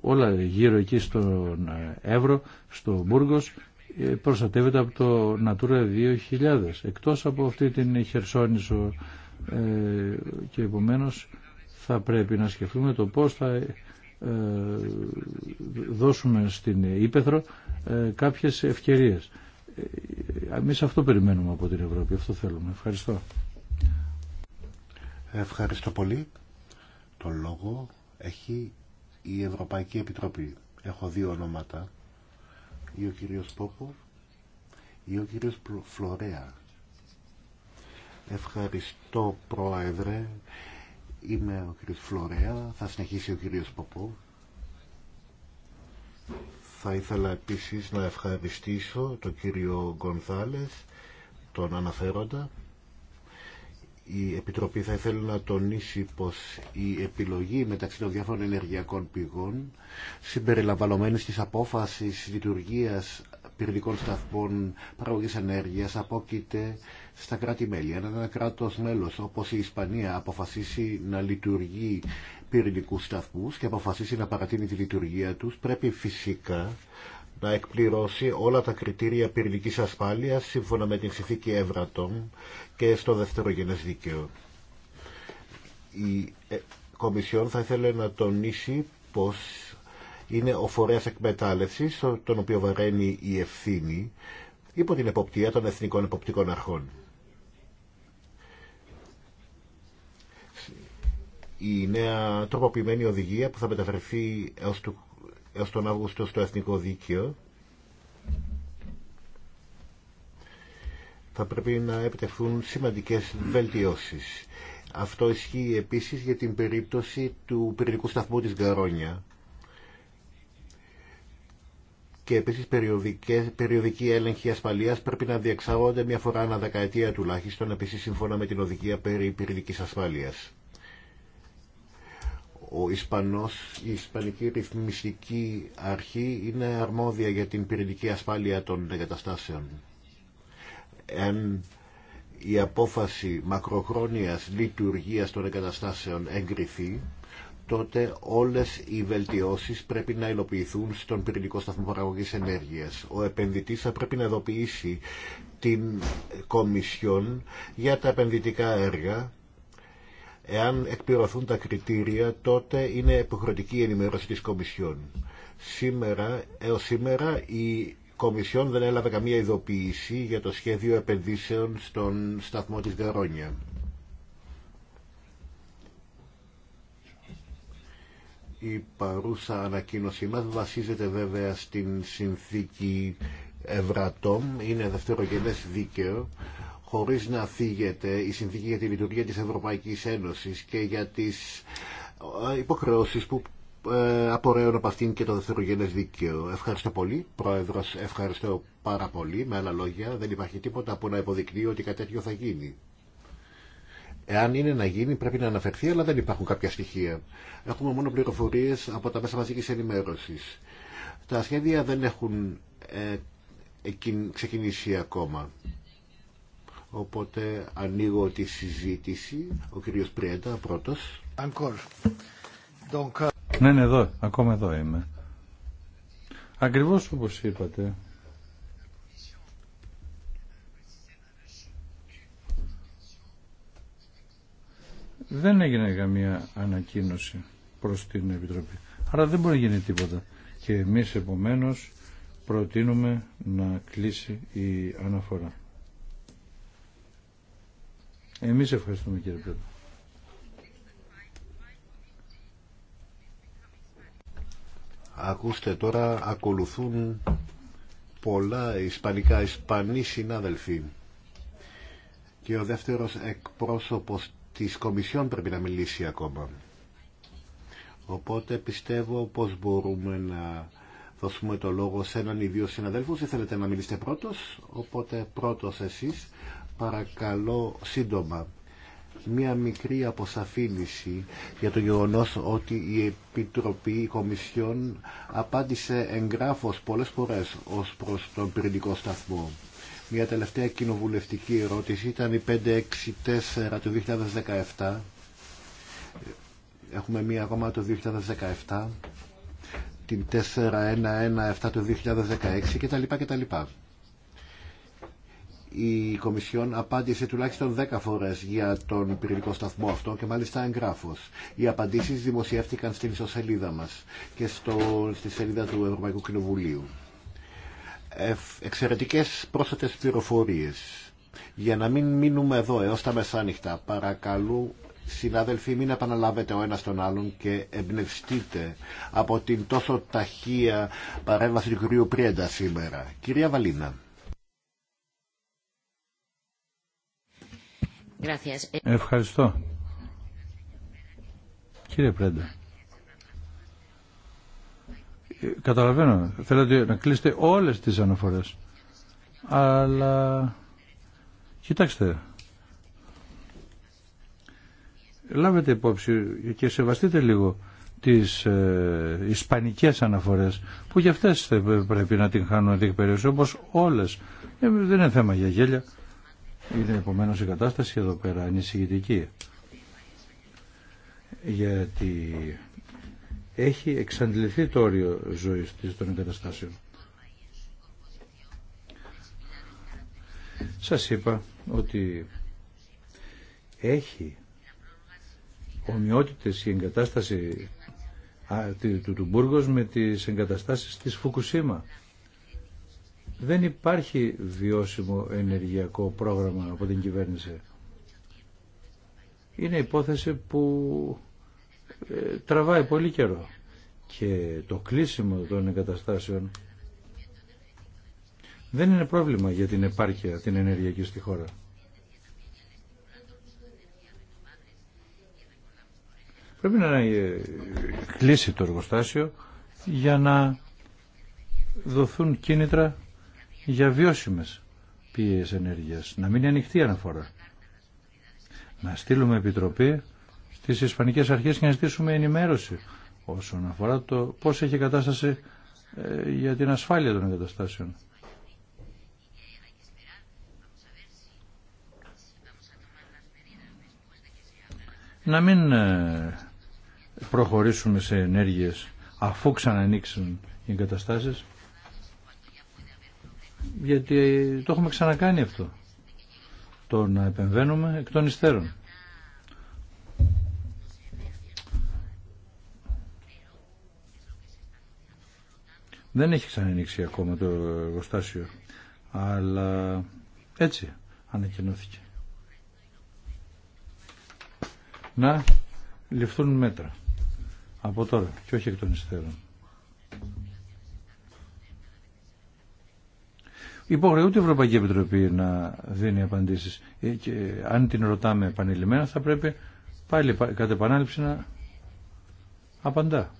όλα γύρω εκεί στον ε, Εύρο, στο Μπούργος, ε, προστατεύεται από το Natura 2000. Εκτός από αυτή την Χερσόνησο ε, και επομένως θα πρέπει να σκεφτούμε το πώς θα δώσουμε στην Ήπεθρο ε, κάποιες ευκαιρίες. Εμεί αυτό περιμένουμε από την Ευρώπη, αυτό θέλουμε. Ευχαριστώ. Ευχαριστώ πολύ. Το λόγο έχει η Ευρωπαϊκή Επιτροπή. Έχω δύο ονόματα. Ή ο κύριος Πόπο ή ο κύριος Φλωρέα. Ευχαριστώ Πρόεδρε. Είμαι ο κύριος Φλωρέα. Θα συνεχίσει ο κύριος Πόπο. Θα ήθελα επίσης να ευχαριστήσω τον κύριο Γκονθάλες, τον αναφέροντα, η Επιτροπή θα ήθελε να τονίσει πως η επιλογή μεταξύ των διάφορων ενεργειακών πηγών συμπεριλαμβανομένης της απόφασης λειτουργίας πυρηνικών σταθμών παραγωγής ενέργειας απόκειται στα κράτη-μέλη. Αν ένα κράτος μέλος όπως η Ισπανία αποφασίσει να λειτουργεί πυρηνικούς σταθμούς και αποφασίσει να παρατείνει τη λειτουργία τους πρέπει φυσικά να εκπληρώσει όλα τα κριτήρια πυρηνικής ασφάλειας σύμφωνα με την συνθήκη Ευρατών και στο δευτερογενές δίκαιο. Η ε, Κομισιόν θα ήθελε να τονίσει πως είναι ο φορέας εκμετάλλευσης, τον οποίο βαραίνει η ευθύνη, υπό την εποπτεία των εθνικών εποπτικών αρχών. η νέα τροποποιημένη οδηγία που θα μεταφερθεί έως του έως τον Αύγουστο στο Εθνικό Δίκαιο θα πρέπει να επιτευχθούν σημαντικές βελτιώσεις. Αυτό ισχύει επίσης για την περίπτωση του πυρηνικού σταθμού της Γκαρόνια και επίσης περιοδική έλεγχη ασφαλείας πρέπει να διεξάγονται μια φορά ανά δεκαετία τουλάχιστον επίσης σύμφωνα με την οδηγία περί πυρηνικής ασφάλειας. Ο Ισπανός, η Ισπανική ρυθμιστική αρχή είναι αρμόδια για την πυρηνική ασφάλεια των εγκαταστάσεων. Εάν η απόφαση μακροχρόνιας λειτουργίας των εγκαταστάσεων εγκριθεί, τότε όλες οι βελτιώσεις πρέπει να υλοποιηθούν στον πυρηνικό σταθμό παραγωγής ενέργειας. Ο επενδυτής θα πρέπει να ειδοποιήσει την Κομισιόν για τα επενδυτικά έργα Εάν εκπληρωθούν τα κριτήρια, τότε είναι υποχρεωτική η ενημέρωση της Κομισιόν. Σήμερα, έως σήμερα, η Κομισιόν δεν έλαβε καμία ειδοποίηση για το σχέδιο επενδύσεων στον σταθμό της Γαρόνια. Η παρούσα ανακοίνωσή μας βασίζεται βέβαια στην συνθήκη Ευρατόμ, είναι δευτερογενές δίκαιο χωρίς να φύγεται η συνθήκη για τη λειτουργία της Ευρωπαϊκής Ένωσης και για τις ε, υποχρεώσεις που ε, απορρέουν από αυτήν και το δευτερογενές δίκαιο. Ευχαριστώ πολύ, Πρόεδρος, ευχαριστώ πάρα πολύ. Με άλλα λόγια, δεν υπάρχει τίποτα που να υποδεικνύει ότι κάτι τέτοιο θα γίνει. Εάν είναι να γίνει, πρέπει να αναφερθεί, αλλά δεν υπάρχουν κάποια στοιχεία. Έχουμε μόνο πληροφορίε από τα μέσα μαζική ενημέρωση. Τα σχέδια δεν έχουν ε, ε, ξεκινήσει ακόμα. Οπότε ανοίγω τη συζήτηση. Ο κύριος Πρετά πρώτος. Euh, ναι, ναι, εδώ. Ακόμα εδώ είμαι. Ακριβώς όπως είπατε. Δεν έγινε καμία ανακοίνωση προς την Επιτροπή. Άρα δεν μπορεί να γίνει τίποτα. Και εμείς επομένως προτείνουμε να κλείσει η αναφορά. Εμείς ευχαριστούμε κύριε Πρόεδρε. Ακούστε τώρα ακολουθούν πολλά ισπανικά, ισπανοί συνάδελφοι και ο δεύτερος εκπρόσωπος της Κομισιόν πρέπει να μιλήσει ακόμα. Οπότε πιστεύω πως μπορούμε να δώσουμε το λόγο σε έναν ή δύο συναδέλφους. θελετε να μιλήσετε πρώτος, οπότε πρώτος εσείς παρακαλώ σύντομα μία μικρή αποσαφήνιση για το γεγονός ότι η Επιτροπή, η Κομισιόν απάντησε εγγράφως πολλές φορές ως προς τον πυρηνικό σταθμό. Μία τελευταία κοινοβουλευτική ερώτηση ήταν η 564 του 2017. Έχουμε μία ακόμα το 2017 την 4.1.1.7 του 2016 κτλ. κτλ η Κομισιόν απάντησε τουλάχιστον 10 φορές για τον πυρηνικό σταθμό αυτό και μάλιστα εγγράφω. Οι απαντήσεις δημοσιεύτηκαν στην ισοσελίδα μας και στο, στη σελίδα του Ευρωπαϊκού Κοινοβουλίου. Ε, εξαιρετικές πρόσθετες πληροφορίες. Για να μην μείνουμε εδώ έως τα μεσάνυχτα, παρακαλώ συνάδελφοι μην επαναλάβετε ο ένας τον άλλον και εμπνευστείτε από την τόσο ταχεία παρέμβαση του κυρίου Πρέντα σήμερα. Κυρία Βαλίνα. Ευχαριστώ. Κύριε Πρέντα. Ε, καταλαβαίνω. Θέλετε να κλείσετε όλες τις αναφορές. Αλλά... Κοιτάξτε. Λάβετε υπόψη και σεβαστείτε λίγο τις ε, ισπανικές αναφορές που για αυτές πρέπει να την χάνουν δίκη όπως όλες. Ε, δεν είναι θέμα για γέλια. Είναι επομένω η κατάσταση εδώ πέρα ανησυχητική. Γιατί έχει εξαντληθεί το όριο ζωής των εγκαταστάσεων. Σα είπα ότι έχει ομοιότητες η εγκατάσταση του, του, με τις εγκαταστάσεις της Φουκουσίμα δεν υπάρχει βιώσιμο ενεργειακό πρόγραμμα από την κυβέρνηση. Είναι υπόθεση που ε, τραβάει πολύ καιρό και το κλείσιμο των εγκαταστάσεων δεν είναι πρόβλημα για την επάρκεια την ενεργειακή στη χώρα. Πρέπει να ε, κλείσει το εργοστάσιο για να δοθούν κίνητρα για βιώσιμες πηγές ενέργειας. Να μην είναι ανοιχτή αναφορά. Να στείλουμε επιτροπή στις Ισπανικές Αρχές και να ζητήσουμε ενημέρωση όσον αφορά το πώς έχει κατάσταση ε, για την ασφάλεια των εγκαταστάσεων. Να μην ε, προχωρήσουμε σε ενέργειες αφού ξανανοίξουν οι εγκαταστάσεις γιατί το έχουμε ξανακάνει αυτό το να επεμβαίνουμε εκ των υστέρων δεν έχει ξανανοίξει ακόμα το εργοστάσιο αλλά έτσι ανακοινώθηκε να ληφθούν μέτρα από τώρα και όχι εκ των υστέρων υποχρεούται η Ευρωπαϊκή Επιτροπή να δίνει απαντήσεις. Ε, αν την ρωτάμε επανειλημμένα θα πρέπει πάλι κατ' επανάληψη να απαντά.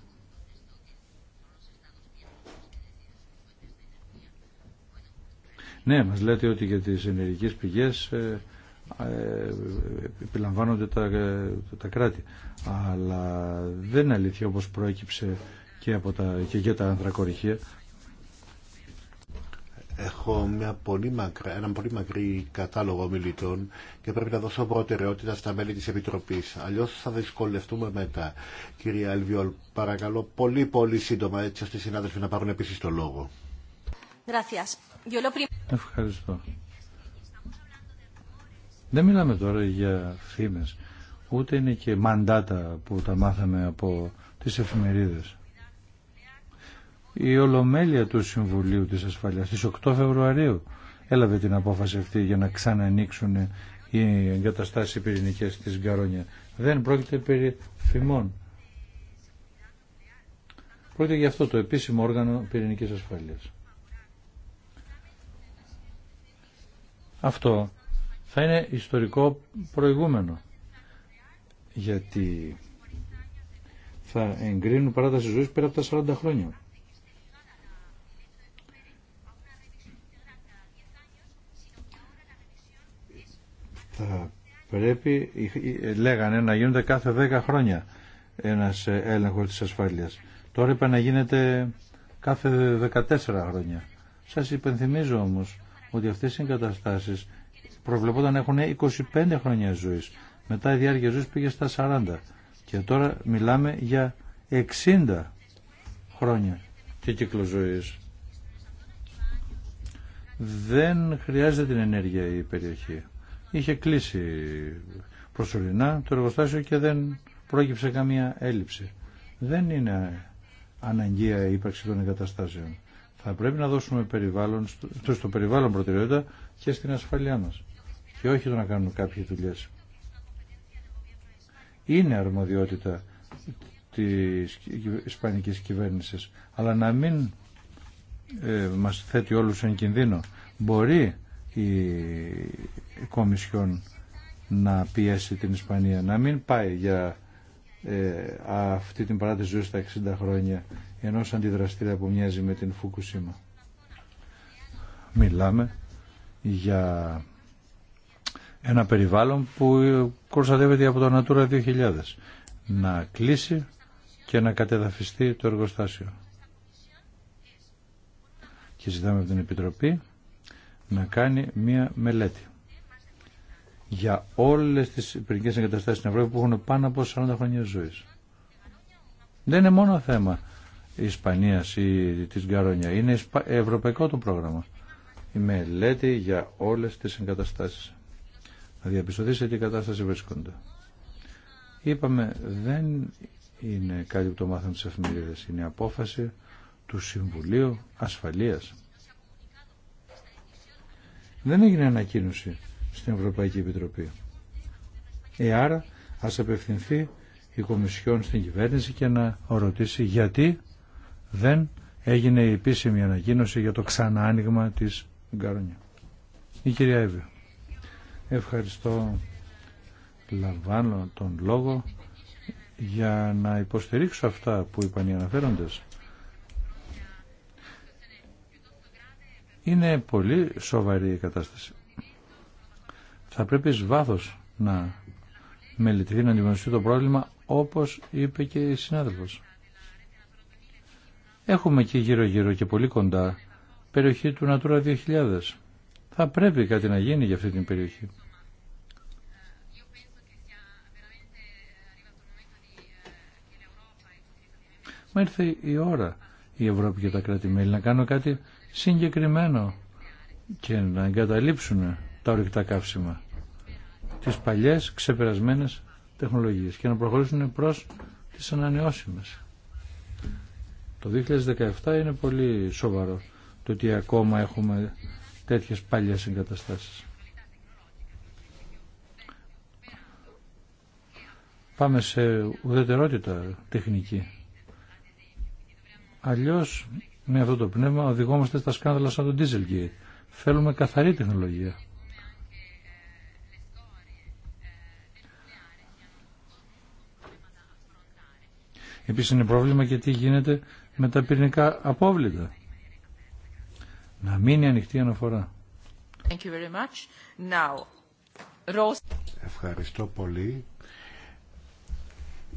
Ναι, μας λέτε ότι για τις ενεργικές πηγές ε, ε, επιλαμβάνονται τα, τα κράτη. Αλλά δεν είναι αλήθεια όπως προέκυψε και, από τα, και για τα ανθρακοριχεία έχω μια πολύ μακρά, έναν πολύ μακρύ κατάλογο μιλητών και πρέπει να δώσω προτεραιότητα στα μέλη της Επιτροπής. Αλλιώς θα δυσκολευτούμε μετά. Κυρία Αλβιόλ, παρακαλώ πολύ πολύ σύντομα έτσι ώστε οι συνάδελφοι να πάρουν επίσης το λόγο. Ευχαριστώ. Δεν μιλάμε τώρα για φήμες, ούτε είναι και μαντάτα που τα μάθαμε από τις εφημερίδες η Ολομέλεια του Συμβουλίου της Ασφαλείας στις 8 Φεβρουαρίου έλαβε την απόφαση αυτή για να ξανανοίξουν οι εγκαταστάσεις πυρηνικές της Γκαρόνια. Δεν πρόκειται περί φημών. Πρόκειται για αυτό το επίσημο όργανο πυρηνικής ασφαλείας. Αυτό θα είναι ιστορικό προηγούμενο. Γιατί θα εγκρίνουν παράταση ζωής πέρα από τα 40 χρόνια. θα πρέπει, λέγανε, να γίνονται κάθε 10 χρόνια ένας ε, έλεγχος της ασφάλειας. Τώρα είπα να γίνεται κάθε 14 χρόνια. Σας υπενθυμίζω όμως ότι αυτές οι εγκαταστάσεις προβλεπόταν να έχουν 25 χρόνια ζωής. Μετά η διάρκεια ζωής πήγε στα 40. Και τώρα μιλάμε για 60 χρόνια και κύκλο ζωής. Δεν χρειάζεται την ενέργεια η περιοχή είχε κλείσει προσωρινά το εργοστάσιο και δεν πρόκειψε καμία έλλειψη. Δεν είναι αναγκαία η ύπαρξη των εγκαταστάσεων. Θα πρέπει να δώσουμε περιβάλλον, στο, στο περιβάλλον προτεραιότητα και στην ασφαλειά μας. Και όχι το να κάνουν κάποιες δουλειές. Είναι αρμοδιότητα της ισπανικής κυβέρνησης, αλλά να μην ε, μας θέτει όλους εν κινδύνο. Μπορεί η Κομισιόν να πιέσει την Ισπανία να μην πάει για ε, αυτή την παράτηση ζωή στα 60 χρόνια ενό αντιδραστήρα που μοιάζει με την Φουκουσίμα. Μιλάμε για ένα περιβάλλον που προστατεύεται από το Natura 2000 να κλείσει και να κατεδαφιστεί το εργοστάσιο. Και ζητάμε από την Επιτροπή να κάνει μία μελέτη για όλες τις πυρηνικές εγκαταστάσεις στην Ευρώπη που έχουν πάνω από 40 χρόνια ζωής. Δεν είναι μόνο θέμα Ισπανίας ή της Γκαρόνια, είναι ευρωπαϊκό το πρόγραμμα. Η μελέτη για όλες τις εγκαταστάσεις. Να διαπιστωθεί σε τι κατάσταση βρίσκονται. Είπαμε δεν είναι κάτι που το μάθαμε τις εφημερίδες, είναι απόφαση του Συμβουλίου Ασφαλείας δεν έγινε ανακοίνωση στην Ευρωπαϊκή Επιτροπή. Ε, άρα ας απευθυνθεί η Κομισιόν στην κυβέρνηση και να ρωτήσει γιατί δεν έγινε η επίσημη ανακοίνωση για το ξανά άνοιγμα της Γκαρονιά. Η κυρία Εύβοια, Ευχαριστώ. Λαμβάνω τον λόγο για να υποστηρίξω αυτά που είπαν οι αναφέροντες Είναι πολύ σοβαρή η κατάσταση. Θα πρέπει εις να μελετηθεί να αντιμετωπιστεί το πρόβλημα όπως είπε και η συνάδελφος. Έχουμε εκεί γύρω γύρω και πολύ κοντά περιοχή του Natura 2000. Θα πρέπει κάτι να γίνει για αυτή την περιοχή. Μα ήρθε η ώρα η Ευρώπη και τα κράτη-μέλη να κάνουν κάτι συγκεκριμένο και να εγκαταλείψουν τα ορυκτά καύσιμα τις παλιές ξεπερασμένες τεχνολογίες και να προχωρήσουν προς τις ανανεώσιμες. Το 2017 είναι πολύ σοβαρό το ότι ακόμα έχουμε τέτοιες παλιές εγκαταστάσεις. Πάμε σε ουδετερότητα τεχνική. Αλλιώς με αυτό το πνεύμα οδηγόμαστε στα σκάνδαλα σαν τον Dieselgate. Θέλουμε καθαρή τεχνολογία. Επίσης είναι πρόβλημα και τι γίνεται με τα πυρηνικά απόβλητα. Να μείνει ανοιχτή αναφορά. Thank you very much. Now, Rose... Ευχαριστώ πολύ.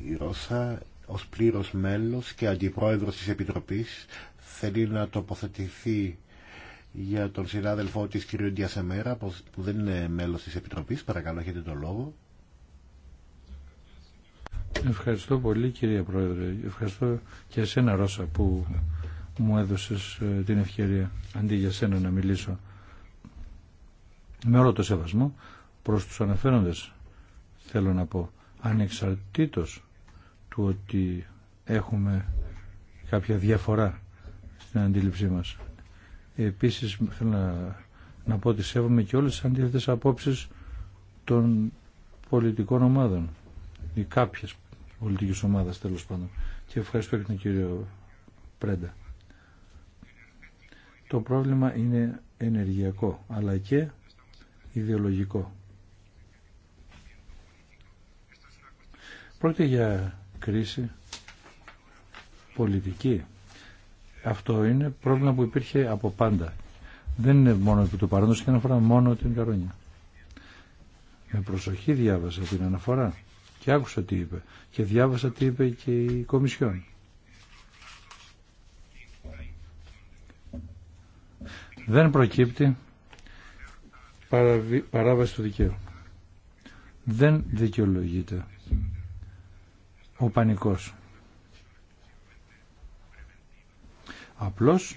Η Ρώσα ως πλήρως μέλος και αντιπρόεδρος της Επιτροπής θέλει να τοποθετηθεί για τον συνάδελφό της κύριο Ντιασεμέρα που δεν είναι μέλος της Επιτροπής. Παρακαλώ έχετε τον λόγο. Ευχαριστώ πολύ κυρία Πρόεδρε. Ευχαριστώ και εσένα Ρώσα που μου έδωσες ε, την ευκαιρία αντί για σένα να μιλήσω. Με όλο το σεβασμό προς τους αναφέροντες θέλω να πω ανεξαρτήτως του ότι έχουμε κάποια διαφορά στην αντίληψή μας. Επίσης θέλω να, να πω ότι σέβομαι και όλες τις αντίθετες απόψεις των πολιτικών ομάδων ή κάποιες πολιτικές ομάδες, τέλος πάντων. Και ευχαριστώ και τον κύριο Πρέντα. Το πρόβλημα είναι ενεργειακό αλλά και ιδεολογικό. Πρόκειται για κρίση πολιτική αυτό είναι πρόβλημα που υπήρχε από πάντα. Δεν είναι μόνο επί του παρόντος και αναφορά μόνο την Καρόνια. Με προσοχή διάβασα την αναφορά και άκουσα τι είπε και διάβασα τι είπε και η Κομισιόν. Δεν προκύπτει παράβαση του δικαίου. Δεν δικαιολογείται ο πανικός. Απλώς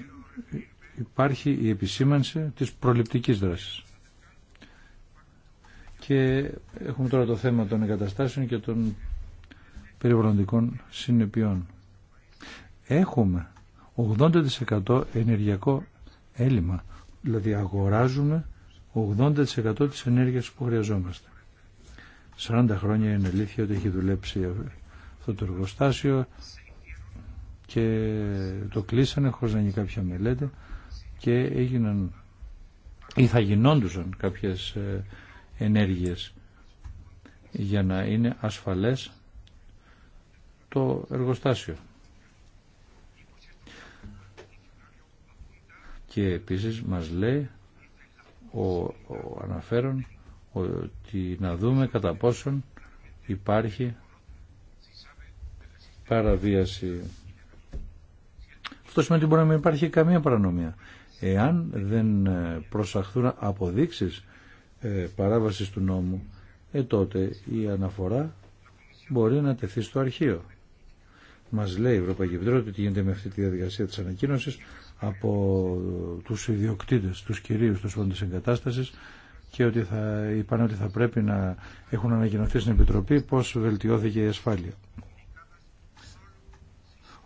υπάρχει η επισήμανση της προληπτικής δράσης. Και έχουμε τώρα το θέμα των εγκαταστάσεων και των περιβαλλοντικών συνεπειών. Έχουμε 80% ενεργειακό έλλειμμα. Δηλαδή αγοράζουμε 80% της ενέργειας που χρειαζόμαστε. 40 χρόνια είναι αλήθεια ότι έχει δουλέψει αυτό το εργοστάσιο και το κλείσανε χωρίς να είναι κάποια μελέτη και έγιναν ή θα γινόντουσαν κάποιες ε, ενέργειες για να είναι ασφαλές το εργοστάσιο. Και επίσης μας λέει ο, ο αναφέρον ότι να δούμε κατά πόσον υπάρχει παραβίαση αυτό σημαίνει ότι μπορεί να μην υπάρχει καμία παρανομία. Εάν δεν ε, προσαχθούν αποδείξεις ε, παράβασης του νόμου, ε, τότε η αναφορά μπορεί να τεθεί στο αρχείο. Μας λέει η Ευρωπαϊκή Επιτροπή ότι γίνεται με αυτή τη διαδικασία της ανακοίνωσης από τους ιδιοκτήτες, τους κυρίους του σχολών εγκατάστασης και ότι θα, ότι θα πρέπει να έχουν ανακοινωθεί στην Επιτροπή πώς βελτιώθηκε η ασφάλεια.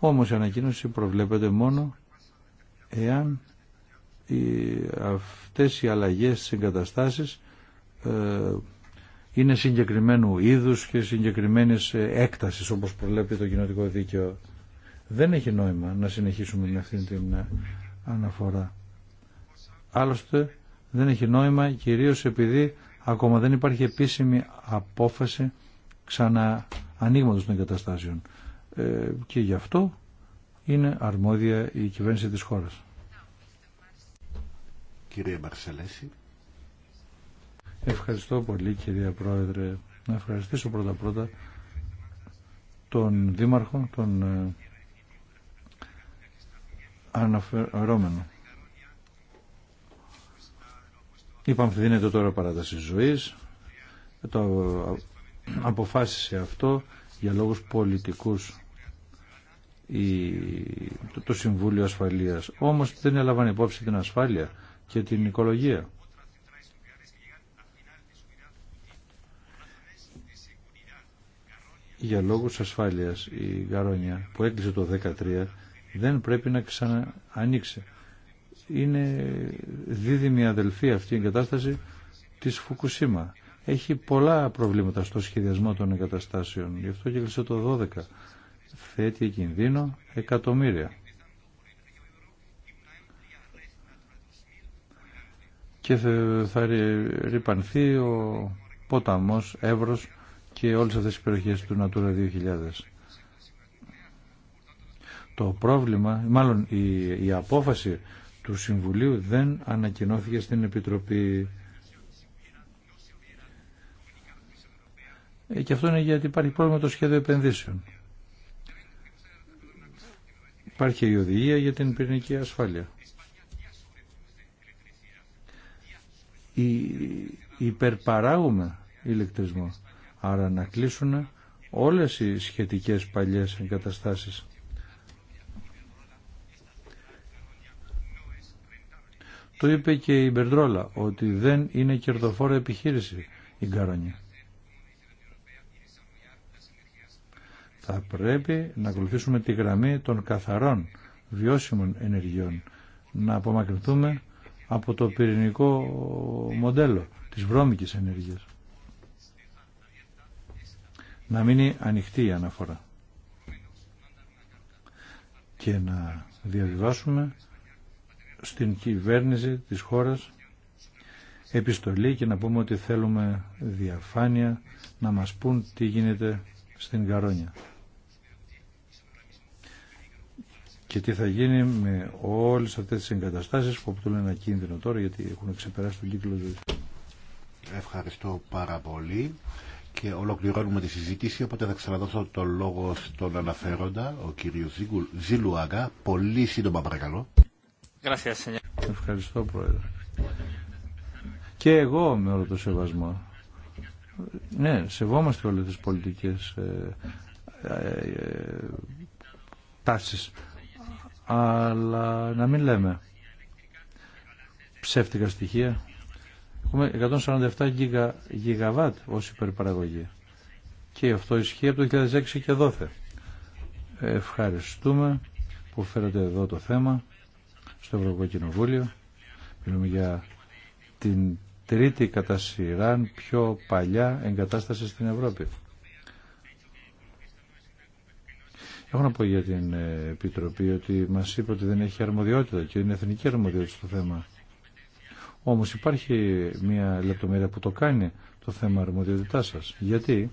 Όμως η ανακοίνωση προβλέπεται μόνο εάν οι, αυτές οι αλλαγές στις εγκαταστάσεις ε, είναι συγκεκριμένου είδους και συγκεκριμένες ε, έκτασης όπως προβλέπει το κοινωτικό δίκαιο. Δεν έχει νόημα να συνεχίσουμε με αυτήν την ε, αναφορά. Άλλωστε δεν έχει νόημα κυρίως επειδή ακόμα δεν υπάρχει επίσημη απόφαση ξανά των εγκαταστάσεων. Ε, και γι' αυτό είναι αρμόδια η κυβέρνηση της χώρας. Κύριε Ευχαριστώ πολύ κυρία Πρόεδρε. Να ευχαριστήσω πρώτα πρώτα τον Δήμαρχο, τον ε, αναφερόμενο. Είπαμε ότι δίνεται τώρα παράταση ζωής, το αποφάσισε αυτό για λόγους πολιτικούς το, το Συμβούλιο Ασφαλείας. Όμως δεν έλαβαν υπόψη την ασφάλεια και την οικολογία. Για λόγους ασφάλειας η Γαρόνια που έκλεισε το 2013 δεν πρέπει να ξαναανοίξει. Είναι δίδυμη αδελφή αυτή η εγκατάσταση της Φουκουσίμα. Έχει πολλά προβλήματα στο σχεδιασμό των εγκαταστάσεων. Γι' αυτό και έκλεισε το 12 θέτει κινδύνο εκατομμύρια. Και θα ρηπανθεί ο ποταμός Εύρος και όλες αυτές οι περιοχές του Natura 2000. Το πρόβλημα, μάλλον η, η απόφαση του Συμβουλίου δεν ανακοινώθηκε στην Επιτροπή ε, και αυτό είναι γιατί υπάρχει πρόβλημα το σχέδιο επενδύσεων. Υπάρχει η οδηγία για την πυρηνική ασφάλεια. υπερπαράγουμε ηλεκτρισμό. Άρα να κλείσουν όλες οι σχετικές παλιές εγκαταστάσεις. Το είπε και η Μπερντρόλα ότι δεν είναι κερδοφόρα επιχείρηση η Γκαρόνια. θα πρέπει να ακολουθήσουμε τη γραμμή των καθαρών βιώσιμων ενεργειών, να απομακρυνθούμε από το πυρηνικό μοντέλο της βρώμικης ενέργειας. Να μείνει ανοιχτή η αναφορά και να διαβιβάσουμε στην κυβέρνηση της χώρας επιστολή και να πούμε ότι θέλουμε διαφάνεια να μας πούν τι γίνεται στην Καρόνια. και τι θα γίνει με όλες αυτές τις εγκαταστάσεις που αποτελούν ένα κίνδυνο τώρα γιατί έχουν ξεπεράσει τον κύκλο ζωής. Ευχαριστώ πάρα πολύ και ολοκληρώνουμε τη συζήτηση οπότε θα ξαναδώσω το λόγο στον αναφέροντα, ο κύριος Ζιλουάγκα. Πολύ σύντομα παρακαλώ. Ευχαριστώ Πρόεδρε. Και εγώ με όλο το σεβασμό. Ναι, σεβόμαστε όλες τις πολιτικές ε, ε, ε τάσεις αλλά να μην λέμε ψεύτικα στοιχεία. Έχουμε 147 γιγα, γιγαβάτ ως υπερπαραγωγή. Και αυτό ισχύει από το 2006 και δόθε. Ευχαριστούμε που φέρατε εδώ το θέμα στο Ευρωπαϊκό Κοινοβούλιο. Μιλούμε για την τρίτη κατά σειράν πιο παλιά εγκατάσταση στην Ευρώπη. Έχω να πω για την ε, Επιτροπή ότι μας είπε ότι δεν έχει αρμοδιότητα και είναι εθνική αρμοδιότητα στο θέμα. Όμως υπάρχει μια λεπτομέρεια που το κάνει το θέμα αρμοδιότητά σας. Γιατί?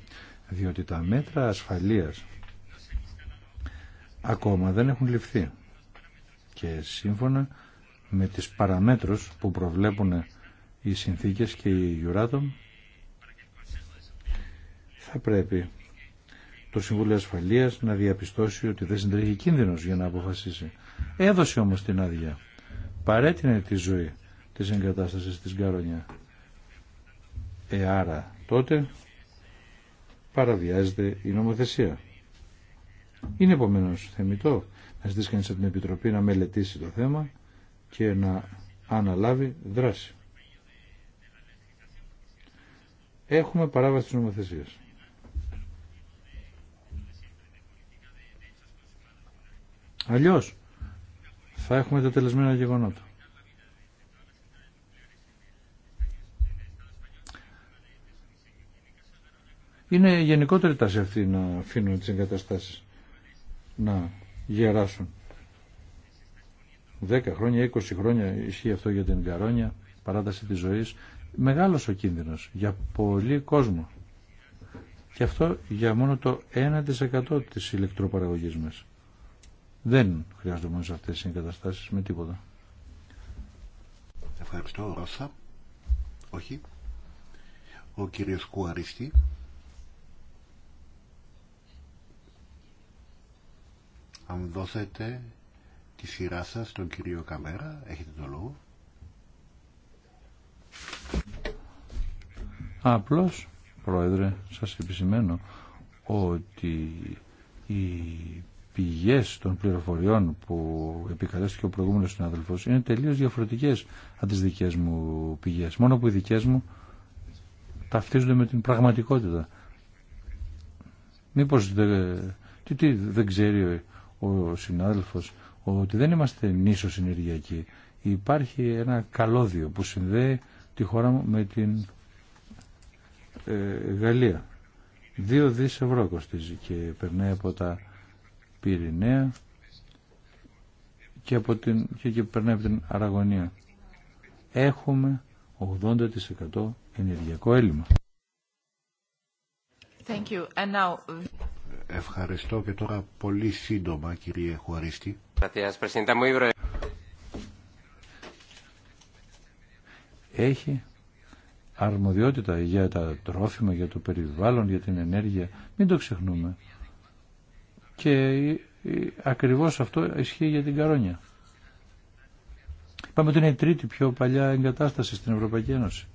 Διότι τα μέτρα ασφαλείας ακόμα δεν έχουν ληφθεί. Και σύμφωνα με τις παραμέτρους που προβλέπουν οι συνθήκες και οι Euratom θα πρέπει το Συμβούλιο Ασφαλείας να διαπιστώσει ότι δεν συντρέχει κίνδυνος για να αποφασίσει. Έδωσε όμως την άδεια. Παρέτεινε τη ζωή της εγκατάστασης της Γκαρονιά. Ε, άρα τότε παραβιάζεται η νομοθεσία. Είναι επομένω θεμητό να ζητήσει κανεί από την Επιτροπή να μελετήσει το θέμα και να αναλάβει δράση. Έχουμε παράβαση της νομοθεσίας. Αλλιώς θα έχουμε τα τελεσμένα γεγονότα. Είναι γενικότερη τάση αυτή να αφήνουν τις εγκαταστάσεις να γεράσουν. Δέκα χρόνια, είκοσι χρόνια ισχύει αυτό για την καρόνια, παράταση της ζωής. Μεγάλος ο κίνδυνος για πολύ κόσμο. Και αυτό για μόνο το 1% της ηλεκτροπαραγωγής μας δεν χρειάζονται μόνο σε αυτές τις εγκαταστάσεις με τίποτα. Ευχαριστώ, Ρώσα. Όχι. Ο κύριος Κουαρίστη. Αν δώσετε τη σειρά σας στον κύριο Καμέρα, έχετε το λόγο. Απλώς, Πρόεδρε, σας επισημαίνω ότι η πηγές των πληροφοριών που επικαλέστηκε ο προηγούμενος συνάδελφος είναι τελείως διαφορετικές από τις δικές μου πηγές. Μόνο που οι δικές μου ταυτίζονται με την πραγματικότητα. Μήπως τι, δεν ξέρει ο συνάδελφος ότι δεν είμαστε νήσο συνεργειακοί. Υπάρχει ένα καλώδιο που συνδέει τη χώρα μου με την ε, Γαλλία. Δύο δις ευρώ κοστίζει και περνάει από τα Πυρηναία και, και, και περνάει από την Αραγωνία. Έχουμε 80% ενεργειακό έλλειμμα. Thank you. And now... Ευχαριστώ και τώρα πολύ σύντομα κύριε Χουαρίστη. Έχει αρμοδιότητα για τα τρόφιμα, για το περιβάλλον, για την ενέργεια. Μην το ξεχνούμε. Και ακριβώς αυτό ισχύει για την Καρόνια. Πάμε ότι είναι η τρίτη πιο παλιά εγκατάσταση στην Ευρωπαϊκή Ένωση.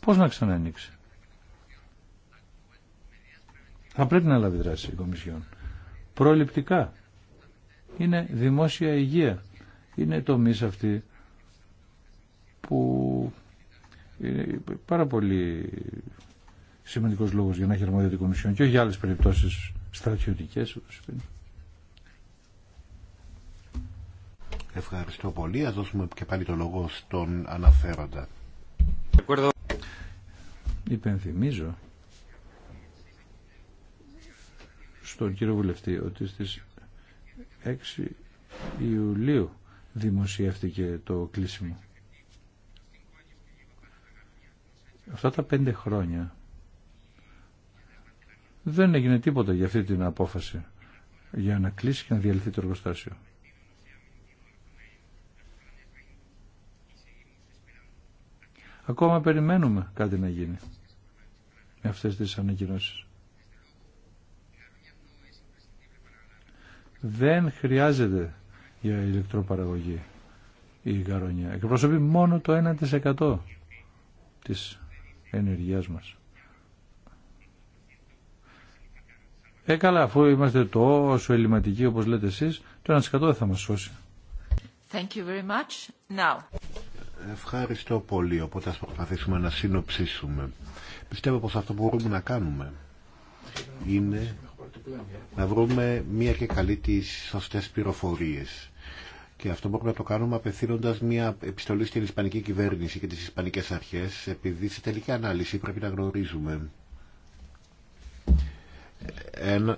Πώς να ξανανοίξει. Θα πρέπει να λάβει δράση η Κομισιόν. Προληπτικά. Είναι δημόσια υγεία. Είναι το τομεί αυτή που είναι πάρα πολύ Σημαντικό λόγο για να έχει αρμόδια την Κομισιόν και όχι για άλλες περιπτώσεις στρατιωτικές. Ευχαριστώ πολύ. Ας δώσουμε και πάλι το λόγο στον αναφέροντα. Υπενθυμίζω στον κύριο Βουλευτή ότι στις 6 Ιουλίου δημοσιεύτηκε το κλείσιμο. Αυτά τα πέντε χρόνια δεν έγινε τίποτα για αυτή την απόφαση για να κλείσει και να διαλυθεί το εργοστάσιο. Ακόμα περιμένουμε κάτι να γίνει με αυτές τις ανακοινώσεις. Δεν χρειάζεται για ηλεκτροπαραγωγή η γαρονιά. Εκπροσωπεί μόνο το 1% της ενεργειάς μας. Ε, καλά, αφού είμαστε τόσο ελληματικοί όπως λέτε εσείς, το 1% δεν θα μας σώσει. Thank you very much. Now. Ευχαριστώ πολύ, οπότε ας προσπαθήσουμε να συνοψίσουμε. Πιστεύω πως αυτό που μπορούμε να κάνουμε είναι να βρούμε μία και καλή τις σωστές πληροφορίες. Και αυτό μπορούμε να το κάνουμε απευθύνοντα μια επιστολή στην Ισπανική κυβέρνηση και τι Ισπανικέ αρχέ, επειδή σε τελική ανάλυση πρέπει να γνωρίζουμε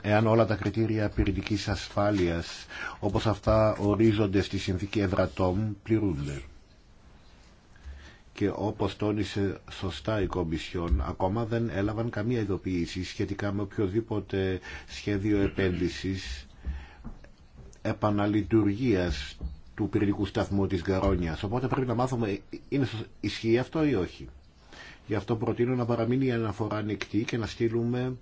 εάν όλα τα κριτήρια πυρηνικής ασφάλειας όπως αυτά ορίζονται στη συνθήκη Ευρατόμ πληρούνται. Και όπως τόνισε σωστά η Κομισιόν, ακόμα δεν έλαβαν καμία ειδοποίηση σχετικά με οποιοδήποτε σχέδιο επένδυσης επαναλειτουργίας του πυρηνικού σταθμού της Γαρόνιας. Οπότε πρέπει να μάθουμε, είναι ισχύει αυτό ή όχι. Γι' αυτό προτείνω να παραμείνει η αναφορά ανοιχτή και να στείλουμε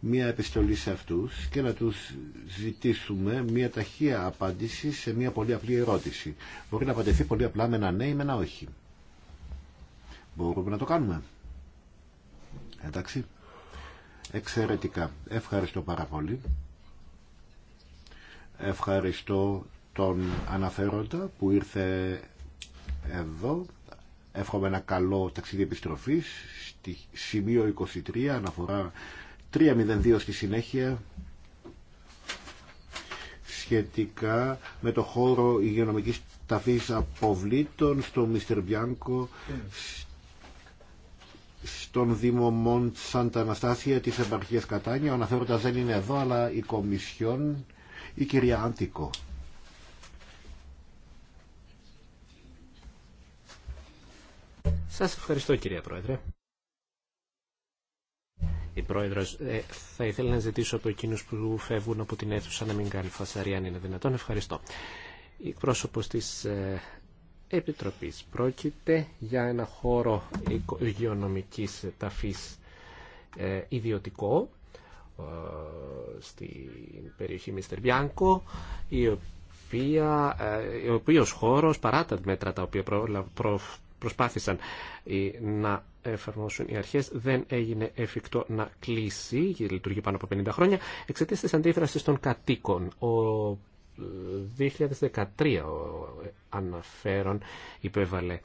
μία επιστολή σε αυτούς και να τους ζητήσουμε μία ταχεία απάντηση σε μία πολύ απλή ερώτηση. Μπορεί να απαντηθεί πολύ απλά με ένα ναι ή με ένα όχι. Μπορούμε να το κάνουμε. Εντάξει. Εξαιρετικά. Ευχαριστώ πάρα πολύ. Ευχαριστώ τον αναφέροντα που ήρθε εδώ. Εύχομαι ένα καλό ταξίδι επιστροφής στη σημείο 23 αναφορά 302 στη συνέχεια σχετικά με το χώρο υγειονομικής ταφής αποβλήτων στο Μιστερ Μπιάνκο στον Δήμο Μοντ Σάντα Αναστάσια της επαρχίας Κατάνια. Ο αναφέροντας δεν είναι εδώ, αλλά η Κομισιόν, η κυρία Άντικο. Σας ευχαριστώ κυρία Πρόεδρε η Πρόεδρος. Ε, θα ήθελα να ζητήσω από εκείνου που φεύγουν από την αίθουσα να μην κάνει φασαρία αν είναι δυνατόν. Ευχαριστώ. Η πρόσωπος της ε, Επιτροπής πρόκειται για ένα χώρο υγειονομικής ταφής ε, ιδιωτικό στην περιοχή Μιστερ Μπιάνκο, η ο οποίος χώρος, παρά τα μέτρα τα οποία προσπάθησαν να εφαρμόσουν οι αρχές δεν έγινε εφικτό να κλείσει, και λειτουργεί πάνω από 50 χρόνια, εξαιτίας της αντίδρασης των κατοίκων. Ο 2013 ε, ο αναφέρον υπέβαλε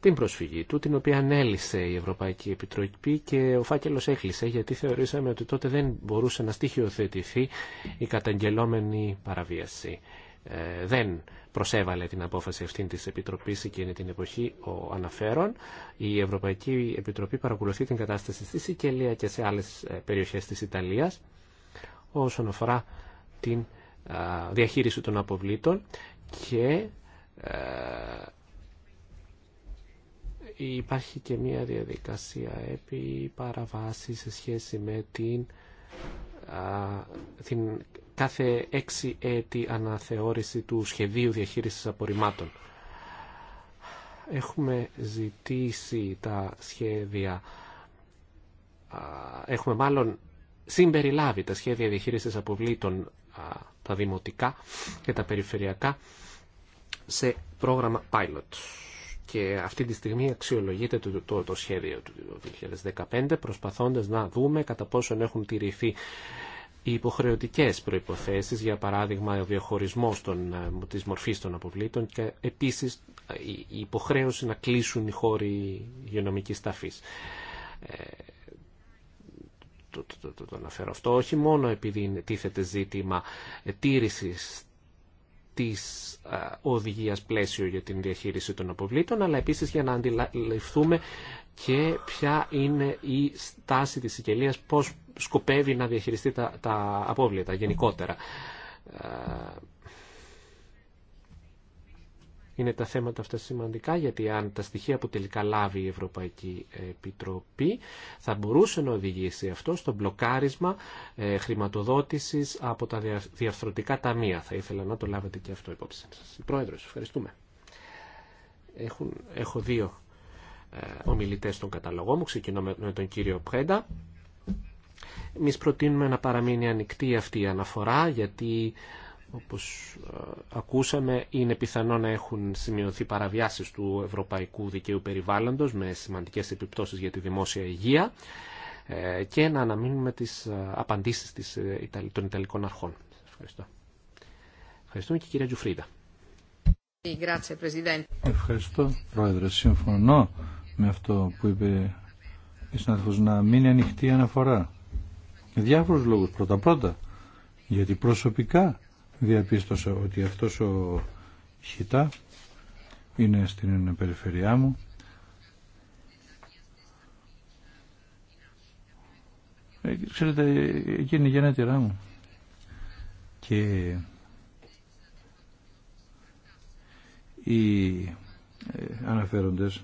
την προσφυγή του, την οποία ανέλησε η Ευρωπαϊκή Επιτροπή και ο φάκελος έκλεισε γιατί θεωρήσαμε ότι τότε δεν μπορούσε να στοιχειοθετηθεί η καταγγελόμενη παραβίαση. Ε, δεν προσέβαλε την απόφαση αυτήν της Επιτροπής εκείνη την εποχή ο αναφέρον. Η Ευρωπαϊκή Επιτροπή παρακολουθεί την κατάσταση στη Σικελία και σε άλλες ε, περιοχές της Ιταλίας όσον αφορά την διαχείριση των αποβλήτων και ε, υπάρχει και μια διαδικασία επί παραβάση σε σχέση με την την κάθε έξι έτη αναθεώρηση του σχεδίου διαχείρισης απορριμμάτων. Έχουμε ζητήσει τα σχέδια, έχουμε μάλλον συμπεριλάβει τα σχέδια διαχείρισης αποβλήτων τα δημοτικά και τα περιφερειακά σε πρόγραμμα pilot και αυτή τη στιγμή αξιολογείται το, το, το σχέδιο του 2015 προσπαθώντας να δούμε κατά πόσον έχουν τηρηθεί οι υποχρεωτικές προϋποθέσεις, για παράδειγμα ο διαχωρισμός των, ε, της μορφής των αποβλήτων και επίσης ε, η υποχρέωση να κλείσουν οι χώροι υγειονομικής ταφής. Ε, το, το, το, το, αναφέρω αυτό όχι μόνο επειδή τίθεται ζήτημα τήρησης της οδηγίας πλαίσιο για την διαχείριση των αποβλήτων, αλλά επίσης για να αντιληφθούμε και ποια είναι η στάση της συγκελίας πώς σκοπεύει να διαχειριστεί τα, τα απόβλητα γενικότερα είναι τα θέματα αυτά σημαντικά, γιατί αν τα στοιχεία που τελικά λάβει η Ευρωπαϊκή Επιτροπή θα μπορούσε να οδηγήσει αυτό στο μπλοκάρισμα ε, χρηματοδότησης από τα διαρθρωτικά ταμεία. Θα ήθελα να το λάβετε και αυτό υπόψη σας. Πρόεδρος, ευχαριστούμε. Έχουν, έχω δύο ε, ομιλητές στον καταλογό μου. Ξεκινώ με τον κύριο Πρέντα. Εμεί προτείνουμε να παραμείνει ανοιχτή αυτή η αναφορά γιατί όπως ακούσαμε, είναι πιθανό να έχουν σημειωθεί παραβιάσεις του ευρωπαϊκού δικαίου περιβάλλοντος με σημαντικές επιπτώσεις για τη δημόσια υγεία ε, και να αναμείνουμε τις απαντήσεις ε, των Ιταλικών αρχών. Σας ευχαριστώ. Ευχαριστούμε και η κυρία Τζουφρίδα. Ευχαριστώ, Πρόεδρε. Συμφωνώ με αυτό που είπε η συνάδελφος να μείνει ανοιχτή η αναφορά. Με διάφορους λόγους. Πρώτα-πρώτα, γιατί προσωπικά διαπίστωσα ότι αυτός ο Χιτά είναι στην περιφερειά μου ε, Ξέρετε, εκεί είναι η γενέτειρά μου. Και οι ε, αναφέροντες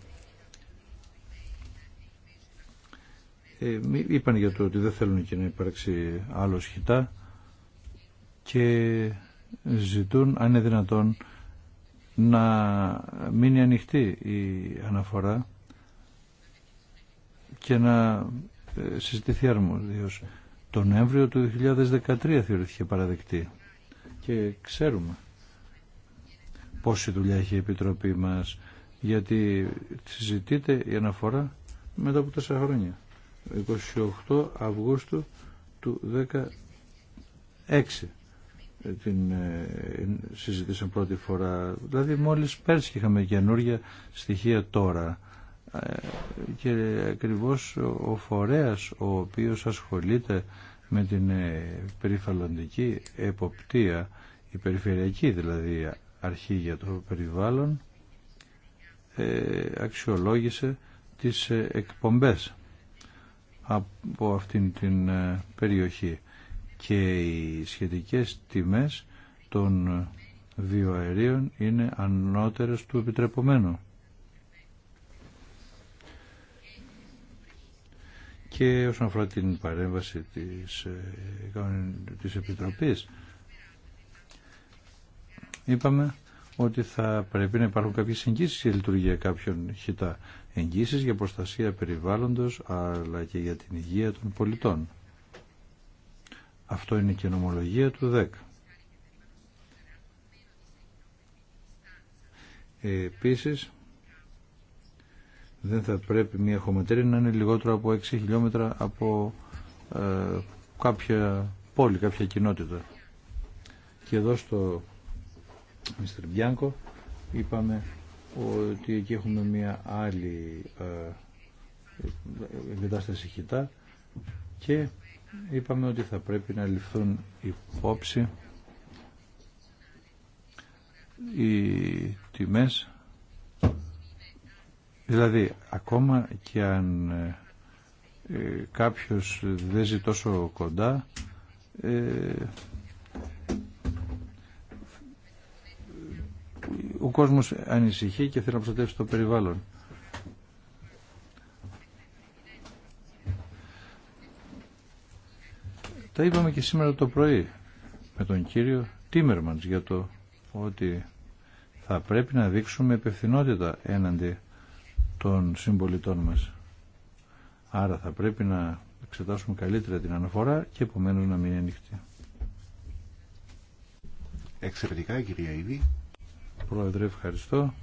ε, είπαν για το ότι δεν θέλουν και να υπάρξει άλλο χιτά και ζητούν αν είναι δυνατόν να μείνει ανοιχτή η αναφορά και να ε, συζητηθεί αρμόδιος. Το Νοέμβριο του 2013 θεωρήθηκε παραδεκτή και ξέρουμε πόση δουλειά έχει η Επιτροπή μας γιατί συζητείται η αναφορά μετά από τέσσερα χρόνια. 28 Αυγούστου του 2016. Ε, την ε, συζητήσαμε πρώτη φορά. Δηλαδή μόλις πέρσι είχαμε καινούργια στοιχεία τώρα ε, και ακριβώς ο φορέας ο οποίος ασχολείται με την περιφαλλοντική εποπτεία, η περιφερειακή δηλαδή αρχή για το περιβάλλον, αξιολόγησε τις εκπομπές από αυτήν την περιοχή και οι σχετικές τιμές των βιοαερίων είναι ανώτερες του επιτρεπωμένου. Και όσον αφορά την παρέμβαση της, ε, της Επιτροπής, είπαμε ότι θα πρέπει να υπάρχουν κάποιες εγγύσεις για λειτουργία κάποιων χιτά. Εγγύσεις για προστασία περιβάλλοντος, αλλά και για την υγεία των πολιτών. Αυτό είναι και νομολογία του 10. Επίσης, δεν θα πρέπει μια χωματερή να είναι λιγότερο από 6 χιλιόμετρα από ε, κάποια πόλη, κάποια κοινότητα. Και εδώ στο Μιστρ Μπιάνκο είπαμε ότι εκεί έχουμε μια άλλη ε, εγκατάσταση χιτά και είπαμε ότι θα πρέπει να ληφθούν υπόψη οι τιμές δηλαδή ακόμα και αν ε, κάποιος δεν ζει τόσο κοντά ε, ο κόσμος ανησυχεί και θέλει να προστατεύσει το περιβάλλον Τα είπαμε και σήμερα το πρωί με τον κύριο Τίμερμαντς για το ότι θα πρέπει να δείξουμε υπευθυνότητα έναντι των συμπολιτών μας. Άρα θα πρέπει να εξετάσουμε καλύτερα την αναφορά και επομένως να μην ανοιχτή. Εξαιρετικά κυρία Ήδη. Πρόεδρε ευχαριστώ.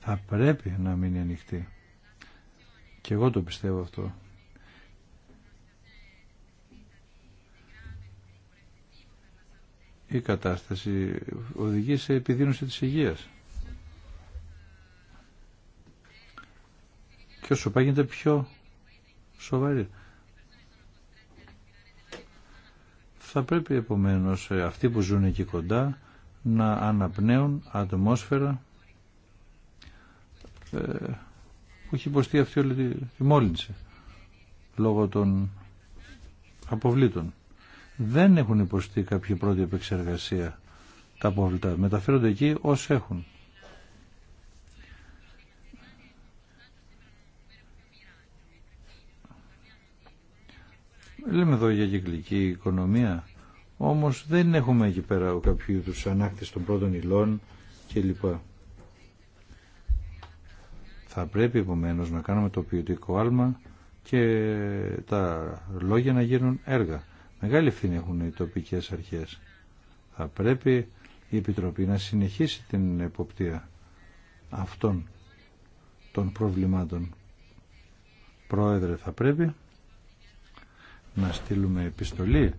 Θα πρέπει να μείνει ανοιχτή. Και εγώ το πιστεύω αυτό. η κατάσταση οδηγεί σε επιδείνωση της υγείας. Και όσο πάει πιο σοβαρή. Θα πρέπει επομένως αυτοί που ζουν εκεί κοντά να αναπνέουν ατμόσφαιρα ε, που έχει υποστεί αυτή όλη τη μόλυνση λόγω των αποβλήτων δεν έχουν υποστεί κάποια πρώτη επεξεργασία τα απόβλητα. Μεταφέρονται εκεί όσοι έχουν. Λέμε εδώ για κυκλική οικονομία, όμως δεν έχουμε εκεί πέρα κάποιο είδου ανάκτηση των πρώτων υλών κλπ. Θα πρέπει επομένω να κάνουμε το ποιοτικό άλμα και τα λόγια να γίνουν έργα. Μεγάλη ευθύνη έχουν οι τοπικές αρχές. Θα πρέπει η Επιτροπή να συνεχίσει την εποπτεία αυτών των προβλημάτων. Πρόεδρε θα πρέπει να στείλουμε επιστολή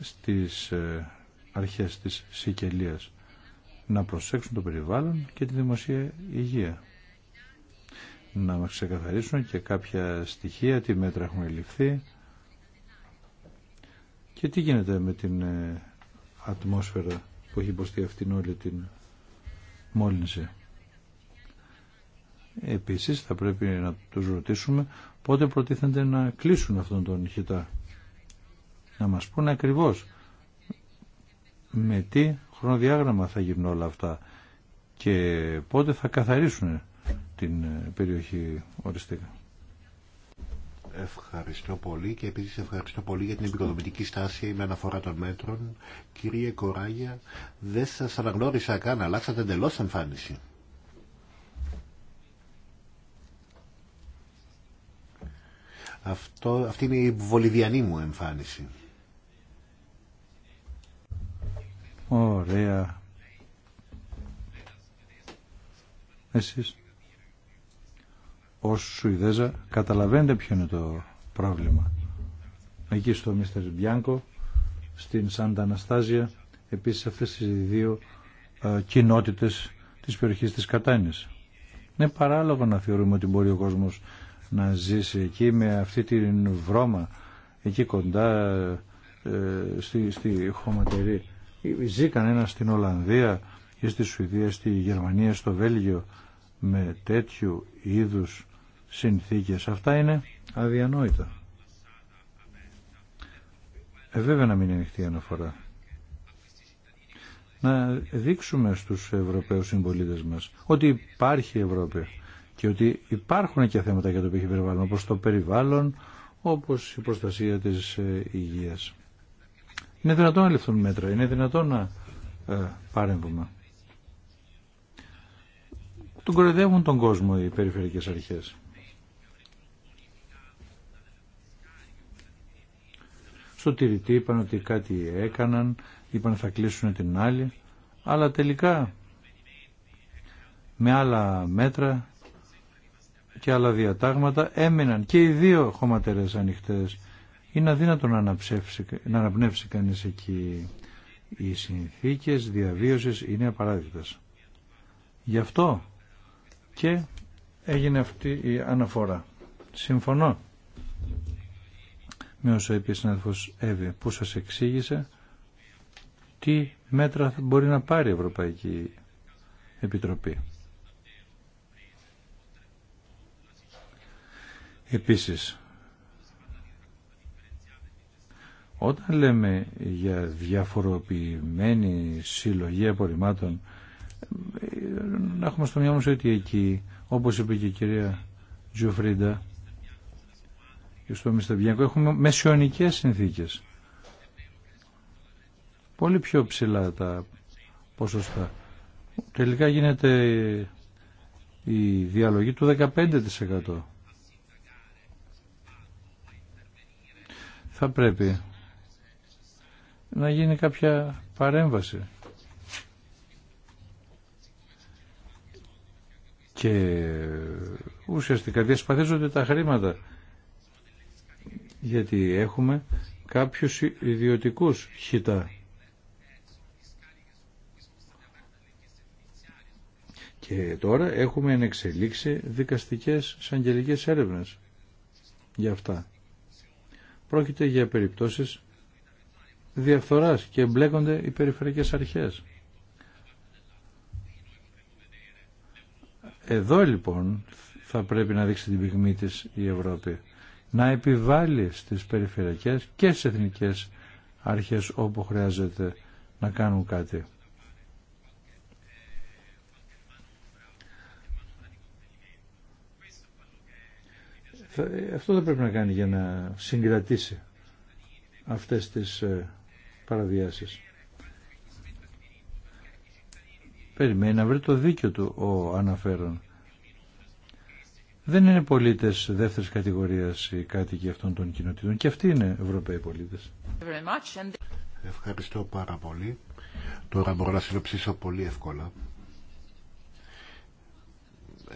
στις ε, αρχές της Σικελίας να προσέξουν το περιβάλλον και τη δημοσία υγεία. Να μας ξεκαθαρίσουν και κάποια στοιχεία, τι μέτρα έχουν ληφθεί, και τι γίνεται με την ε, ατμόσφαιρα που έχει υποστεί αυτήν όλη την μόλυνση. Επίσης θα πρέπει να τους ρωτήσουμε πότε προτίθενται να κλείσουν αυτόν τον χιτά. Να μας πούνε ακριβώς με τι χρονοδιάγραμμα θα γίνουν όλα αυτά και πότε θα καθαρίσουν την ε, περιοχή οριστικά. Ευχαριστώ πολύ και επίσης ευχαριστώ πολύ για την επικοδομητική στάση με αναφορά των μέτρων. Κύριε Κοράγια, δεν σας αναγνώρισα καν, αλλάξατε εντελώ εμφάνιση. Αυτό, αυτή είναι η βολιβιανή μου εμφάνιση. Ωραία. Εσείς ως Σουηδέζα καταλαβαίνετε ποιο είναι το πρόβλημα. Εκεί στο Μίστερ Μπιάνκο, στην Σάντα Αναστάζια, επίσης αυτές τις δύο ε, κοινότητες της περιοχής της Κατάνης. Είναι παράλογο να θεωρούμε ότι μπορεί ο κόσμος να ζήσει εκεί με αυτή την βρώμα εκεί κοντά ε, στη, στη χωματερή. Ζει κανένα στην Ολλανδία ή στη Σουηδία, στη Γερμανία, στο Βέλγιο με τέτοιου είδους συνθήκες. Αυτά είναι αδιανόητα. Ε, βέβαια να μην είναι ανοιχτή αναφορά. Να δείξουμε στους Ευρωπαίους συμπολίτε μας ότι υπάρχει η Ευρώπη και ότι υπάρχουν και θέματα για το οποίο περιβάλλον, όπως το περιβάλλον, όπως η προστασία της ε, υγείας. Είναι δυνατόν να ληφθούν μέτρα, είναι δυνατόν να ε, παρέμβουμε. Τον κορεδεύουν τον κόσμο οι περιφερειακές αρχές. στο τηρητή είπαν ότι κάτι έκαναν, είπαν θα κλείσουν την άλλη, αλλά τελικά με άλλα μέτρα και άλλα διατάγματα έμειναν και οι δύο χωματερές ανοιχτές. Είναι αδύνατο να, να αναπνεύσει κανείς εκεί. Οι συνθήκες διαβίωσης είναι απαράδεκτες. Γι' αυτό και έγινε αυτή η αναφορά. Συμφωνώ με όσο είπε η συνάδελφος Εύη, που σας εξήγησε τι μέτρα μπορεί να πάρει η Ευρωπαϊκή Επιτροπή. Επίσης, όταν λέμε για διαφοροποιημένη συλλογή απορριμμάτων, ε, να έχουμε στο μυαλό μας ότι εκεί, όπως είπε και η κυρία Τζουφρίντα, και στο Μισθευγενικό έχουμε μεσιονικές συνθήκες. Πολύ πιο ψηλά τα ποσοστά. Τελικά γίνεται η διαλογή του 15%. Θα πρέπει να γίνει κάποια παρέμβαση. Και ουσιαστικά διασπαθίζονται τα χρήματα γιατί έχουμε κάποιους ιδιωτικούς χιτά. Και τώρα έχουμε ενεξελίξει δικαστικές εισαγγελικές έρευνες για αυτά. Πρόκειται για περιπτώσεις διαφθοράς και εμπλέκονται οι περιφερειακές αρχές. Εδώ λοιπόν θα πρέπει να δείξει την πυγμή της η Ευρώπη να επιβάλλει στις περιφερειακές και στις εθνικές αρχές όπου χρειάζεται να κάνουν κάτι. Αυτό δεν πρέπει να κάνει για να συγκρατήσει αυτές τις ε, παραδιάσεις. Περιμένει να βρει το δίκιο του ο αναφέρον δεν είναι πολίτε δεύτερης κατηγορίας οι κάτοικοι αυτών των κοινοτήτων και αυτοί είναι Ευρωπαίοι πολίτε. Ευχαριστώ πάρα πολύ. Τώρα μπορώ να συνοψίσω πολύ εύκολα.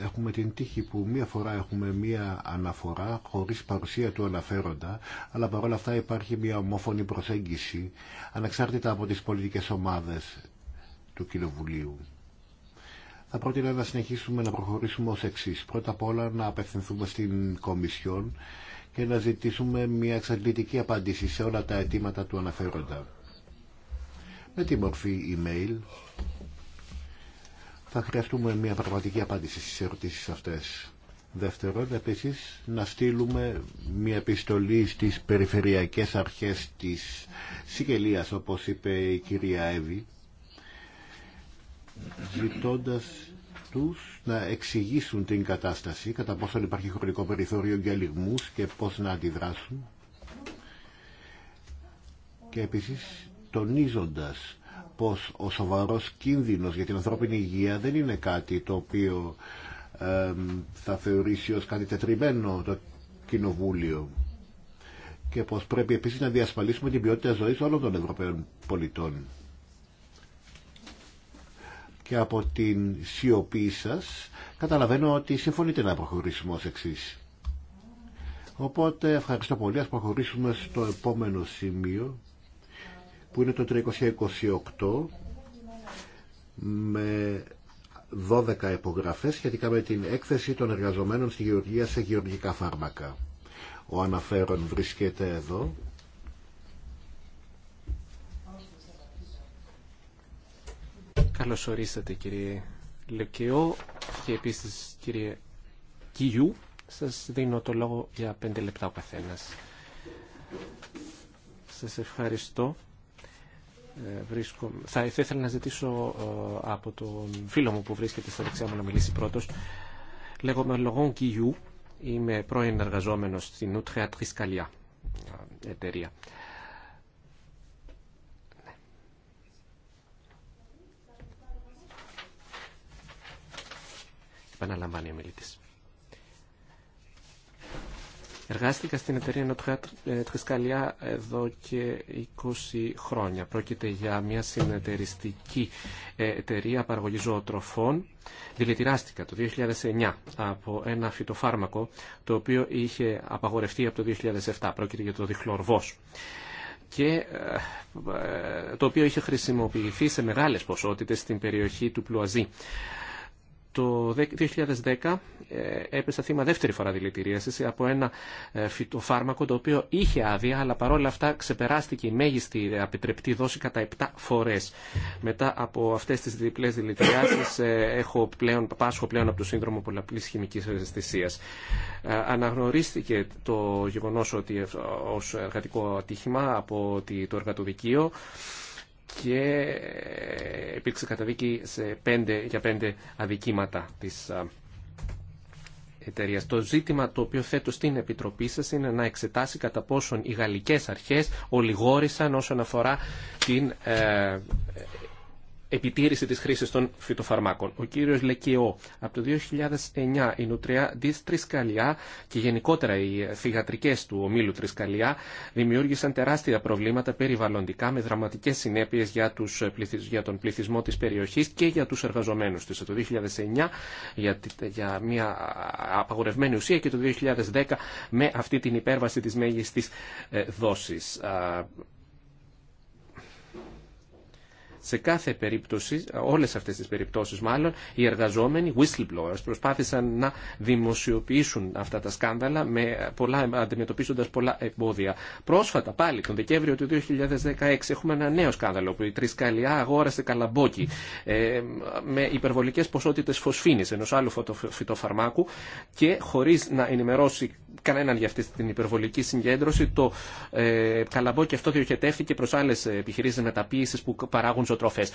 Έχουμε την τύχη που μία φορά έχουμε μία αναφορά χωρίς παρουσία του αναφέροντα, αλλά παρόλα αυτά υπάρχει μία ομόφωνη προσέγγιση ανεξάρτητα από τις πολιτικές ομάδες του Κοινοβουλίου θα πρότεινα να συνεχίσουμε να προχωρήσουμε ως εξή. Πρώτα απ' όλα να απευθυνθούμε στην Κομισιόν και να ζητήσουμε μια εξαντλητική απάντηση σε όλα τα αιτήματα του αναφέροντα. Με τη μορφή email θα χρειαστούμε μια πραγματική απάντηση στις ερωτήσεις αυτές. Δεύτερον, επίσης, να στείλουμε μια επιστολή στις περιφερειακές αρχές της Σικελίας, όπως είπε η κυρία Εύη, ζητώντας τους να εξηγήσουν την κατάσταση, κατά πόσο υπάρχει χρονικό περιθώριο για λιγμούς και πώς να αντιδράσουν. Και επίσης τονίζοντας πως ο σοβαρός κίνδυνος για την ανθρώπινη υγεία δεν είναι κάτι το οποίο ε, θα θεωρήσει ως κάτι τετριμένο το Κοινοβούλιο και πως πρέπει επίσης να διασφαλίσουμε την ανθρωπινη υγεια δεν ειναι κατι το οποιο θα ζωής όλων των Ευρωπαίων πολιτών και από την σιωπή σα, καταλαβαίνω ότι συμφωνείτε να προχωρήσουμε ως εξή. Οπότε ευχαριστώ πολύ. Ας προχωρήσουμε στο επόμενο σημείο που είναι το 328 με 12 υπογραφές σχετικά με την έκθεση των εργαζομένων στη γεωργία σε γεωργικά φάρμακα. Ο αναφέρον βρίσκεται εδώ Καλώς ορίσατε κύριε Λεκαιό και επίσης κύριε Κιού. Σας δίνω το λόγο για πέντε λεπτά ο καθένας. Σας ευχαριστώ. Ε, βρίσκω... Θα, ήθελα να ζητήσω ε, από τον φίλο μου που βρίσκεται στα δεξιά μου να μιλήσει πρώτος. Λέγομαι Λογόν Κιού. Είμαι πρώην εργαζόμενος στην Ούτρια Τρισκαλιά ε, εταιρεία. επαναλαμβάνει ο μιλητής. Εργάστηκα στην εταιρεία Νοτχατρισκαλιά ε, εδώ και 20 χρόνια. Πρόκειται για μια συνεταιριστική ε, εταιρεία παραγωγή ζωοτροφών. Δηλητηράστηκα το 2009 από ένα φυτοφάρμακο το οποίο είχε απαγορευτεί από το 2007. Πρόκειται για το διχλωρβός και ε, το οποίο είχε χρησιμοποιηθεί σε μεγάλες ποσότητες στην περιοχή του Πλουαζή. Το 2010 ε, έπεσα θύμα δεύτερη φορά δηλητηρίασης από ένα ε, φυτοφάρμακο το οποίο είχε άδεια αλλά παρόλα αυτά ξεπεράστηκε η μέγιστη επιτρεπτή δόση κατά 7 φορές. Μετά από αυτές τις διπλές δηλητηριάσεις ε, έχω πλέον, πάσχω πλέον από το σύνδρομο πολλαπλής χημικής αισθησίας. Αναγνωρίστηκε το γεγονός ότι ως εργατικό ατύχημα από το εργατοδικείο και υπήρξε καταδίκη σε πέντε για πέντε αδικήματα της εταιρείας. Το ζήτημα το οποίο θέτω στην Επιτροπή σας είναι να εξετάσει κατά πόσον οι γαλλικές αρχές ολιγόρησαν όσον αφορά την ε, επιτήρηση της χρήσης των φυτοφαρμάκων. Ο κύριος Λεκιό, από το 2009 η νουτρία της Τρισκαλιά και γενικότερα οι θηγατρικές του ομίλου Τρισκαλιά δημιούργησαν τεράστια προβλήματα περιβαλλοντικά με δραματικές συνέπειες για, τους, για τον πληθυσμό της περιοχής και για τους εργαζομένους της. Το 2009 για, για μια απαγορευμένη ουσία και το 2010 με αυτή την υπέρβαση της μέγιστης ε, δόσης. Σε κάθε περίπτωση, όλες αυτές τις περιπτώσεις μάλλον, οι εργαζόμενοι whistleblowers προσπάθησαν να δημοσιοποιήσουν αυτά τα σκάνδαλα με πολλά, αντιμετωπίζοντας πολλά εμπόδια. Πρόσφατα πάλι, τον Δεκέμβριο του 2016, έχουμε ένα νέο σκάνδαλο που η Τρισκαλιά αγόρασε καλαμπόκι ε, με υπερβολικές ποσότητες φωσφίνης ενός άλλου φυτοφαρμάκου και χωρίς να ενημερώσει κανέναν για αυτή την υπερβολική συγκέντρωση. Το ε, καλαμπόκι αυτό διοχετεύτηκε προ άλλε επιχειρήσει μεταποίηση που παράγουν ζωοτροφέ.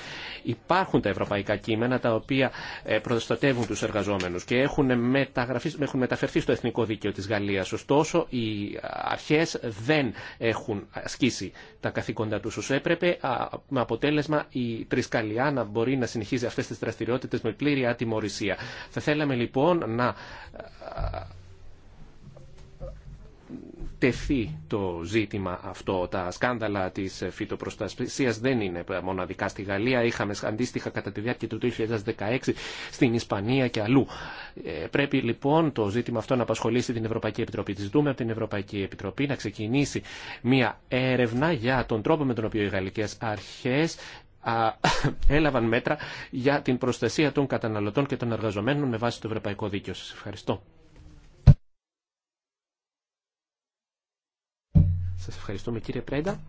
Υπάρχουν τα ευρωπαϊκά κείμενα τα οποία ε, προστατεύουν του εργαζόμενου και έχουν, έχουν μεταφερθεί στο εθνικό δίκαιο τη Γαλλία. Ωστόσο, οι αρχέ δεν έχουν ασκήσει τα καθήκοντά του όσο έπρεπε, με αποτέλεσμα η Τρισκαλιά να μπορεί να συνεχίζει αυτέ τι δραστηριότητε με πλήρη ατιμορρησία. Θα θέλαμε λοιπόν να τεθεί το ζήτημα αυτό. Τα σκάνδαλα τη φυτοπροστασία δεν είναι μοναδικά στη Γαλλία. Είχαμε αντίστοιχα κατά τη διάρκεια του 2016 στην Ισπανία και αλλού. Ε, πρέπει λοιπόν το ζήτημα αυτό να απασχολήσει την Ευρωπαϊκή Επιτροπή. Τη δούμε από την Ευρωπαϊκή Επιτροπή να ξεκινήσει μια έρευνα για τον τρόπο με τον οποίο οι Γαλλικέ αρχέ έλαβαν μέτρα για την προστασία των καταναλωτών και των εργαζομένων με βάση το ευρωπαϊκό δίκαιο. Σα ευχαριστώ. Σας ευχαριστούμε κύριε Πρέντα.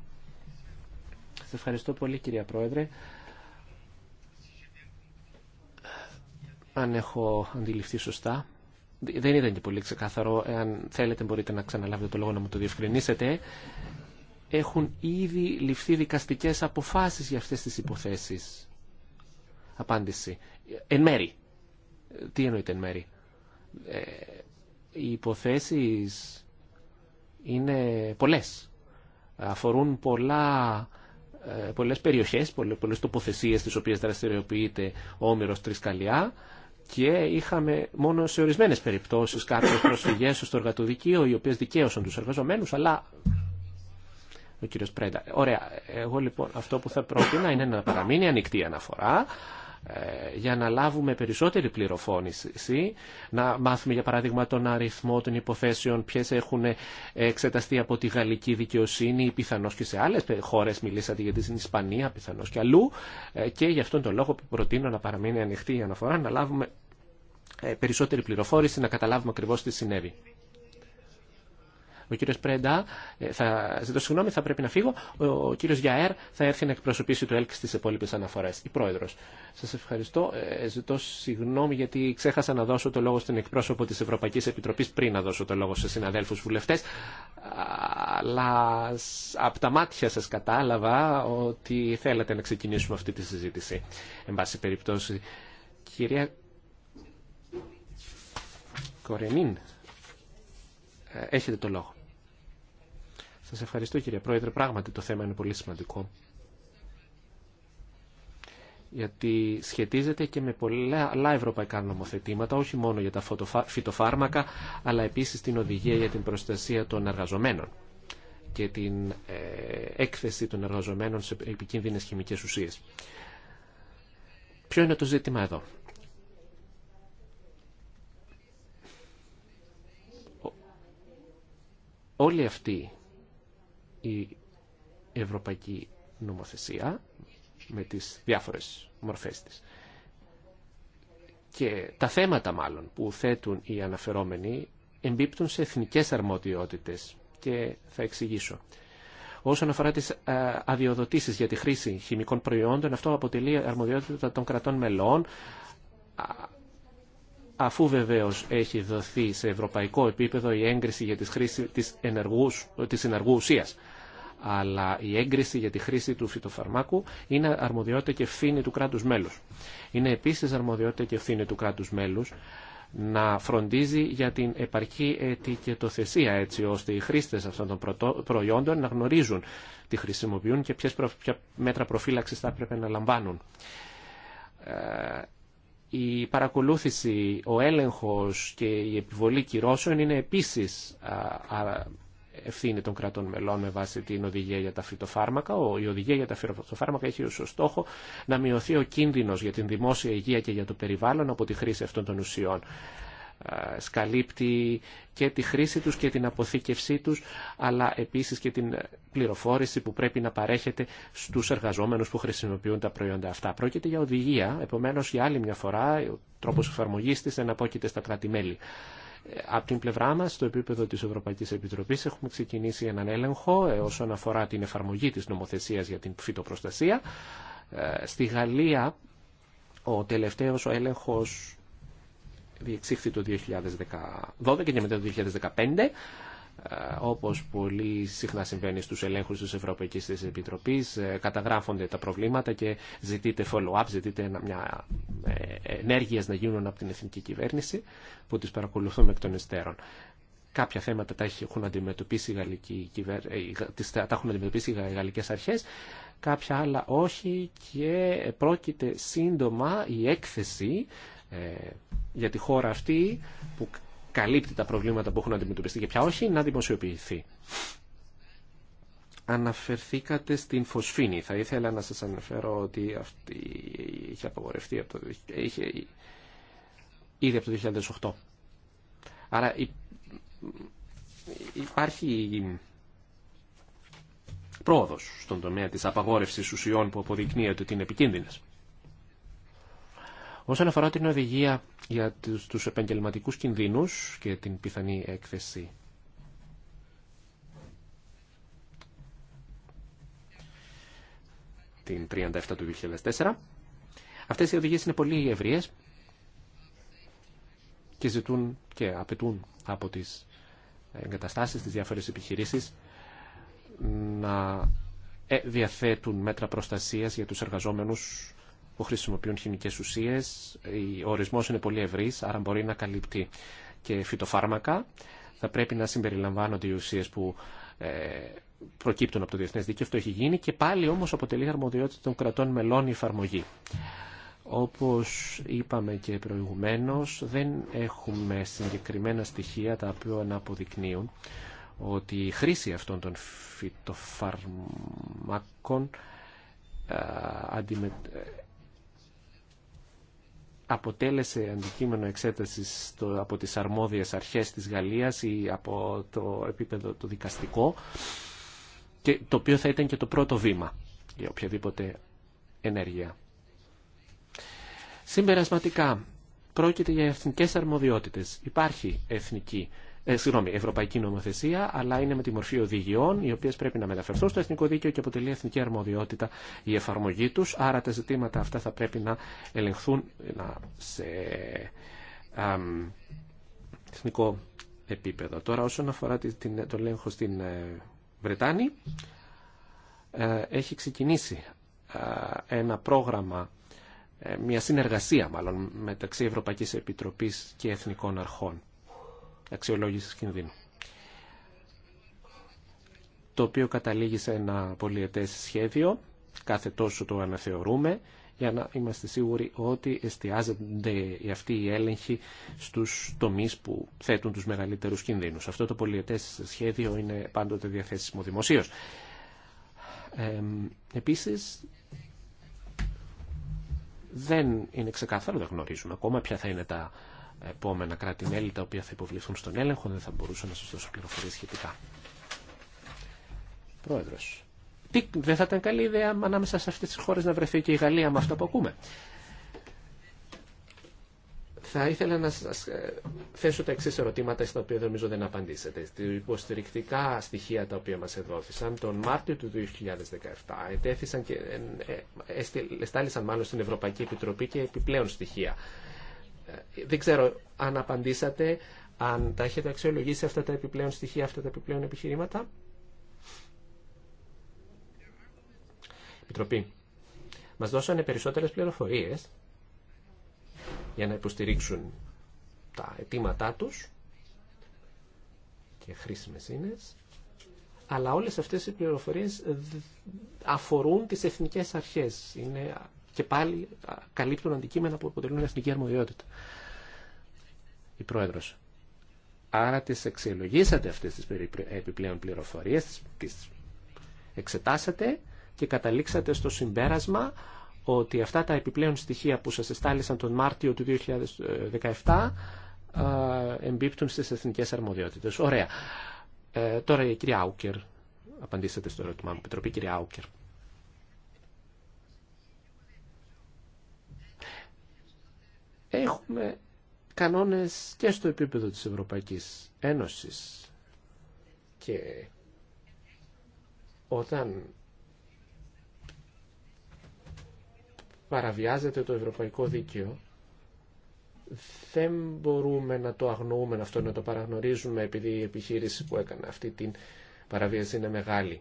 Σας ευχαριστώ πολύ κύριε Πρόεδρε. Αν έχω αντιληφθεί σωστά, δεν ήταν και πολύ ξεκάθαρο. Εάν θέλετε μπορείτε να ξαναλάβετε το λόγο να μου το διευκρινίσετε. Έχουν ήδη ληφθεί δικαστικές αποφάσεις για αυτές τις υποθέσεις. Απάντηση. Εν μέρη. Τι εννοείται εν μέρη. Ε, οι υποθέσεις είναι πολλές αφορούν πολλά, ε, πολλές περιοχές, πολλές τοποθεσίες τις οποίες δραστηριοποιείται ο Όμηρος Τρισκαλιά και είχαμε μόνο σε ορισμένες περιπτώσεις κάποιες προσφυγές στο εργατοδικείο, οι οποίες δικαίωσαν τους εργαζομένους αλλά. Ο κύριο Πρέντα. Ωραία. Εγώ λοιπόν αυτό που θα πρότεινα είναι να παραμείνει ανοιχτή η αναφορά, ε, για να λάβουμε περισσότερη πληροφόρηση, να μάθουμε για παράδειγμα τον αριθμό των υποθέσεων, ποιε έχουν εξεταστεί από τη γαλλική δικαιοσύνη ή πιθανώς και σε άλλες χώρες, μιλήσατε για την Ισπανία πιθανώ και αλλού ε, και γι' αυτόν τον λόγο που προτείνω να παραμείνει ανοιχτή η αναφορά, να λάβουμε ε, περισσότερη πληροφόρηση, να καταλάβουμε ακριβώ τι συνέβη. Ο κύριος Πρέντα, ε, θα ζητώ συγγνώμη, θα πρέπει να φύγω. Ο κύριος Γιαέρ θα έρθει να εκπροσωπήσει το ΕΛΚ στις υπόλοιπε αναφορές. Η πρόεδρος. Σας ευχαριστώ. Ε, ζητώ συγγνώμη γιατί ξέχασα να δώσω το λόγο στην εκπρόσωπο της Ευρωπαϊκής Επιτροπής πριν να δώσω το λόγο σε συναδέλφους βουλευτές. Αλλά από τα μάτια σας κατάλαβα ότι θέλατε να ξεκινήσουμε αυτή τη συζήτηση. Εν πάση περιπτώσει, κυρία Κορενίν, ε, έχετε το λόγο. Σας ευχαριστώ κύριε Πρόεδρε. Πράγματι το θέμα είναι πολύ σημαντικό. Γιατί σχετίζεται και με πολλά ευρωπαϊκά νομοθετήματα, όχι μόνο για τα φυτοφάρμακα, αλλά επίσης την οδηγία για την προστασία των εργαζομένων και την ε, έκθεση των εργαζομένων σε επικίνδυνες χημικές ουσίες. Ποιο είναι το ζήτημα εδώ. Όλοι αυτοί η ευρωπαϊκή νομοθεσία με τις διάφορες μορφές της. Και τα θέματα μάλλον που θέτουν οι αναφερόμενοι εμπίπτουν σε εθνικές αρμοδιότητες και θα εξηγήσω. Όσον αφορά τις ε, αδειοδοτήσεις για τη χρήση χημικών προϊόντων, αυτό αποτελεί αρμοδιότητα των κρατών μελών, αφού βεβαίως έχει δοθεί σε ευρωπαϊκό επίπεδο η έγκριση για τη χρήση της ενεργούς, ε, της ενεργού ουσίας αλλά η έγκριση για τη χρήση του φυτοφαρμάκου είναι αρμοδιότητα και ευθύνη του κράτους μέλους. Είναι επίσης αρμοδιότητα και ευθύνη του κράτους μέλους να φροντίζει για την επαρκή ετικετοθεσία έτσι ώστε οι χρήστες αυτών των προϊόντων να γνωρίζουν τι χρησιμοποιούν και ποιες μέτρα προφύλαξης θα έπρεπε να λαμβάνουν ε, η παρακολούθηση, ο έλεγχος και η επιβολή κυρώσεων είναι επίσης ευθύνη των κρατών μελών με βάση την οδηγία για τα φυτοφάρμακα. Η οδηγία για τα φυτοφάρμακα έχει ως στόχο να μειωθεί ο κίνδυνος για την δημόσια υγεία και για το περιβάλλον από τη χρήση αυτών των ουσιών ε, σκαλύπτει και τη χρήση τους και την αποθήκευσή τους, αλλά επίσης και την πληροφόρηση που πρέπει να παρέχεται στους εργαζόμενους που χρησιμοποιούν τα προϊόντα αυτά. Πρόκειται για οδηγία, επομένως για άλλη μια φορά ο τρόπος εφαρμογής της εναπόκειται στα κράτη-μέλη. Από την πλευρά μας, στο επίπεδο της Ευρωπαϊκής Επιτροπής, έχουμε ξεκινήσει έναν έλεγχο ε, όσον αφορά την εφαρμογή της νομοθεσίας για την φυτοπροστασία. Ε, στη Γαλλία, ο τελευταίος έλεγχο έλεγχος διεξήχθη το 2012 και μετά το 2015 ε, όπως πολύ συχνά συμβαίνει στους ελέγχους της Ευρωπαϊκής Επιτροπή, Επιτροπής, ε, καταγράφονται τα προβλήματα και ζητείτε follow-up, ζητείτε μια ε, ενέργειες να γίνουν από την εθνική κυβέρνηση που τις παρακολουθούμε εκ των υστέρων. Κάποια θέματα τα έχουν αντιμετωπίσει οι, τα έχουν αντιμετωπίσει γαλλικές αρχές, κάποια άλλα όχι και πρόκειται σύντομα η έκθεση για τη χώρα αυτή που καλύπτει τα προβλήματα που έχουν αντιμετωπιστεί και πια όχι, να δημοσιοποιηθεί. Αναφερθήκατε στην φωσφίνη. Θα ήθελα να σας αναφέρω ότι αυτή είχε απαγορευτεί από το... είχε... ήδη από το 2008. Άρα υπάρχει πρόοδος στον τομέα της απαγόρευσης ουσιών που αποδεικνύεται ότι είναι επικίνδυνες. Όσον αφορά την οδηγία για τους, τους επαγγελματικούς κινδύνους και την πιθανή έκθεση την 37 του 2004, αυτές οι οδηγίες είναι πολύ ευρείες και ζητούν και απαιτούν από τις εγκαταστάσεις, τις διάφορες επιχειρήσεις να ε, διαθέτουν μέτρα προστασίας για τους εργαζόμενους που χρησιμοποιούν χημικές ουσίες. Ο ορισμός είναι πολύ ευρύς, άρα μπορεί να καλύπτει και φυτοφάρμακα. Θα πρέπει να συμπεριλαμβάνονται οι ουσίες που ε, προκύπτουν από το διεθνές δίκαιο. Αυτό έχει γίνει και πάλι όμως αποτελεί αρμοδιότητα των κρατών μελών η εφαρμογή. Όπως είπαμε και προηγουμένως, δεν έχουμε συγκεκριμένα στοιχεία τα οποία να αποδεικνύουν ότι η χρήση αυτών των φυτοφαρμάκων ε, αποτέλεσε αντικείμενο εξέτασης το από τις αρμόδιες αρχές της Γαλλίας ή από το επίπεδο το δικαστικό και το οποίο θα ήταν και το πρώτο βήμα για οποιαδήποτε ενέργεια. Συμπερασματικά, πρόκειται για εθνικές αρμοδιότητες. Υπάρχει εθνική ε, συγγνώμη, ευρωπαϊκή νομοθεσία, αλλά είναι με τη μορφή οδηγιών, οι οποίε πρέπει να μεταφερθούν στο εθνικό δίκαιο και αποτελεί εθνική αρμοδιότητα η εφαρμογή του. Άρα τα ζητήματα αυτά θα πρέπει να ελεγχθούν να, σε εθνικό επίπεδο. Τώρα, όσον αφορά την, τον έλεγχο στην ε, Βρετάνη, ε, έχει ξεκινήσει ένα πρόγραμμα ε, μια συνεργασία μάλλον μεταξύ Ευρωπαϊκής Επιτροπής και Εθνικών Αρχών αξιολόγησης κινδύνου το οποίο καταλήγει σε ένα πολυετές σχέδιο, κάθε τόσο το αναθεωρούμε, για να είμαστε σίγουροι ότι εστιάζονται αυτοί οι έλεγχοι στους τομείς που θέτουν τους μεγαλύτερους κινδύνους. Αυτό το πολυετές σχέδιο είναι πάντοτε διαθέσιμο δημοσίως. Ε, επίσης, δεν είναι ξεκάθαρο, δεν γνωρίζουμε ακόμα ποια θα είναι τα επόμενα κράτη-μέλη τα οποία θα υποβληθούν στον έλεγχο δεν θα μπορούσαν να σα δώσω πληροφορίε σχετικά. Προεδρο. δεν θα ήταν καλή ιδέα ανάμεσα σε αυτέ τι χώρε να βρεθεί και η Γαλλία με αυτό που ακούμε. Θα ήθελα να σα ε, θέσω τα εξή ερωτήματα στα οποία νομίζω δεν απαντήσατε. Τι υποστηρικτικά στοιχεία τα οποία μα εδόθησαν τον Μάρτιο του 2017 ετέθησαν και ε, εστάλησαν μάλλον στην Ευρωπαϊκή Επιτροπή και επιπλέον στοιχεία ε, δεν ξέρω αν απαντήσατε, αν τα έχετε αξιολογήσει αυτά τα επιπλέον στοιχεία, αυτά τα επιπλέον επιχειρήματα. Επιτροπή. Μας δώσανε περισσότερες πληροφορίες για να υποστηρίξουν τα αιτήματά τους και χρήσιμες είναι. Αλλά όλες αυτές οι πληροφορίες αφορούν τις εθνικές αρχές. Είναι και πάλι καλύπτουν αντικείμενα που αποτελούν εθνική αρμοδιότητα. Η Πρόεδρος. Άρα τις εξελογήσατε αυτές τις επιπλέον πληροφορίες, τις εξετάσατε και καταλήξατε στο συμπέρασμα ότι αυτά τα επιπλέον στοιχεία που σας εστάλησαν τον Μάρτιο του 2017 εμπίπτουν στις εθνικές αρμοδιότητες. Ωραία. Ε, τώρα η κυρία Άουκερ, απαντήσατε στο ερώτημά μου, Επιτροπή κυρία Άουκερ. Έχουμε κανόνες και στο επίπεδο της Ευρωπαϊκής Ένωσης και όταν παραβιάζεται το ευρωπαϊκό δίκαιο δεν μπορούμε να το αγνοούμε αυτό, να το παραγνωρίζουμε επειδή η επιχείρηση που έκανε αυτή την παραβίαση είναι μεγάλη.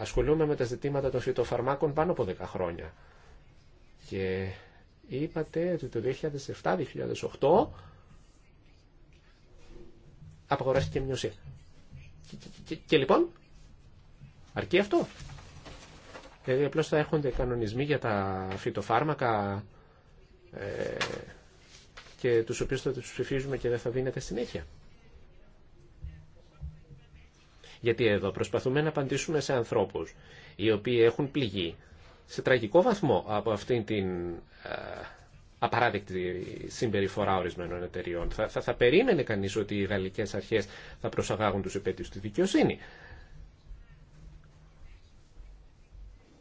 Ασχολούμαι με τα ζητήματα των φυτοφαρμάκων πάνω από 10 χρόνια και είπατε ότι το 2007-2008 απαγοράστηκε η ουσία. Και, και, λοιπόν, αρκεί αυτό. Δηλαδή απλώ θα έρχονται κανονισμοί για τα φυτοφάρμακα ε, και τους οποίους θα τους ψηφίζουμε και δεν θα δίνεται συνέχεια. Γιατί εδώ προσπαθούμε να απαντήσουμε σε ανθρώπους οι οποίοι έχουν πληγεί σε τραγικό βαθμό από αυτήν την ε, απαράδεκτη συμπεριφορά ορισμένων εταιριών. Θα, θα, θα περίμενε κανείς ότι οι γαλλικές αρχές θα προσαγάγουν τους επέτειους στη δικαιοσύνη.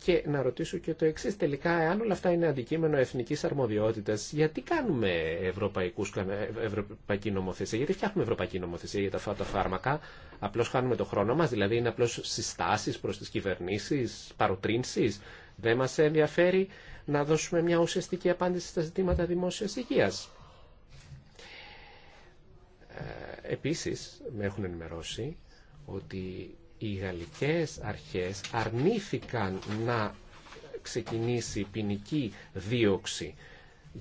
Και να ρωτήσω και το εξή τελικά, εάν όλα αυτά είναι αντικείμενο εθνική αρμοδιότητα, γιατί κάνουμε ευρωπαϊκούς, ε, ευρωπαϊκή νομοθεσία, γιατί φτιάχνουμε ευρωπαϊκή νομοθεσία για τα φάρμακα, απλώ χάνουμε το χρόνο μα, δηλαδή είναι απλώ συστάσει προ τι κυβερνήσει, παροτρύνσει. Δεν μας ενδιαφέρει να δώσουμε μια ουσιαστική απάντηση στα ζητήματα δημόσιας υγείας. Ε, επίσης, με έχουν ενημερώσει ότι οι γαλλικές αρχές αρνήθηκαν να ξεκινήσει ποινική δίωξη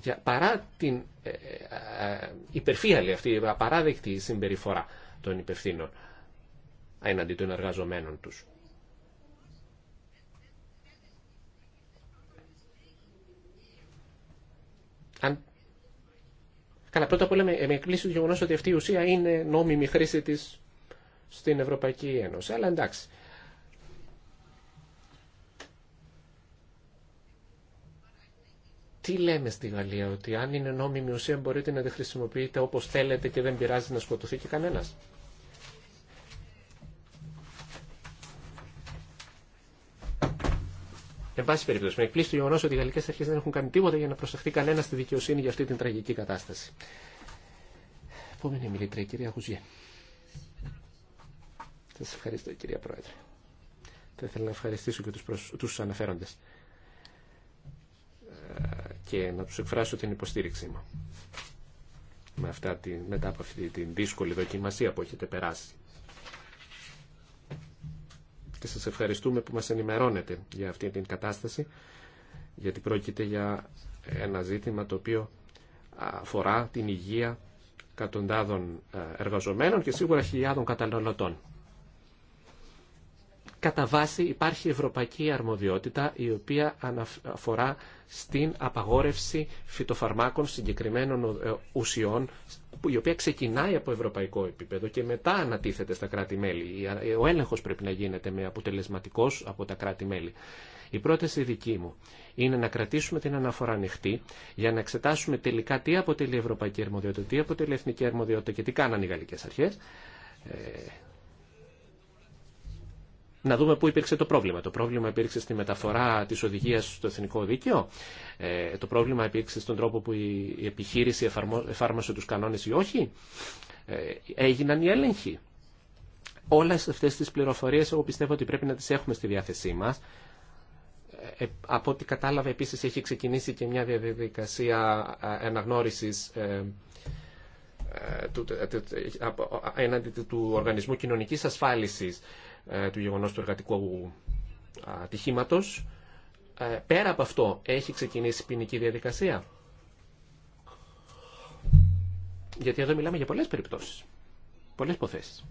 για, παρά την ε, ε υπερφύαλη αυτή, απαράδεκτη συμπεριφορά των υπευθύνων έναντι των εργαζομένων τους. Αν... Καλά, πρώτα απ' όλα με, με εκπλήσει το γεγονό ότι αυτή η ουσία είναι νόμιμη χρήση τη στην Ευρωπαϊκή Ένωση. Αλλά εντάξει. Τι λέμε στη Γαλλία, ότι αν είναι νόμιμη ουσία μπορείτε να τη χρησιμοποιείτε όπως θέλετε και δεν πειράζει να σκοτωθεί και κανένας. Εν πάση περιπτώσει, με εκπλήσει το γεγονό ότι οι γαλλικέ αρχέ δεν έχουν κάνει τίποτα για να προσεχθεί κανένα στη δικαιοσύνη για αυτή την τραγική κατάσταση. Επόμενη μιλήτρια, κυρία Χουζιέ. Σα ευχαριστώ, κυρία Πρόεδρε. Θα ήθελα να ευχαριστήσω και του προσ... αναφέροντε ε, και να του εκφράσω την υποστήριξή μου με τη, μετά από αυτή τη δύσκολη δοκιμασία που έχετε περάσει και σας ευχαριστούμε που μας ενημερώνετε για αυτή την κατάσταση γιατί πρόκειται για ένα ζήτημα το οποίο αφορά την υγεία εκατοντάδων ε, εργαζομένων και σίγουρα χιλιάδων καταναλωτών κατά βάση υπάρχει ευρωπαϊκή αρμοδιότητα η οποία αναφορά στην απαγόρευση φυτοφαρμάκων συγκεκριμένων ε, ουσιών η οποία ξεκινάει από ευρωπαϊκό επίπεδο και μετά ανατίθεται στα κράτη-μέλη. Ο έλεγχος πρέπει να γίνεται με αποτελεσματικός από τα κράτη-μέλη. Η πρόταση δική μου είναι να κρατήσουμε την αναφορά ανοιχτή για να εξετάσουμε τελικά τι αποτελεί η ευρωπαϊκή αρμοδιότητα, τι αποτελεί εθνική αρμοδιότητα και τι κάνανε οι γαλλικές αρχές ε, να δούμε πού υπήρξε το πρόβλημα. Το πρόβλημα υπήρξε στη μεταφορά της οδηγίας στο εθνικό δίκαιο. Ε, το πρόβλημα υπήρξε στον τρόπο που η επιχείρηση εφάρμοσε τους κανόνες ή όχι. Ε, έγιναν οι έλεγχοι. αυτέ τι πληροφορίε, εγώ πιστεύω ότι πρέπει να τι έχουμε στη διάθεσή μα, ε, από ό,τι κατάλαβα επίση έχει ξεκινήσει και μια διαδικασία ε, αναγνωρίση ενάντια ε, του, του, του, του Οργανισμού κοινωνική Ασφάλισης ε, του γεγονός του εργατικού ατυχήματος. Ε, πέρα από αυτό, έχει ξεκινήσει ποινική διαδικασία. Γιατί εδώ μιλάμε για πολλές περιπτώσεις, πολλές υποθέσεις.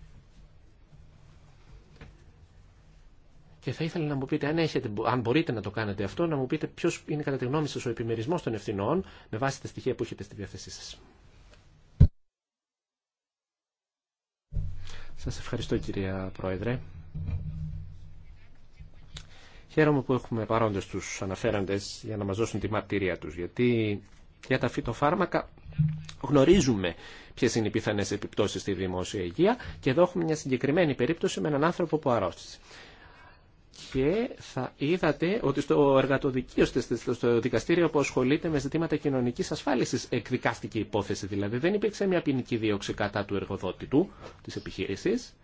Και θα ήθελα να μου πείτε, αν, έχετε, αν μπορείτε να το κάνετε αυτό, να μου πείτε ποιο είναι κατά τη γνώμη σα ο επιμερισμό των ευθυνών με βάση τα στοιχεία που έχετε στη διάθεσή σα. Σα ευχαριστώ, κυρία Πρόεδρε. Χαίρομαι που έχουμε παρόντες τους αναφέραντες για να μας δώσουν τη μαρτυρία τους, γιατί για τα φυτοφάρμακα γνωρίζουμε ποιε είναι οι πιθανές επιπτώσεις στη δημόσια υγεία και εδώ έχουμε μια συγκεκριμένη περίπτωση με έναν άνθρωπο που αρρώστησε. Και θα είδατε ότι στο εργατοδικείο, στο δικαστήριο που ασχολείται με ζητήματα κοινωνικής ασφάλισης εκδικάστηκε η υπόθεση. Δηλαδή δεν υπήρξε μια ποινική δίωξη κατά του εργοδότη του, της επιχείρησης,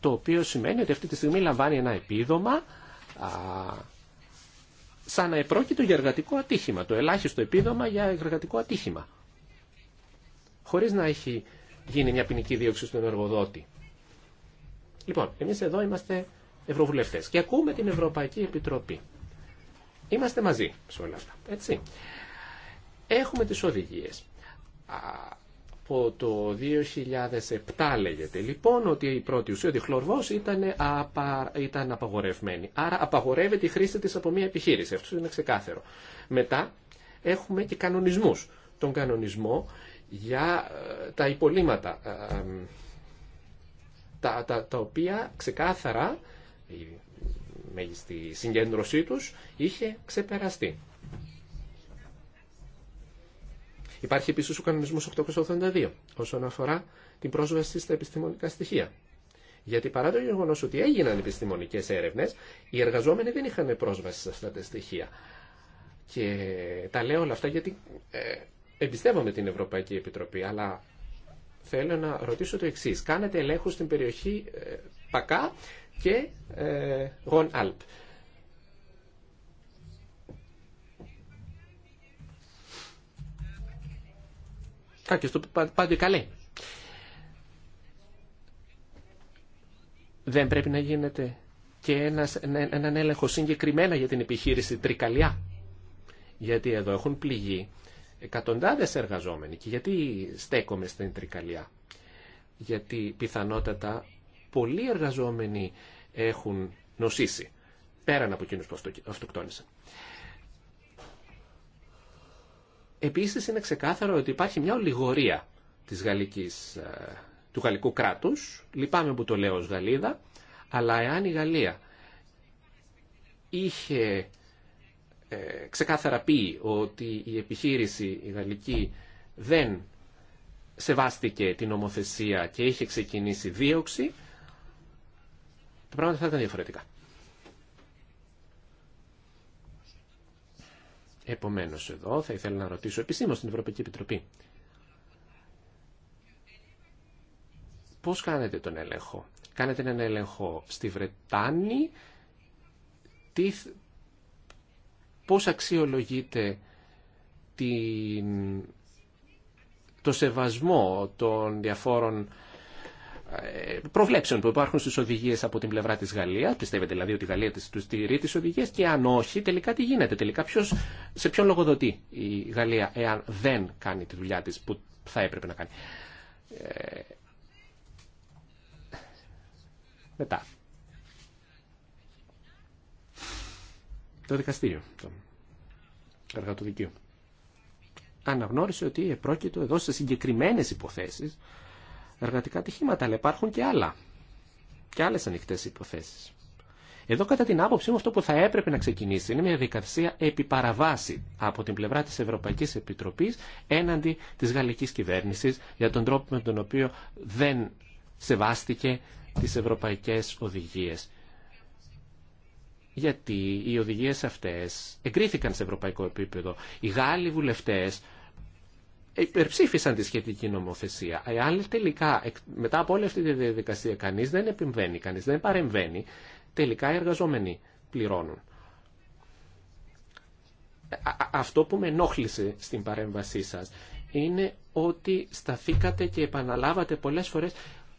το οποίο σημαίνει ότι αυτή τη στιγμή λαμβάνει ένα επίδομα σαν να επρόκειτο για εργατικό ατύχημα, το ελάχιστο επίδομα για εργατικό ατύχημα, χωρίς να έχει γίνει μια ποινική δίωξη στον εργοδότη. Λοιπόν, εμείς εδώ είμαστε ευρωβουλευτές και ακούμε την Ευρωπαϊκή Επιτροπή. Είμαστε μαζί σε όλα αυτά, έτσι. Έχουμε τις οδηγίες από το 2007 λέγεται λοιπόν ότι η πρώτη ουσία, ότι ήταν, απα... ήταν απαγορευμένη. Άρα απαγορεύεται η χρήση της από μια επιχείρηση. Αυτό είναι ξεκάθαρο. Μετά έχουμε και κανονισμούς. Τον κανονισμό για ε, τα υπολείμματα ε, ε, τα, τα, οποία ξεκάθαρα η μέγιστη συγκέντρωσή τους είχε ξεπεραστεί. Υπάρχει επίση ο κανονισμό 882 όσον αφορά την πρόσβαση στα επιστημονικά στοιχεία. Γιατί παρά το γεγονό ότι έγιναν επιστημονικέ έρευνε, οι εργαζόμενοι δεν είχαν πρόσβαση σε αυτά τα στοιχεία. Και τα λέω όλα αυτά γιατί ε, εμπιστεύομαι την Ευρωπαϊκή Επιτροπή, αλλά θέλω να ρωτήσω το εξή. Κάνετε ελέγχου στην περιοχή ε, Πακά και ε, Γον Αλπ. Κάτι στο πάντου καλέ. Δεν πρέπει να γίνεται και ένας, έναν έλεγχο συγκεκριμένα για την επιχείρηση Τρικαλιά. Γιατί εδώ έχουν πληγεί εκατοντάδες εργαζόμενοι. Και γιατί στέκομαι στην Τρικαλιά. Γιατί πιθανότατα πολλοί εργαζόμενοι έχουν νοσήσει πέραν από εκείνους που αυτοκτόνησαν. Επίσης είναι ξεκάθαρο ότι υπάρχει μια ολιγορία της γαλλικής, ε, του γαλλικού κράτους. Λυπάμαι που το λέω ως Γαλλίδα, αλλά εάν η Γαλλία είχε ε, ξεκάθαρα πει ότι η επιχείρηση η γαλλική δεν σεβάστηκε την ομοθεσία και είχε ξεκινήσει δίωξη, τα πράγματα θα ήταν διαφορετικά. Επομένως εδώ θα ήθελα να ρωτήσω επισήμως στην Ευρωπαϊκή Επιτροπή. Πώς κάνετε τον έλεγχο. Κάνετε έναν έλεγχο στη Βρετάνη. Τι, πώς αξιολογείτε το σεβασμό των διαφόρων ε, προβλέψεων που υπάρχουν στις οδηγίες από την πλευρά της Γαλλίας. Πιστεύετε δηλαδή ότι η Γαλλία του στηρεί τις οδηγίες και αν όχι τελικά τι γίνεται, τελικά ποιος, σε ποιον λογοδοτεί η Γαλλία εάν δεν κάνει τη δουλειά της που θα έπρεπε να κάνει. Ε, μετά. Το δικαστήριο, το εργατοδικείο, αναγνώρισε ότι επρόκειτο εδώ σε συγκεκριμένες υποθέσεις εργατικά ατυχήματα, αλλά υπάρχουν και άλλα. Και άλλε ανοιχτέ υποθέσεις. Εδώ κατά την άποψή μου αυτό που θα έπρεπε να ξεκινήσει είναι μια δικασία παραβάση από την πλευρά της Ευρωπαϊκής Επιτροπής έναντι της γαλλικής κυβέρνησης για τον τρόπο με τον οποίο δεν σεβάστηκε τις ευρωπαϊκές οδηγίε Γιατί οι οδηγίε αυτέ εγκρίθηκαν σε ευρωπαϊκό επίπεδο. Οι Γάλλοι βουλευτέ υπερψήφισαν τη σχετική νομοθεσία. Ε, αν τελικά μετά από όλη αυτή τη διαδικασία κανείς δεν επιμβαίνει, κανείς δεν παρεμβαίνει, τελικά οι εργαζόμενοι πληρώνουν. Αυτό που με ενόχλησε στην παρέμβασή σας είναι ότι σταθήκατε και επαναλάβατε πολλές φορές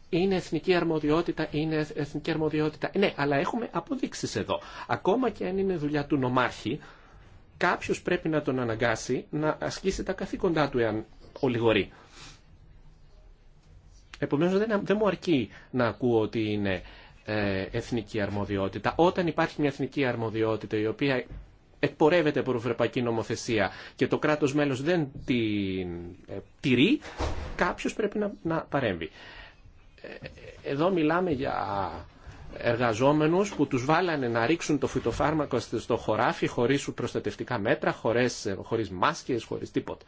είναι εθνική αρμοδιότητα, είναι εθνική αρμοδιότητα. Ε, ναι, αλλά έχουμε αποδείξεις εδώ. Ακόμα και αν είναι δουλειά του νομάρχη, κάποιος πρέπει να τον αναγκάσει να ασκήσει τα καθήκοντά του εάν ολιγορεί. Επομένως δεν, δεν μου αρκεί να ακούω ότι είναι ε, εθνική αρμοδιότητα. Όταν υπάρχει μια εθνική αρμοδιότητα η οποία εκπορεύεται από ευρωπαϊκή νομοθεσία και το κράτος μέλος δεν την ε, τηρεί, κάποιος πρέπει να, να παρέμβει. Ε, εδώ μιλάμε για εργαζόμενους που τους βάλανε να ρίξουν το φυτοφάρμακο στο χωράφι χωρίς προστατευτικά μέτρα, χωρίς, χωρίς μάσκες, χωρίς τίποτα.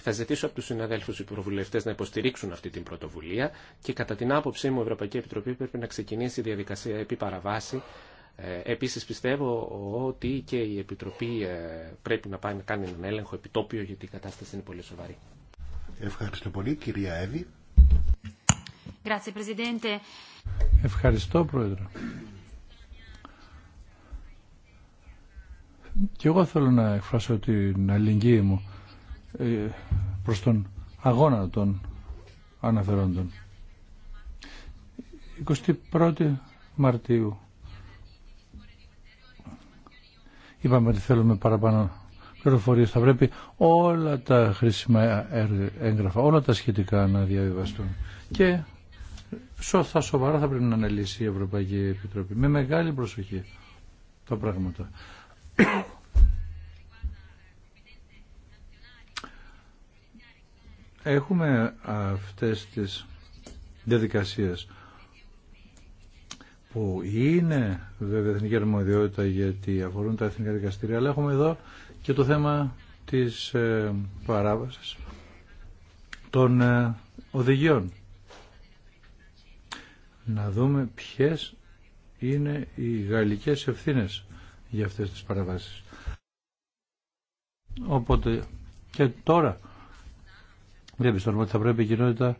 Θα ζητήσω από τους συναδέλφους υπουργοβουλευτές να υποστηρίξουν αυτή την πρωτοβουλία και κατά την άποψή μου η Ευρωπαϊκή Επιτροπή πρέπει να ξεκινήσει η διαδικασία επί παραβάση. Ε, επίσης πιστεύω ότι και η Επιτροπή ε, πρέπει να πάει να κάνει έναν έλεγχο επιτόπιο γιατί η κατάσταση είναι πολύ σοβαρή. Ευχαριστώ πολύ κυρία Εύη. Ευχαριστώ, Πρόεδρε. Και εγώ θέλω να εκφράσω την αλληλεγγύη μου ε, προς τον αγώνα των αναφερόντων. Μαρτίου είπαμε ότι θέλουμε παραπάνω πληροφορίες. Θα πρέπει όλα τα χρήσιμα έγγραφα, όλα τα σχετικά να διαβιβαστούν. Και Σωστά σοβαρά θα πρέπει να αναλύσει η Ευρωπαϊκή Επιτροπή με μεγάλη προσοχή τα πράγματα. Έχουμε αυτές τις διαδικασίες που είναι βέβαια εθνική αρμοδιότητα γιατί αφορούν τα εθνικά δικαστήρια αλλά έχουμε εδώ και το θέμα της ε, παράβασης των ε, οδηγιών να δούμε ποιες είναι οι γαλλικές ευθύνες για αυτές τις παραβάσεις. Οπότε και τώρα πιστεύω ότι θα πρέπει η κοινότητα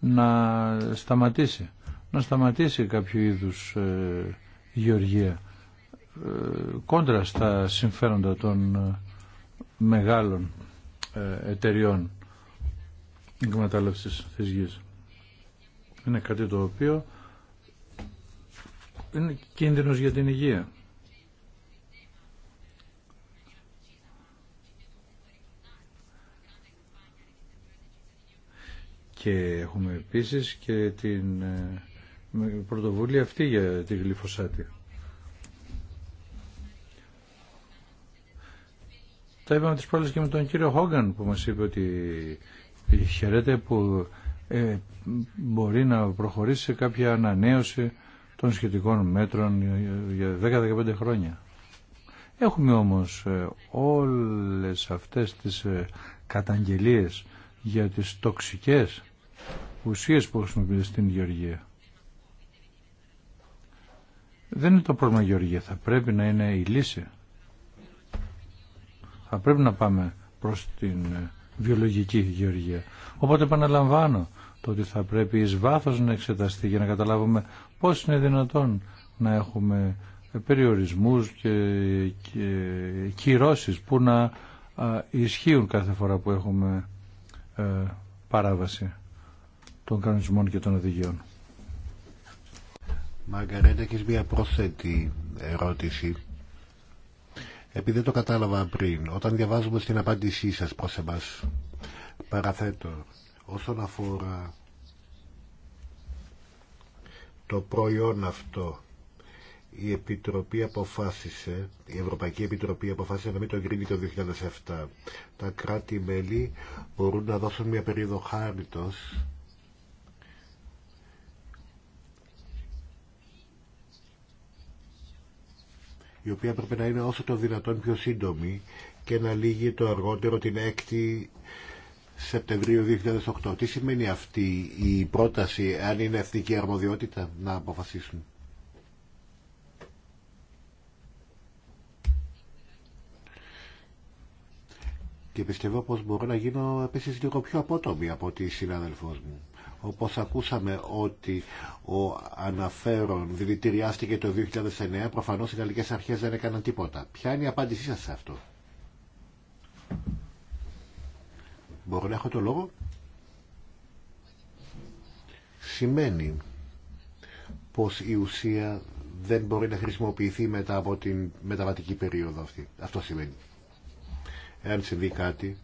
να σταματήσει να σταματήσει κάποιο είδους ε, γεωργία ε, κόντρα στα συμφέροντα των ε, μεγάλων ε, εταιριών εγκαταλείψης της γης. Είναι κάτι το οποίο είναι κίνδυνος για την υγεία. Και έχουμε επίσης και την ε, πρωτοβουλία αυτή για τη γλυφοσάτη. Τα είπαμε τις πρώτες και με τον κύριο Χόγκαν που μας είπε ότι χαιρέται που ε, μπορεί να προχωρήσει σε κάποια ανανέωση των σχετικών μέτρων για 10-15 χρόνια. Έχουμε όμως ε, όλες αυτές τις ε, καταγγελίες για τις τοξικές ουσίες που χρησιμοποιούνται στην Γεωργία. Δεν είναι το πρόβλημα Γεωργία, θα πρέπει να είναι η λύση. Θα πρέπει να πάμε προς την ε, βιολογική Γεωργία. Οπότε επαναλαμβάνω το ότι θα πρέπει εις βάθος να εξεταστεί για να καταλάβουμε Πώς είναι δυνατόν να έχουμε περιορισμούς και, και κυρώσεις που να ισχύουν κάθε φορά που έχουμε ε, παράβαση των κανονισμών και των οδηγιών. Μαγκαρέντα, έχει μια πρόσθετη ερώτηση. Επειδή δεν το κατάλαβα πριν, όταν διαβάζουμε στην απάντησή σας προς εμάς, παραθέτω, όσον αφορά το προϊόν αυτό η Επιτροπή αποφάσισε, η Ευρωπαϊκή Επιτροπή αποφάσισε να μην το εγκρίνει το 2007. Τα κράτη-μέλη μπορούν να δώσουν μια περίοδο χάριτος η οποία πρέπει να είναι όσο το δυνατόν πιο σύντομη και να λύγει το αργότερο την έκτη Σεπτεμβρίου 2008. Τι σημαίνει αυτή η πρόταση, αν είναι εθνική αρμοδιότητα, να αποφασίσουν. Και πιστεύω πως μπορώ να γίνω επίσης λίγο πιο απότομη από τη συνάδελφός μου. Όπως ακούσαμε ότι ο αναφέρον δηλητηριάστηκε το 2009, προφανώς οι γαλλικές αρχές δεν έκαναν τίποτα. Ποια είναι η απάντησή σας σε αυτό. Μπορώ να έχω το λόγο. Σημαίνει πως η ουσία δεν μπορεί να χρησιμοποιηθεί μετά από την μεταβατική περίοδο αυτή. Αυτό σημαίνει. Εάν συμβεί κάτι,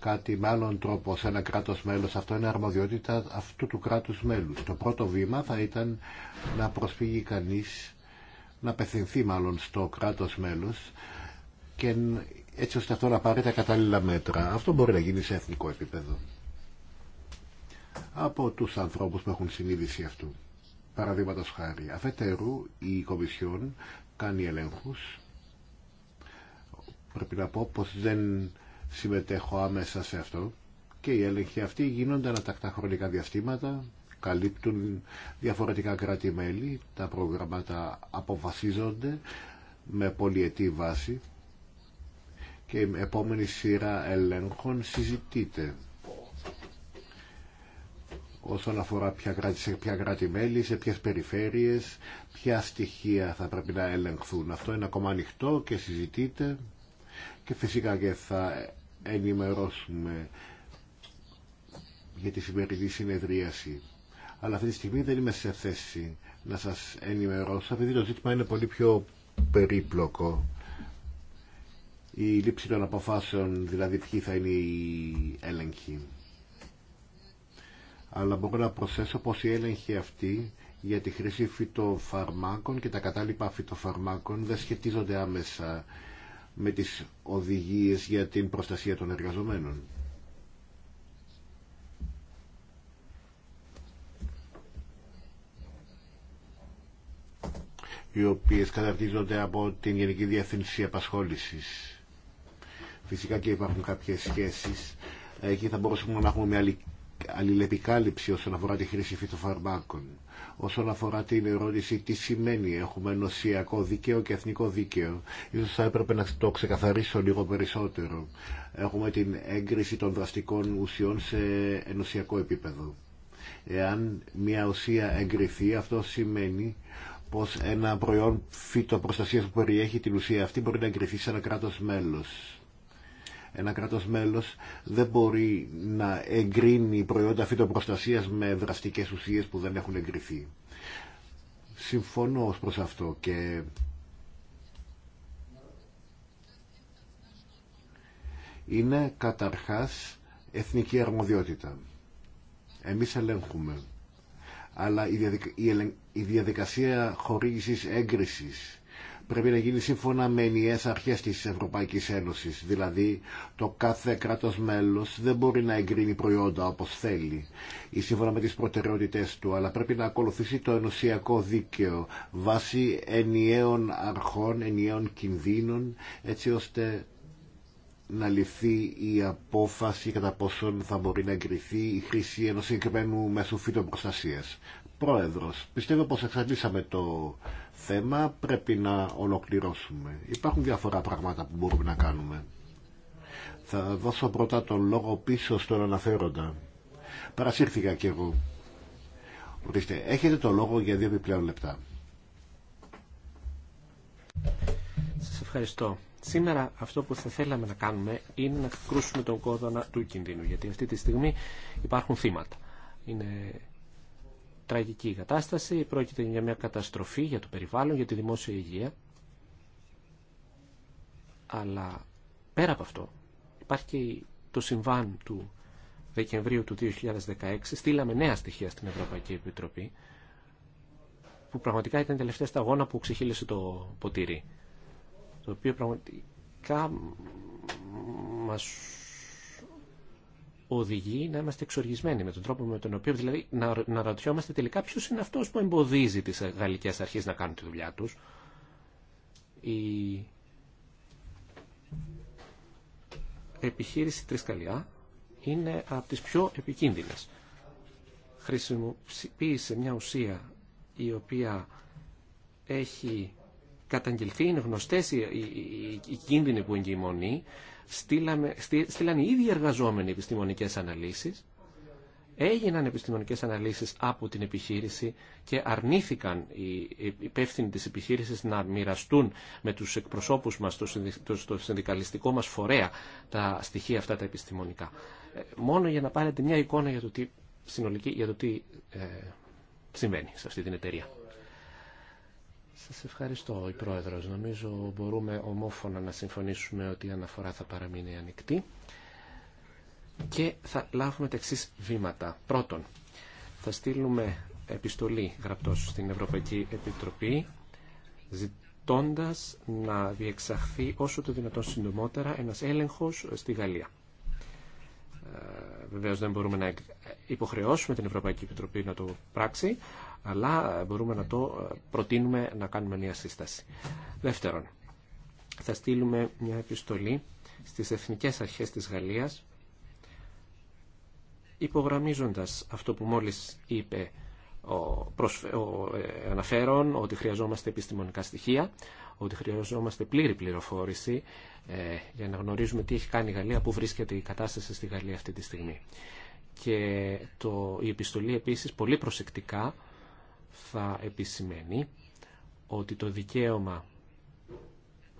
κάτι με άλλον τρόπο σε ένα κράτος μέλος, αυτό είναι αρμοδιότητα αυτού του κράτους μέλους. Το πρώτο βήμα θα ήταν να προσφύγει κανείς, να απευθυνθεί μάλλον στο κράτος μέλος έτσι ώστε αυτό να πάρει τα κατάλληλα μέτρα. Αυτό μπορεί να γίνει σε εθνικό επίπεδο. Από τους ανθρώπους που έχουν συνείδηση αυτού. Παραδείγματο χάρη. Αφετέρου, η Κομισιόν κάνει ελέγχου. Πρέπει να πω πως δεν συμμετέχω άμεσα σε αυτό. Και οι έλεγχοι αυτοί γίνονται ανατακτά χρονικά διαστήματα, καλύπτουν διαφορετικά κράτη-μέλη, τα προγράμματα αποφασίζονται με πολυετή βάση και η επόμενη σειρά ελέγχων συζητείται όσον αφορά ποια κράτη, σε ποια κράτη-μέλη, σε ποιες περιφέρειες, ποια στοιχεία θα πρέπει να ελεγχθούν. Αυτό είναι ακόμα ανοιχτό και συζητείται και φυσικά και θα ενημερώσουμε για τη σημερινή συνεδρίαση. Αλλά αυτή τη στιγμή δεν είμαι σε θέση να σας ενημερώσω, επειδή το ζήτημα είναι πολύ πιο περίπλοκο η λήψη των αποφάσεων, δηλαδή ποιοι θα είναι οι έλεγχοι. Αλλά μπορώ να προσθέσω πως η έλεγχοι αυτή για τη χρήση φυτοφαρμάκων και τα κατάλοιπα φυτοφαρμάκων δεν σχετίζονται άμεσα με τις οδηγίες για την προστασία των εργαζομένων. οι οποίες καταρτίζονται από την Γενική Διεύθυνση Απασχόλησης. Φυσικά και υπάρχουν κάποιες σχέσεις. Εκεί θα μπορούσαμε να έχουμε μια αλληλεπικάλυψη όσον αφορά τη χρήση φυτοφαρμάκων. Όσον αφορά την ερώτηση τι σημαίνει έχουμε ενωσιακό δίκαιο και εθνικό δίκαιο. Ίσως θα έπρεπε να το ξεκαθαρίσω λίγο περισσότερο. Έχουμε την έγκριση των δραστικών ουσιών σε ενωσιακό επίπεδο. Εάν μια ουσία εγκριθεί αυτό σημαίνει πως ένα προϊόν φυτοπροστασίας που περιέχει την ουσία αυτή μπορεί να εγκριθεί σε ένα κράτος μέλος ένα κράτος μέλος δεν μπορεί να εγκρίνει προϊόντα φυτοπροστασίας με δραστικές ουσίες που δεν έχουν εγκριθεί. Συμφωνώ ως προς αυτό και είναι καταρχάς εθνική αρμοδιότητα. Εμείς ελέγχουμε. Αλλά η διαδικασία χορήγησης έγκρισης πρέπει να γίνει σύμφωνα με ενιαίέ αρχέ τη Ευρωπαϊκή Ένωσης. Δηλαδή το κάθε κράτος μέλος δεν μπορεί να εγκρίνει προϊόντα όπως θέλει ή σύμφωνα με τις προτεραιότητε του, αλλά πρέπει να ακολουθήσει το ενωσιακό δίκαιο βάσει ενιαίων αρχών, ενιαίων κινδύνων, έτσι ώστε να ληφθεί η απόφαση κατά πόσον θα μπορεί να εγκριθεί η χρήση ενός συγκεκριμένου μέσου προστασίας. Πρόεδρος. Πιστεύω πως εξαντλήσαμε το θέμα, πρέπει να ολοκληρώσουμε. Υπάρχουν διάφορα πράγματα που μπορούμε να κάνουμε. Θα δώσω πρώτα τον λόγο πίσω στον αναφέροντα. Παρασύρθηκα κι εγώ. Ορίστε, έχετε το λόγο για δύο επιπλέον λεπτά. Σας ευχαριστώ. Σήμερα αυτό που θα θέλαμε να κάνουμε είναι να κρούσουμε τον κόδωνα του κινδύνου, γιατί αυτή τη στιγμή υπάρχουν θύματα. Είναι τραγική κατάσταση, πρόκειται για μια καταστροφή για το περιβάλλον, για τη δημόσια υγεία. Αλλά πέρα από αυτό υπάρχει και το συμβάν του Δεκεμβρίου του 2016. Στείλαμε νέα στοιχεία στην Ευρωπαϊκή Επιτροπή που πραγματικά ήταν η τελευταία σταγόνα που ξεχύλισε το ποτήρι. Το οποίο πραγματικά μας οδηγεί να είμαστε εξοργισμένοι με τον τρόπο με τον οποίο δηλαδή να, να ρωτιόμαστε τελικά ποιο είναι αυτό που εμποδίζει τι ε, γαλλικέ αρχέ να κάνουν τη δουλειά του. Η επιχείρηση Τρισκαλιά είναι από τις πιο επικίνδυνες. σε μια ουσία η οποία έχει καταγγελθεί, είναι γνωστές οι, οι κίνδυνοι που εγκυμονεί στείλαμε, στείλαν οι ίδιοι εργαζόμενοι επιστημονικές αναλύσεις, έγιναν επιστημονικές αναλύσεις από την επιχείρηση και αρνήθηκαν οι υπεύθυνοι της επιχείρησης να μοιραστούν με τους εκπροσώπους μας στο συνδικαλιστικό μας φορέα τα στοιχεία αυτά τα επιστημονικά. Ε, μόνο για να πάρετε μια εικόνα για το τι, συνολική, για το τι ε, συμβαίνει σε αυτή την εταιρεία. Σας ευχαριστώ, η Πρόεδρος. Νομίζω μπορούμε ομόφωνα να συμφωνήσουμε ότι η αναφορά θα παραμείνει ανοιχτή και θα λάβουμε τα εξή βήματα. Πρώτον, θα στείλουμε επιστολή γραπτός στην Ευρωπαϊκή Επιτροπή ζητώντας να διεξαχθεί όσο το δυνατόν συντομότερα ένας έλεγχος στη Γαλλία. Ε, βεβαίως δεν μπορούμε να υποχρεώσουμε την Ευρωπαϊκή Επιτροπή να το πράξει, αλλά μπορούμε να το ε, προτείνουμε να κάνουμε μια σύσταση. Δεύτερον, θα στείλουμε μια επιστολή στις Εθνικές Αρχές της Γαλλίας υπογραμμίζοντας αυτό που μόλις είπε ο, προσφε... Ε, αναφέρον, ότι χρειαζόμαστε επιστημονικά στοιχεία, ότι χρειαζόμαστε πλήρη πληροφόρηση ε, για να γνωρίζουμε τι έχει κάνει η Γαλλία, πού βρίσκεται η κατάσταση στη Γαλλία αυτή τη στιγμή. Και το, η επιστολή επίσης πολύ προσεκτικά θα επισημαίνει ότι το δικαίωμα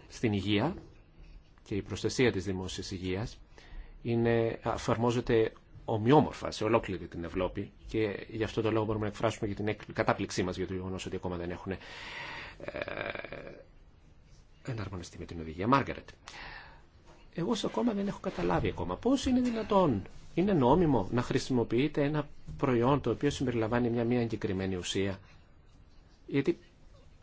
στην υγεία και η προστασία της δημόσιας υγείας είναι, αφαρμόζεται ομοιόμορφα σε ολόκληρη την Ευρώπη και γι' αυτό το λόγο μπορούμε να εκφράσουμε για την κατάπληξή μας για το γεγονό ότι ακόμα δεν έχουν ε, εναρμονιστεί με την οδηγία Μάργαρετ εγώ ακόμα δεν έχω καταλάβει ακόμα πώς είναι δυνατόν, είναι νόμιμο να χρησιμοποιείται ένα προϊόν το οποίο συμπεριλαμβάνει μια μία εγκεκριμένη ουσία. Γιατί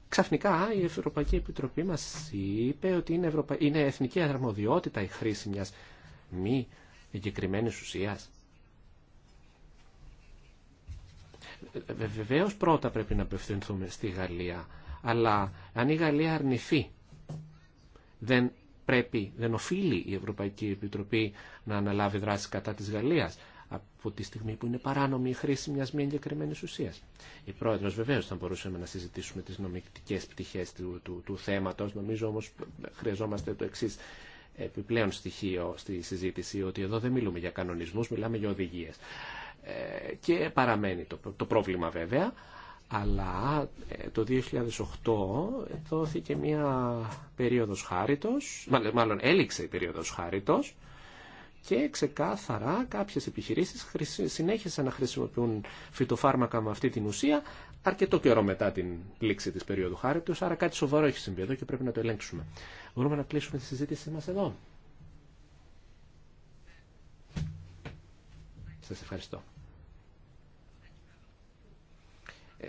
ξαφνικά η Ευρωπαϊκή Επιτροπή μας είπε ότι είναι, είναι εθνική αρμοδιότητα η χρήση μιας μη εγκεκριμένης ουσίας. Ε, Βεβαίω πρώτα πρέπει να απευθυνθούμε στη Γαλλία, αλλά αν η Γαλλία αρνηθεί, δεν πρέπει, δεν οφείλει η Ευρωπαϊκή Επιτροπή να αναλάβει δράση κατά της Γαλλίας από τη στιγμή που είναι παράνομη η χρήση μιας μια εγκεκριμένη ουσίας. Η πρόεδρος βεβαίως θα μπορούσαμε να συζητήσουμε τις νομικτικές πτυχές του, του, του θέματος. Νομίζω όμως χρειαζόμαστε το εξή. επιπλέον στοιχείο στη συζήτηση ότι εδώ δεν μιλούμε για κανονισμούς, μιλάμε για οδηγίες. Ε, και παραμένει το, το πρόβλημα βέβαια, αλλά ε, το 2008 δόθηκε μια περίοδος χάριτος, μάλλον έληξε η περίοδος χάριτος και ξεκάθαρα κάποιες επιχειρήσεις συνέχισαν να χρησιμοποιούν φυτοφάρμακα με αυτή την ουσία αρκετό καιρό μετά την λήξη της περίοδου χάριτος, άρα κάτι σοβαρό έχει συμβεί εδώ και πρέπει να το ελέγξουμε. Μπορούμε να κλείσουμε τη συζήτησή μας εδώ. Σας ευχαριστώ. Ε,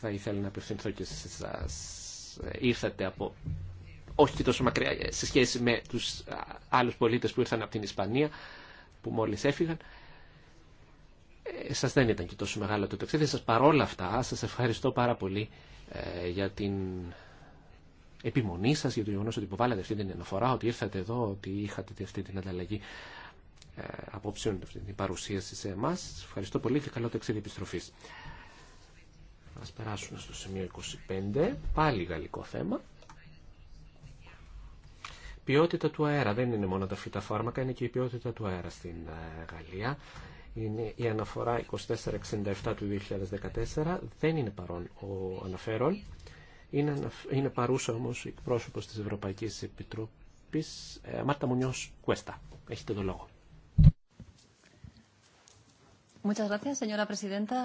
θα ήθελα να απευθυνθώ και σε εσά. Ε, ήρθατε από όχι και τόσο μακριά ε, σε σχέση με του άλλου πολίτε που ήρθαν από την Ισπανία που μόλι έφυγαν. Σα δεν ήταν και τόσο μεγάλο το ταξίδι σας. Παρόλα αυτά, σα ευχαριστώ πάρα πολύ για την επιμονή σα για το γεγονό ότι υποβάλλατε αυτή την αναφορά, ότι ήρθατε εδώ, ότι είχατε αυτή την ανταλλαγή απόψεων, αυτή την παρουσίαση σε εμά. Σα ευχαριστώ πολύ και καλό ταξίδι επιστροφή. Ας περάσουμε στο σημείο 25, πάλι γαλλικό θέμα. Ποιότητα του αέρα δεν είναι μόνο τα φυταφάρμακα είναι και η ποιότητα του αέρα στην ε, Γαλλία. Είναι η αναφορά 2467 του 2014, δεν είναι παρόν ο αναφέρον. Είναι, είναι παρούσα όμως εκπρόσωπος της Ευρωπαϊκής Επιτροπής, ε, Μάρτα Μουνιός Κουέστα. Έχετε το λόγο.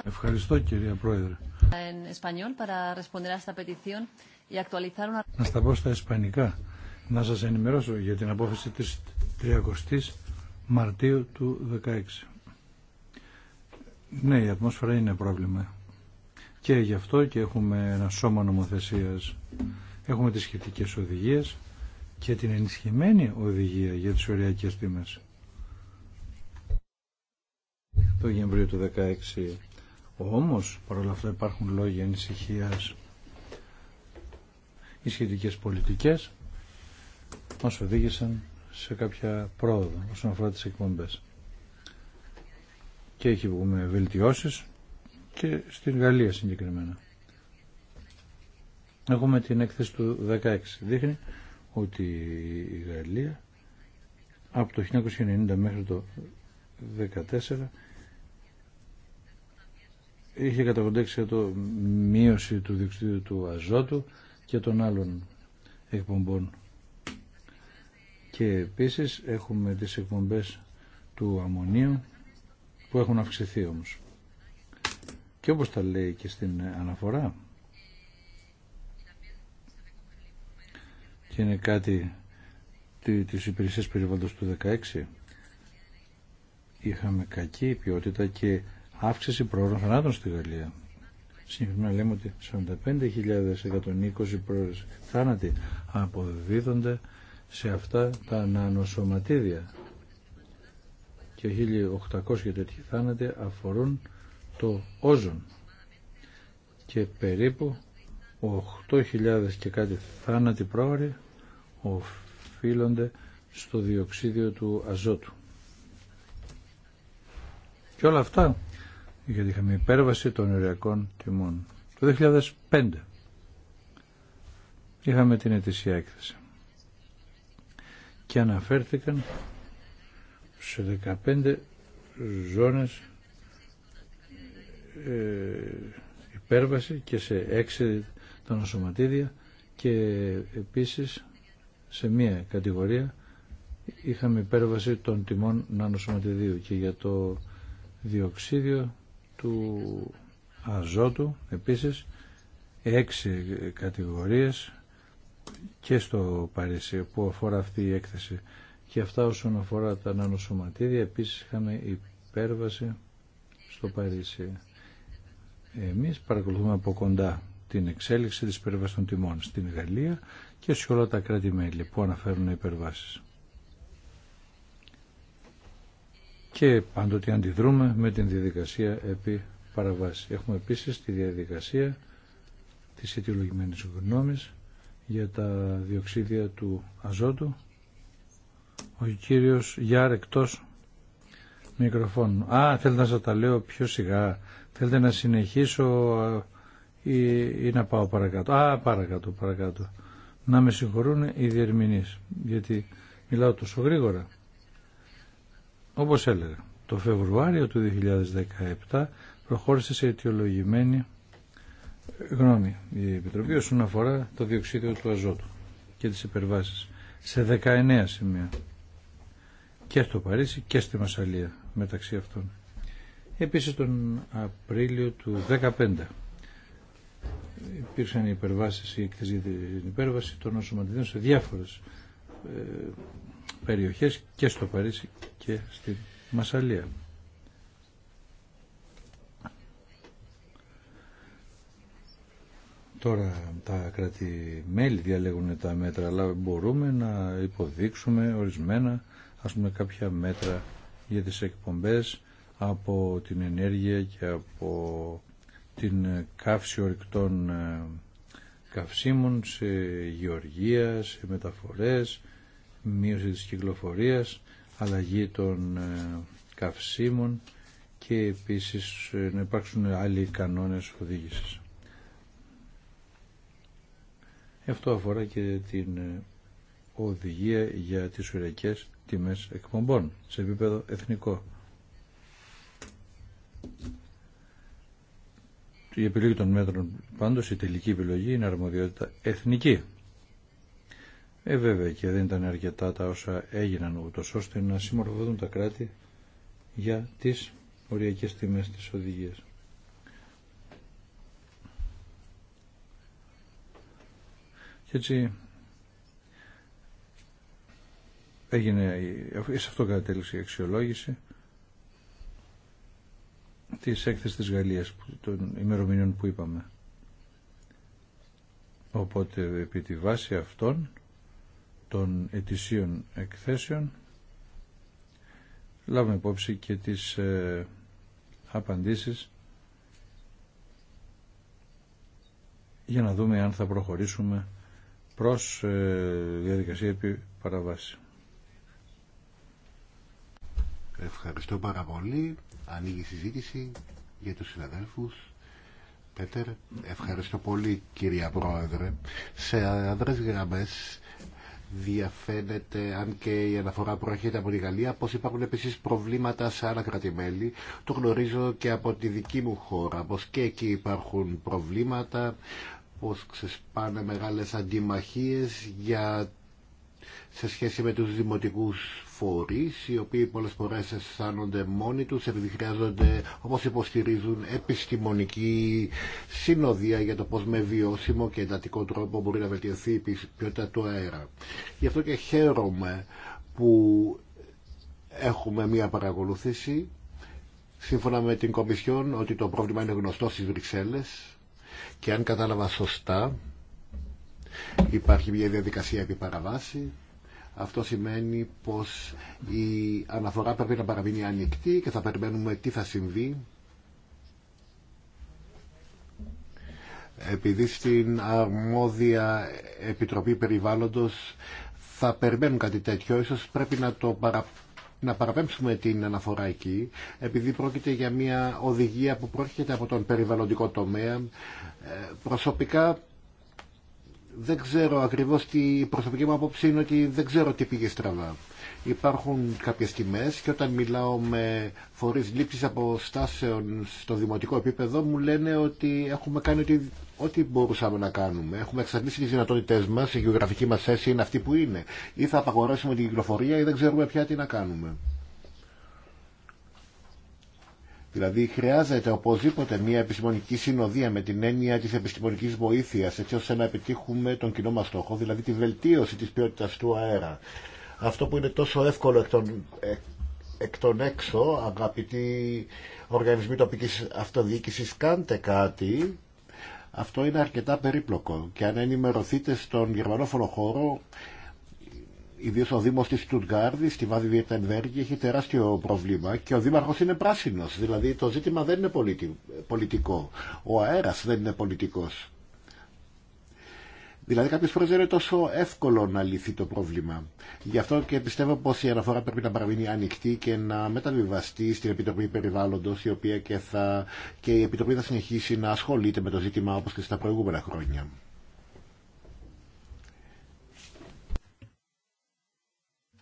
Ευχαριστώ κυρία Πρόεδρε. Να στα πω στα ισπανικά. Να σας ενημερώσω για την απόφαση της 30ης Μαρτίου του 2016. Ναι, η ατμόσφαιρα είναι πρόβλημα. Και γι' αυτό και έχουμε ένα σώμα νομοθεσίας. Έχουμε τις σχετικέ οδηγίες και την ενισχυμένη οδηγία για τις οριακές τιμέ. Το Γεμβρίου του 2016 όμως, παρόλα αυτά υπάρχουν λόγια ανησυχία οι σχετικές πολιτικές μας οδήγησαν σε κάποια πρόοδο όσον αφορά τις εκπομπές. Και έχει βγούμε βελτιώσεις και στην Γαλλία συγκεκριμένα. Έχουμε την έκθεση του 16. Δείχνει ότι η Γαλλία από το 1990 μέχρι το 2014 είχε κατά το μείωση του διοξιδίου του αζότου και των άλλων εκπομπών. Και επίσης έχουμε τις εκπομπές του αμμονίου που έχουν αυξηθεί όμως. Και όπως τα λέει και στην αναφορά και είναι κάτι της υπηρεσίας περιβάλλοντος του 16 είχαμε κακή ποιότητα και αύξηση πρόωρων θανάτων στη Γαλλία. Συγκεκριμένα λέμε ότι 45.120 πρόωρες θάνατοι αποδίδονται σε αυτά τα νανοσωματίδια και 1.800 και τέτοιοι θάνατοι αφορούν το όζον και περίπου 8.000 και κάτι θάνατοι πρόωροι οφείλονται στο διοξίδιο του αζότου. Και όλα αυτά γιατί είχαμε υπέρβαση των ηριακών τιμών. Το 2005 είχαμε την ετησία έκθεση και αναφέρθηκαν σε 15 ζώνες ε, υπέρβαση και σε 6 τα νοσοματίδια και επίσης σε μία κατηγορία είχαμε υπέρβαση των τιμών νανοσωματιδίου και για το διοξίδιο του αζότου επίσης έξι κατηγορίες και στο Παρίσι που αφορά αυτή η έκθεση και αυτά όσον αφορά τα νανοσωματίδια επίσης είχαμε υπέρβαση στο Παρίσι. Εμείς παρακολουθούμε από κοντά την εξέλιξη της υπέρβασης των τιμών στην Γαλλία και σε όλα τα κράτη-μέλη που αναφέρουν υπερβάσεις. και πάντοτε αντιδρούμε με την διαδικασία επί παραβάση. Έχουμε επίσης τη διαδικασία της αιτιολογημένης γνώμης για τα διοξίδια του αζότου. Ο κύριος Γιάρ εκτός μικροφώνου. Α, θέλετε να σας τα λέω πιο σιγά. Θέλετε να συνεχίσω ή, ή να πάω παρακάτω. Α, παρακάτω, παρακάτω. Να με συγχωρούν οι διερμηνείς, γιατί μιλάω τόσο γρήγορα. Όπως έλεγα, το Φεβρουάριο του 2017 προχώρησε σε αιτιολογημένη γνώμη η Επιτροπή όσον αφορά το διοξίδιο του αζότου και τις υπερβάσεις σε 19 σημεία και στο Παρίσι και στη Μασαλία μεταξύ αυτών. Επίσης τον Απρίλιο του 2015 υπήρξαν οι υπερβάσεις, η εκθέση για την υπέρβαση των νοσοματιδίων σε διάφορες ε, περιοχές και στο Παρίσι και στη Μασαλία. Τώρα τα κράτη-μέλη διαλέγουν τα μέτρα, αλλά μπορούμε να υποδείξουμε ορισμένα, ας πούμε, κάποια μέτρα για τις εκπομπές από την ενέργεια και από την καύση ορυκτών ε, καυσίμων σε γεωργία, σε μεταφορές, μείωση της κυκλοφορίας, αλλαγή των ε, καυσίμων και επίσης ε, να υπάρξουν άλλοι κανόνες οδήγησης. Αυτό αφορά και την ε, οδηγία για τις ουριακές τιμές εκπομπών σε επίπεδο εθνικό. Η επιλογή των μέτρων πάντως, η τελική επιλογή είναι αρμοδιότητα εθνική ε, βέβαια και δεν ήταν αρκετά τα όσα έγιναν ούτω ώστε να συμμορφωθούν τα κράτη για τις οριακές τιμές της οδηγίας. Και έτσι έγινε, σε αυτό κατέληξε η αξιολόγηση της έκθεσης της Γαλλίας των ημερομηνιών που είπαμε. Οπότε επί τη βάση αυτών των ετησίων εκθέσεων λάβουμε υπόψη και τις ε, απαντήσεις για να δούμε αν θα προχωρήσουμε προς ε, διαδικασία επί παραβάση. Ευχαριστώ πάρα πολύ. Ανοίγει η συζήτηση για τους συναδέλφους. Πέτερ, ευχαριστώ πολύ κυρία Πρόεδρε. Σε αδρές γραμμές διαφαίνεται, αν και η αναφορά προέρχεται από τη Γαλλία, πως υπάρχουν επίσης προβλήματα σε άλλα κρατημέλη. Το γνωρίζω και από τη δική μου χώρα, πως και εκεί υπάρχουν προβλήματα, πως ξεσπάνε μεγάλες αντιμαχίες για σε σχέση με τους δημοτικούς φορείς οι οποίοι πολλές φορές αισθάνονται μόνοι τους επειδή χρειάζονται όπως υποστηρίζουν επιστημονική συνοδεία για το πως με βιώσιμο και εντατικό τρόπο μπορεί να βελτιωθεί η ποιότητα του αέρα. Γι' αυτό και χαίρομαι που έχουμε μία παρακολούθηση σύμφωνα με την Κομισιόν ότι το πρόβλημα είναι γνωστό στις Βρυξέλλες και αν κατάλαβα σωστά Υπάρχει μια διαδικασία επί παραβάση. Αυτό σημαίνει πως η αναφορά πρέπει να παραμείνει ανοιχτή και θα περιμένουμε τι θα συμβεί. Επειδή στην αρμόδια Επιτροπή Περιβάλλοντος θα περιμένουν κάτι τέτοιο, ίσως πρέπει να το να παραπέμψουμε την αναφορά εκεί, επειδή πρόκειται για μια οδηγία που προέρχεται από τον περιβαλλοντικό τομέα. Ε, προσωπικά δεν ξέρω ακριβώς τι η προσωπική μου απόψη είναι ότι δεν ξέρω τι πήγε στραβά. Υπάρχουν κάποιες τιμές και όταν μιλάω με φορείς λήψης αποστάσεων στο δημοτικό επίπεδο μου λένε ότι έχουμε κάνει ό,τι, ό,τι μπορούσαμε να κάνουμε. Έχουμε εξαρτήσει τις δυνατότητές μας, η γεωγραφική μας θέση είναι αυτή που είναι. Ή θα απαγορέσουμε την κυκλοφορία ή δεν ξέρουμε πια τι να κάνουμε. Δηλαδή χρειάζεται οπωσδήποτε μια επιστημονική συνοδεία με την έννοια της επιστημονικής βοήθειας έτσι ώστε να επιτύχουμε τον κοινό μας στόχο, δηλαδή τη βελτίωση της ποιότητας του αέρα. Αυτό που είναι τόσο εύκολο εκ των, ε, εκ των έξω, αγαπητοί οργανισμοί τοπικής αυτοδιοίκησης, κάντε κάτι. Αυτό είναι αρκετά περίπλοκο και αν ενημερωθείτε στον γερμανόφωνο χώρο Ιδίω ο Δήμο τη Στουτγκάρδη, στη Βάδη Βιερτενβέργη, έχει τεράστιο πρόβλημα και ο Δήμαρχο είναι πράσινο. Δηλαδή το ζήτημα δεν είναι πολιτικό. Ο αέρα δεν είναι πολιτικό. Δηλαδή κάποιε φορέ δεν είναι τόσο εύκολο να λυθεί το πρόβλημα. Γι' αυτό και πιστεύω πω η αναφορά πρέπει να παραμείνει ανοιχτή και να μεταβιβαστεί στην Επιτροπή Περιβάλλοντο, η οποία και, θα... και η Επιτροπή θα συνεχίσει να ασχολείται με το ζήτημα όπω και στα προηγούμενα χρόνια.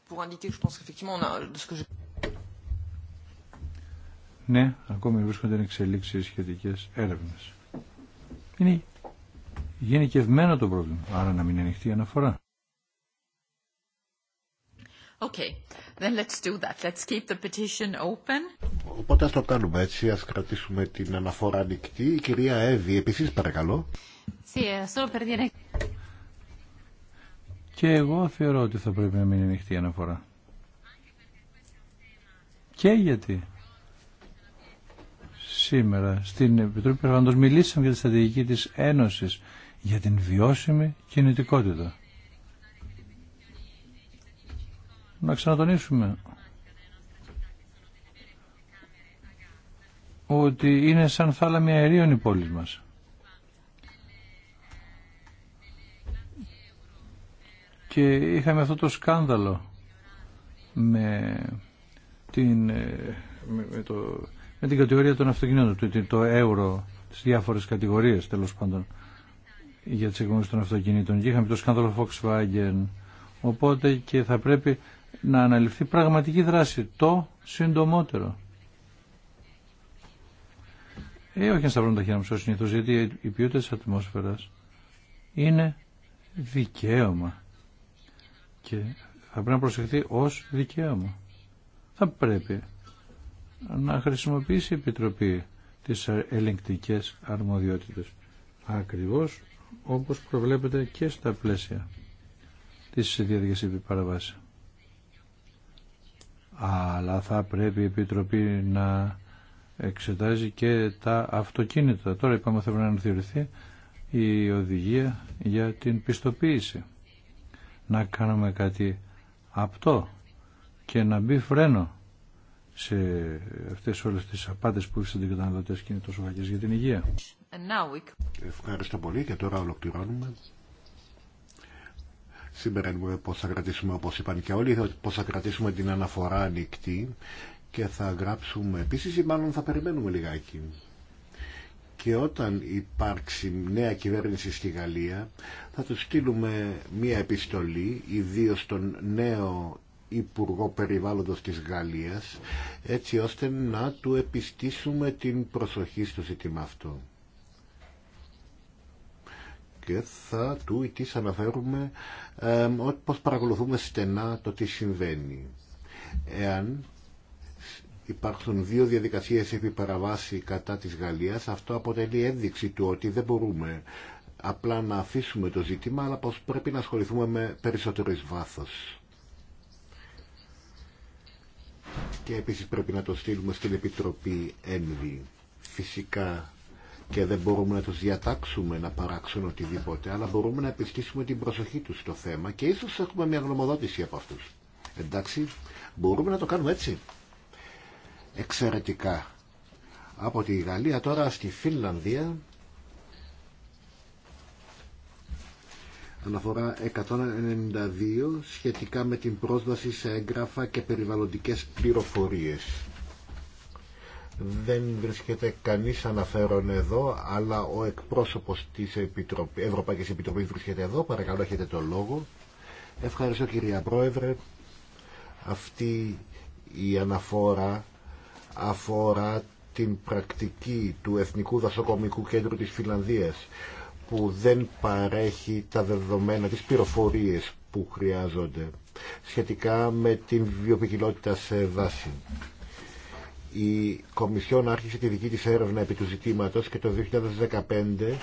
pour indiquer, je pense qu'effectivement, on a, de ce que je... Ναι, ακόμη βρίσκονται εξελίξει σχετικέ έρευνε. Είναι γενικευμένο το πρόβλημα, άρα να μην η αναφορά. Okay, then let's do that. Let's keep the petition open. Οπότε ας το κάνουμε έτσι, ας κρατήσουμε την αναφορά ανοιχτή. Η κυρία Εύη, επίσης παρακαλώ. Sì, eh, solo και εγώ θεωρώ ότι θα πρέπει να μείνει ανοιχτή η αναφορά. Και γιατί σήμερα στην Επιτροπή Περιβάλλοντος μιλήσαμε για τη στρατηγική της Ένωσης για την βιώσιμη κινητικότητα. Να ξανατονίσουμε ότι είναι σαν θάλαμη αερίων η πόλη μας. και είχαμε αυτό το σκάνδαλο με την, ε, με το, με την κατηγορία των αυτοκινήτων, το, το ευρώ τις διάφορες κατηγορίες τέλος πάντων για τις εκπομπές των αυτοκινήτων και είχαμε το σκάνδαλο Volkswagen οπότε και θα πρέπει να αναλυφθεί πραγματική δράση το συντομότερο ε, όχι να σταυρώνουν τα χέρια μου συνήθως γιατί η ποιότητα της ατμόσφαιρας είναι δικαίωμα και θα πρέπει να προσεχθεί ως δικαίωμα. Θα πρέπει να χρησιμοποιήσει η Επιτροπή τις ελεγκτικές αρμοδιότητες ακριβώς όπως προβλέπεται και στα πλαίσια της διαδικασίας επί παραβάση. Αλλά θα πρέπει η Επιτροπή να εξετάζει και τα αυτοκίνητα. Τώρα είπαμε θα πρέπει να αναθεωρηθεί η οδηγία για την πιστοποίηση να κάνουμε κάτι απτό και να μπει φρένο σε αυτές όλες τις απάτες που είσαι οι καταναλωτές και είναι τόσο για την υγεία. Ευχαριστώ πολύ και τώρα ολοκληρώνουμε. Σήμερα πω πώς θα κρατήσουμε, όπω είπαν και όλοι, πώς θα κρατήσουμε την αναφορά ανοιχτή και θα γράψουμε επίσης ή μάλλον θα περιμένουμε λιγάκι και όταν υπάρξει νέα κυβέρνηση στη Γαλλία θα του στείλουμε μία επιστολή ιδίω στον νέο Υπουργό Περιβάλλοντος της Γαλλίας έτσι ώστε να του επιστήσουμε την προσοχή στο ζήτημα αυτό και θα του ή της αναφέρουμε ε, πως παρακολουθούμε στενά το τι συμβαίνει. Εάν Υπάρχουν δύο διαδικασίες επί παραβάση κατά της Γαλλίας. Αυτό αποτελεί ένδειξη του ότι δεν μπορούμε απλά να αφήσουμε το ζήτημα, αλλά πως πρέπει να ασχοληθούμε με περισσότερο βάθος. Και επίσης πρέπει να το στείλουμε στην Επιτροπή Ένβη. Φυσικά και δεν μπορούμε να τους διατάξουμε να παράξουν οτιδήποτε, αλλά μπορούμε να επιστήσουμε την προσοχή τους στο θέμα και ίσως έχουμε μια γνωμοδότηση από αυτούς. Εντάξει, μπορούμε να το κάνουμε έτσι εξαιρετικά. Από τη Γαλλία τώρα στη Φινλανδία αναφορά 192 σχετικά με την πρόσβαση σε έγγραφα και περιβαλλοντικές πληροφορίες. Δεν βρίσκεται κανείς αναφέρον εδώ, αλλά ο εκπρόσωπος της Επιτροπή, Ευρωπαϊκής Επιτροπής βρίσκεται εδώ. Παρακαλώ, έχετε το λόγο. Ευχαριστώ κυρία Πρόεδρε. Αυτή η αναφόρα αφορά την πρακτική του Εθνικού Δασοκομικού Κέντρου της Φιλανδίας που δεν παρέχει τα δεδομένα, τις πληροφορίες που χρειάζονται σχετικά με την βιοποικιλότητα σε δάση. Η Κομισιόν άρχισε τη δική της έρευνα επί του ζητήματος και το 2015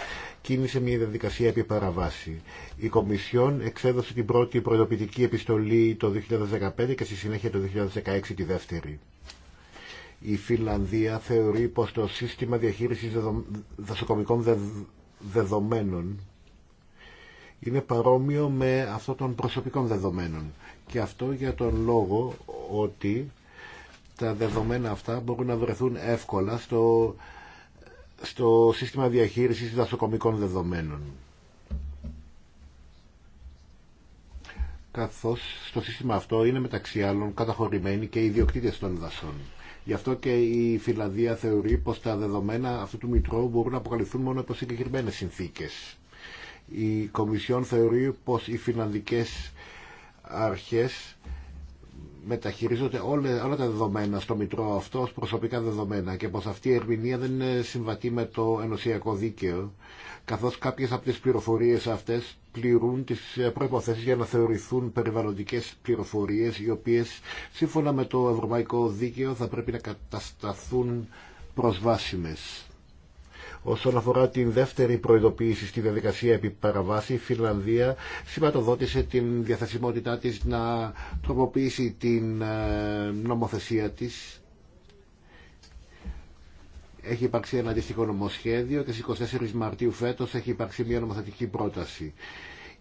κίνησε μια διαδικασία επί παραβάση. Η Κομισιόν εξέδωσε την πρώτη προειδοποιητική επιστολή το 2015 και στη συνέχεια το 2016 τη δεύτερη. Η Φιλανδία θεωρεί πως το σύστημα διαχείρισης δασοκομικών δεδομένων είναι παρόμοιο με αυτό των προσωπικών δεδομένων. Και αυτό για τον λόγο ότι τα δεδομένα αυτά μπορούν να βρεθούν εύκολα στο, στο σύστημα διαχείρισης δασοκομικών δεδομένων. Καθώς στο σύστημα αυτό είναι μεταξύ άλλων καταχωρημένοι και οι ιδιοκτήτες των δασών. Γι' αυτό και η Φιλανδία θεωρεί πως τα δεδομένα αυτού του Μητρώου μπορούν να αποκαλυφθούν μόνο από συγκεκριμένε συνθήκες. Η Κομισιόν θεωρεί πως οι φιλανδικές αρχές μεταχειρίζονται όλα, τα δεδομένα στο Μητρώο αυτό ως προσωπικά δεδομένα και πως αυτή η ερμηνεία δεν είναι συμβατή με το ενωσιακό δίκαιο καθώς κάποιες από τις πληροφορίες αυτές πληρούν τις προϋποθέσεις για να θεωρηθούν περιβαλλοντικές πληροφορίες οι οποίες σύμφωνα με το Ευρωπαϊκό Δίκαιο θα πρέπει να κατασταθούν προσβάσιμες. Όσον αφορά την δεύτερη προειδοποίηση στη διαδικασία επί παραβάση, η Φιλανδία σηματοδότησε την διαθεσιμότητά της να τροποποιήσει την ε, νομοθεσία της έχει υπάρξει ένα αντίστοιχο νομοσχέδιο και στις 24 Μαρτίου φέτος έχει υπάρξει μια νομοθετική πρόταση.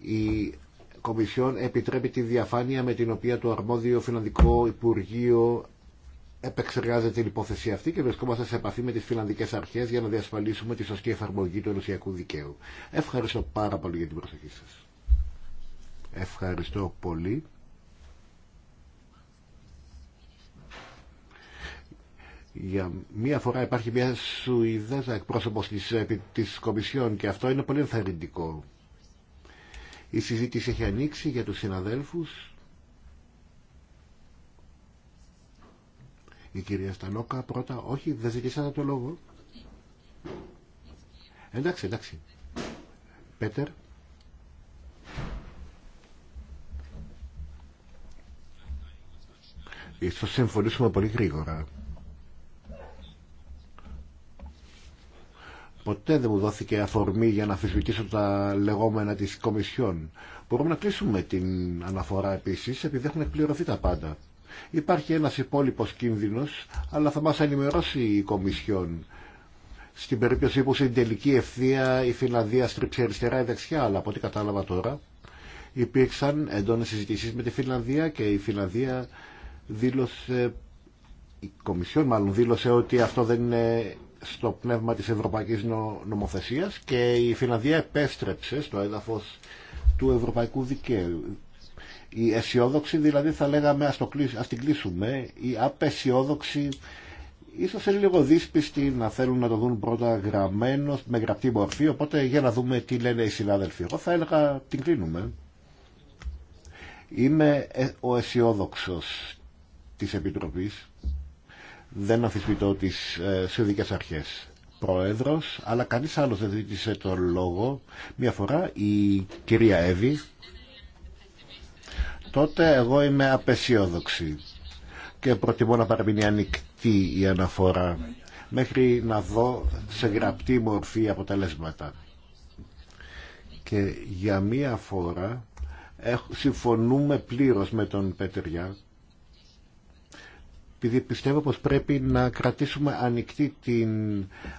Η Κομισιόν επιτρέπει τη διαφάνεια με την οποία το αρμόδιο Φιλανδικό Υπουργείο επεξεργάζεται την υπόθεση αυτή και βρισκόμαστε σε επαφή με τις φιλανδικές αρχές για να διασφαλίσουμε τη σωστή εφαρμογή του ενωσιακού δικαίου. Ευχαριστώ πάρα πολύ για την προσοχή σας. Ευχαριστώ πολύ. για μία φορά υπάρχει μία Σουηδέζα εκπρόσωπος της, της Κομισιόν και αυτό είναι πολύ ενθαρρυντικό. Η συζήτηση έχει ανοίξει για τους συναδέλφους. Η κυρία Στανόκα πρώτα, όχι, δεν ζητήσατε το λόγο. Εντάξει, εντάξει. Πέτερ. Ίσως συμφωνήσουμε πολύ γρήγορα. ποτέ δεν μου δόθηκε αφορμή για να αφισβητήσω τα λεγόμενα της Κομισιόν. Μπορούμε να κλείσουμε την αναφορά επίσης επειδή έχουν εκπληρωθεί τα πάντα. Υπάρχει ένας υπόλοιπος κίνδυνος, αλλά θα μας ενημερώσει η Κομισιόν. Στην περίπτωση που στην τελική ευθεία η Φιλανδία στρίψε αριστερά ή δεξιά, αλλά από ό,τι κατάλαβα τώρα, υπήρξαν εντόνες συζητήσεις με τη Φιλανδία και η Φιλανδία δήλωσε η Κομισιόν μάλλον δήλωσε ότι αυτό δεν είναι στο πνεύμα της Ευρωπαϊκής Νομοθεσίας και η Φιλανδία επέστρεψε στο έδαφος του Ευρωπαϊκού Δικαίου. Η αισιόδοξη δηλαδή θα λέγαμε ας, το ας την κλείσουμε, η απεσιόδοξη ίσως είναι λίγο δύσπιστη να θέλουν να το δουν πρώτα γραμμένο με γραπτή μορφή, οπότε για να δούμε τι λένε οι συνάδελφοι. Εγώ θα έλεγα την κλείνουμε. Είμαι ε, ο αισιόδοξο της Επιτροπής δεν αμφισβητώ τις ε, αρχές. Πρόεδρος, αλλά κανείς άλλος δεν ζήτησε το λόγο. Μία φορά η κυρία Εύη. Τότε εγώ είμαι απεσιόδοξη και προτιμώ να παραμείνει ανοιχτή η αναφορά μέχρι να δω σε γραπτή μορφή αποτελέσματα. Και για μία φορά συμφωνούμε πλήρως με τον Πέτριάκ επειδή πιστεύω πως πρέπει να κρατήσουμε ανοιχτή την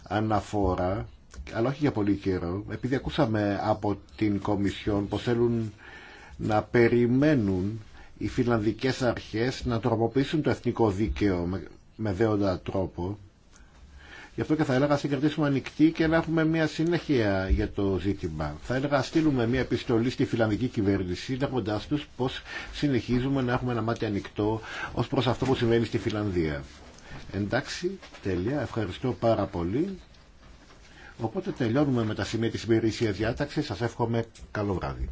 αναφορά, αλλά όχι για πολύ καιρό, επειδή ακούσαμε από την Κομισιόν πως θέλουν να περιμένουν οι φιλανδικές αρχές να τροποποιήσουν το εθνικό δίκαιο με δέοντα τρόπο Γι' αυτό και θα έλεγα να συγκρατήσουμε ανοιχτή και να έχουμε μια συνέχεια για το ζήτημα. Θα έλεγα να στείλουμε μια επιστολή στη φιλανδική κυβέρνηση, λέγοντά του πώ συνεχίζουμε να έχουμε ένα μάτι ανοιχτό ω προ αυτό που συμβαίνει στη Φιλανδία. Εντάξει, τέλεια, ευχαριστώ πάρα πολύ. Οπότε τελειώνουμε με τα σημεία της υπηρεσίας διάταξης. Σας εύχομαι καλό βράδυ.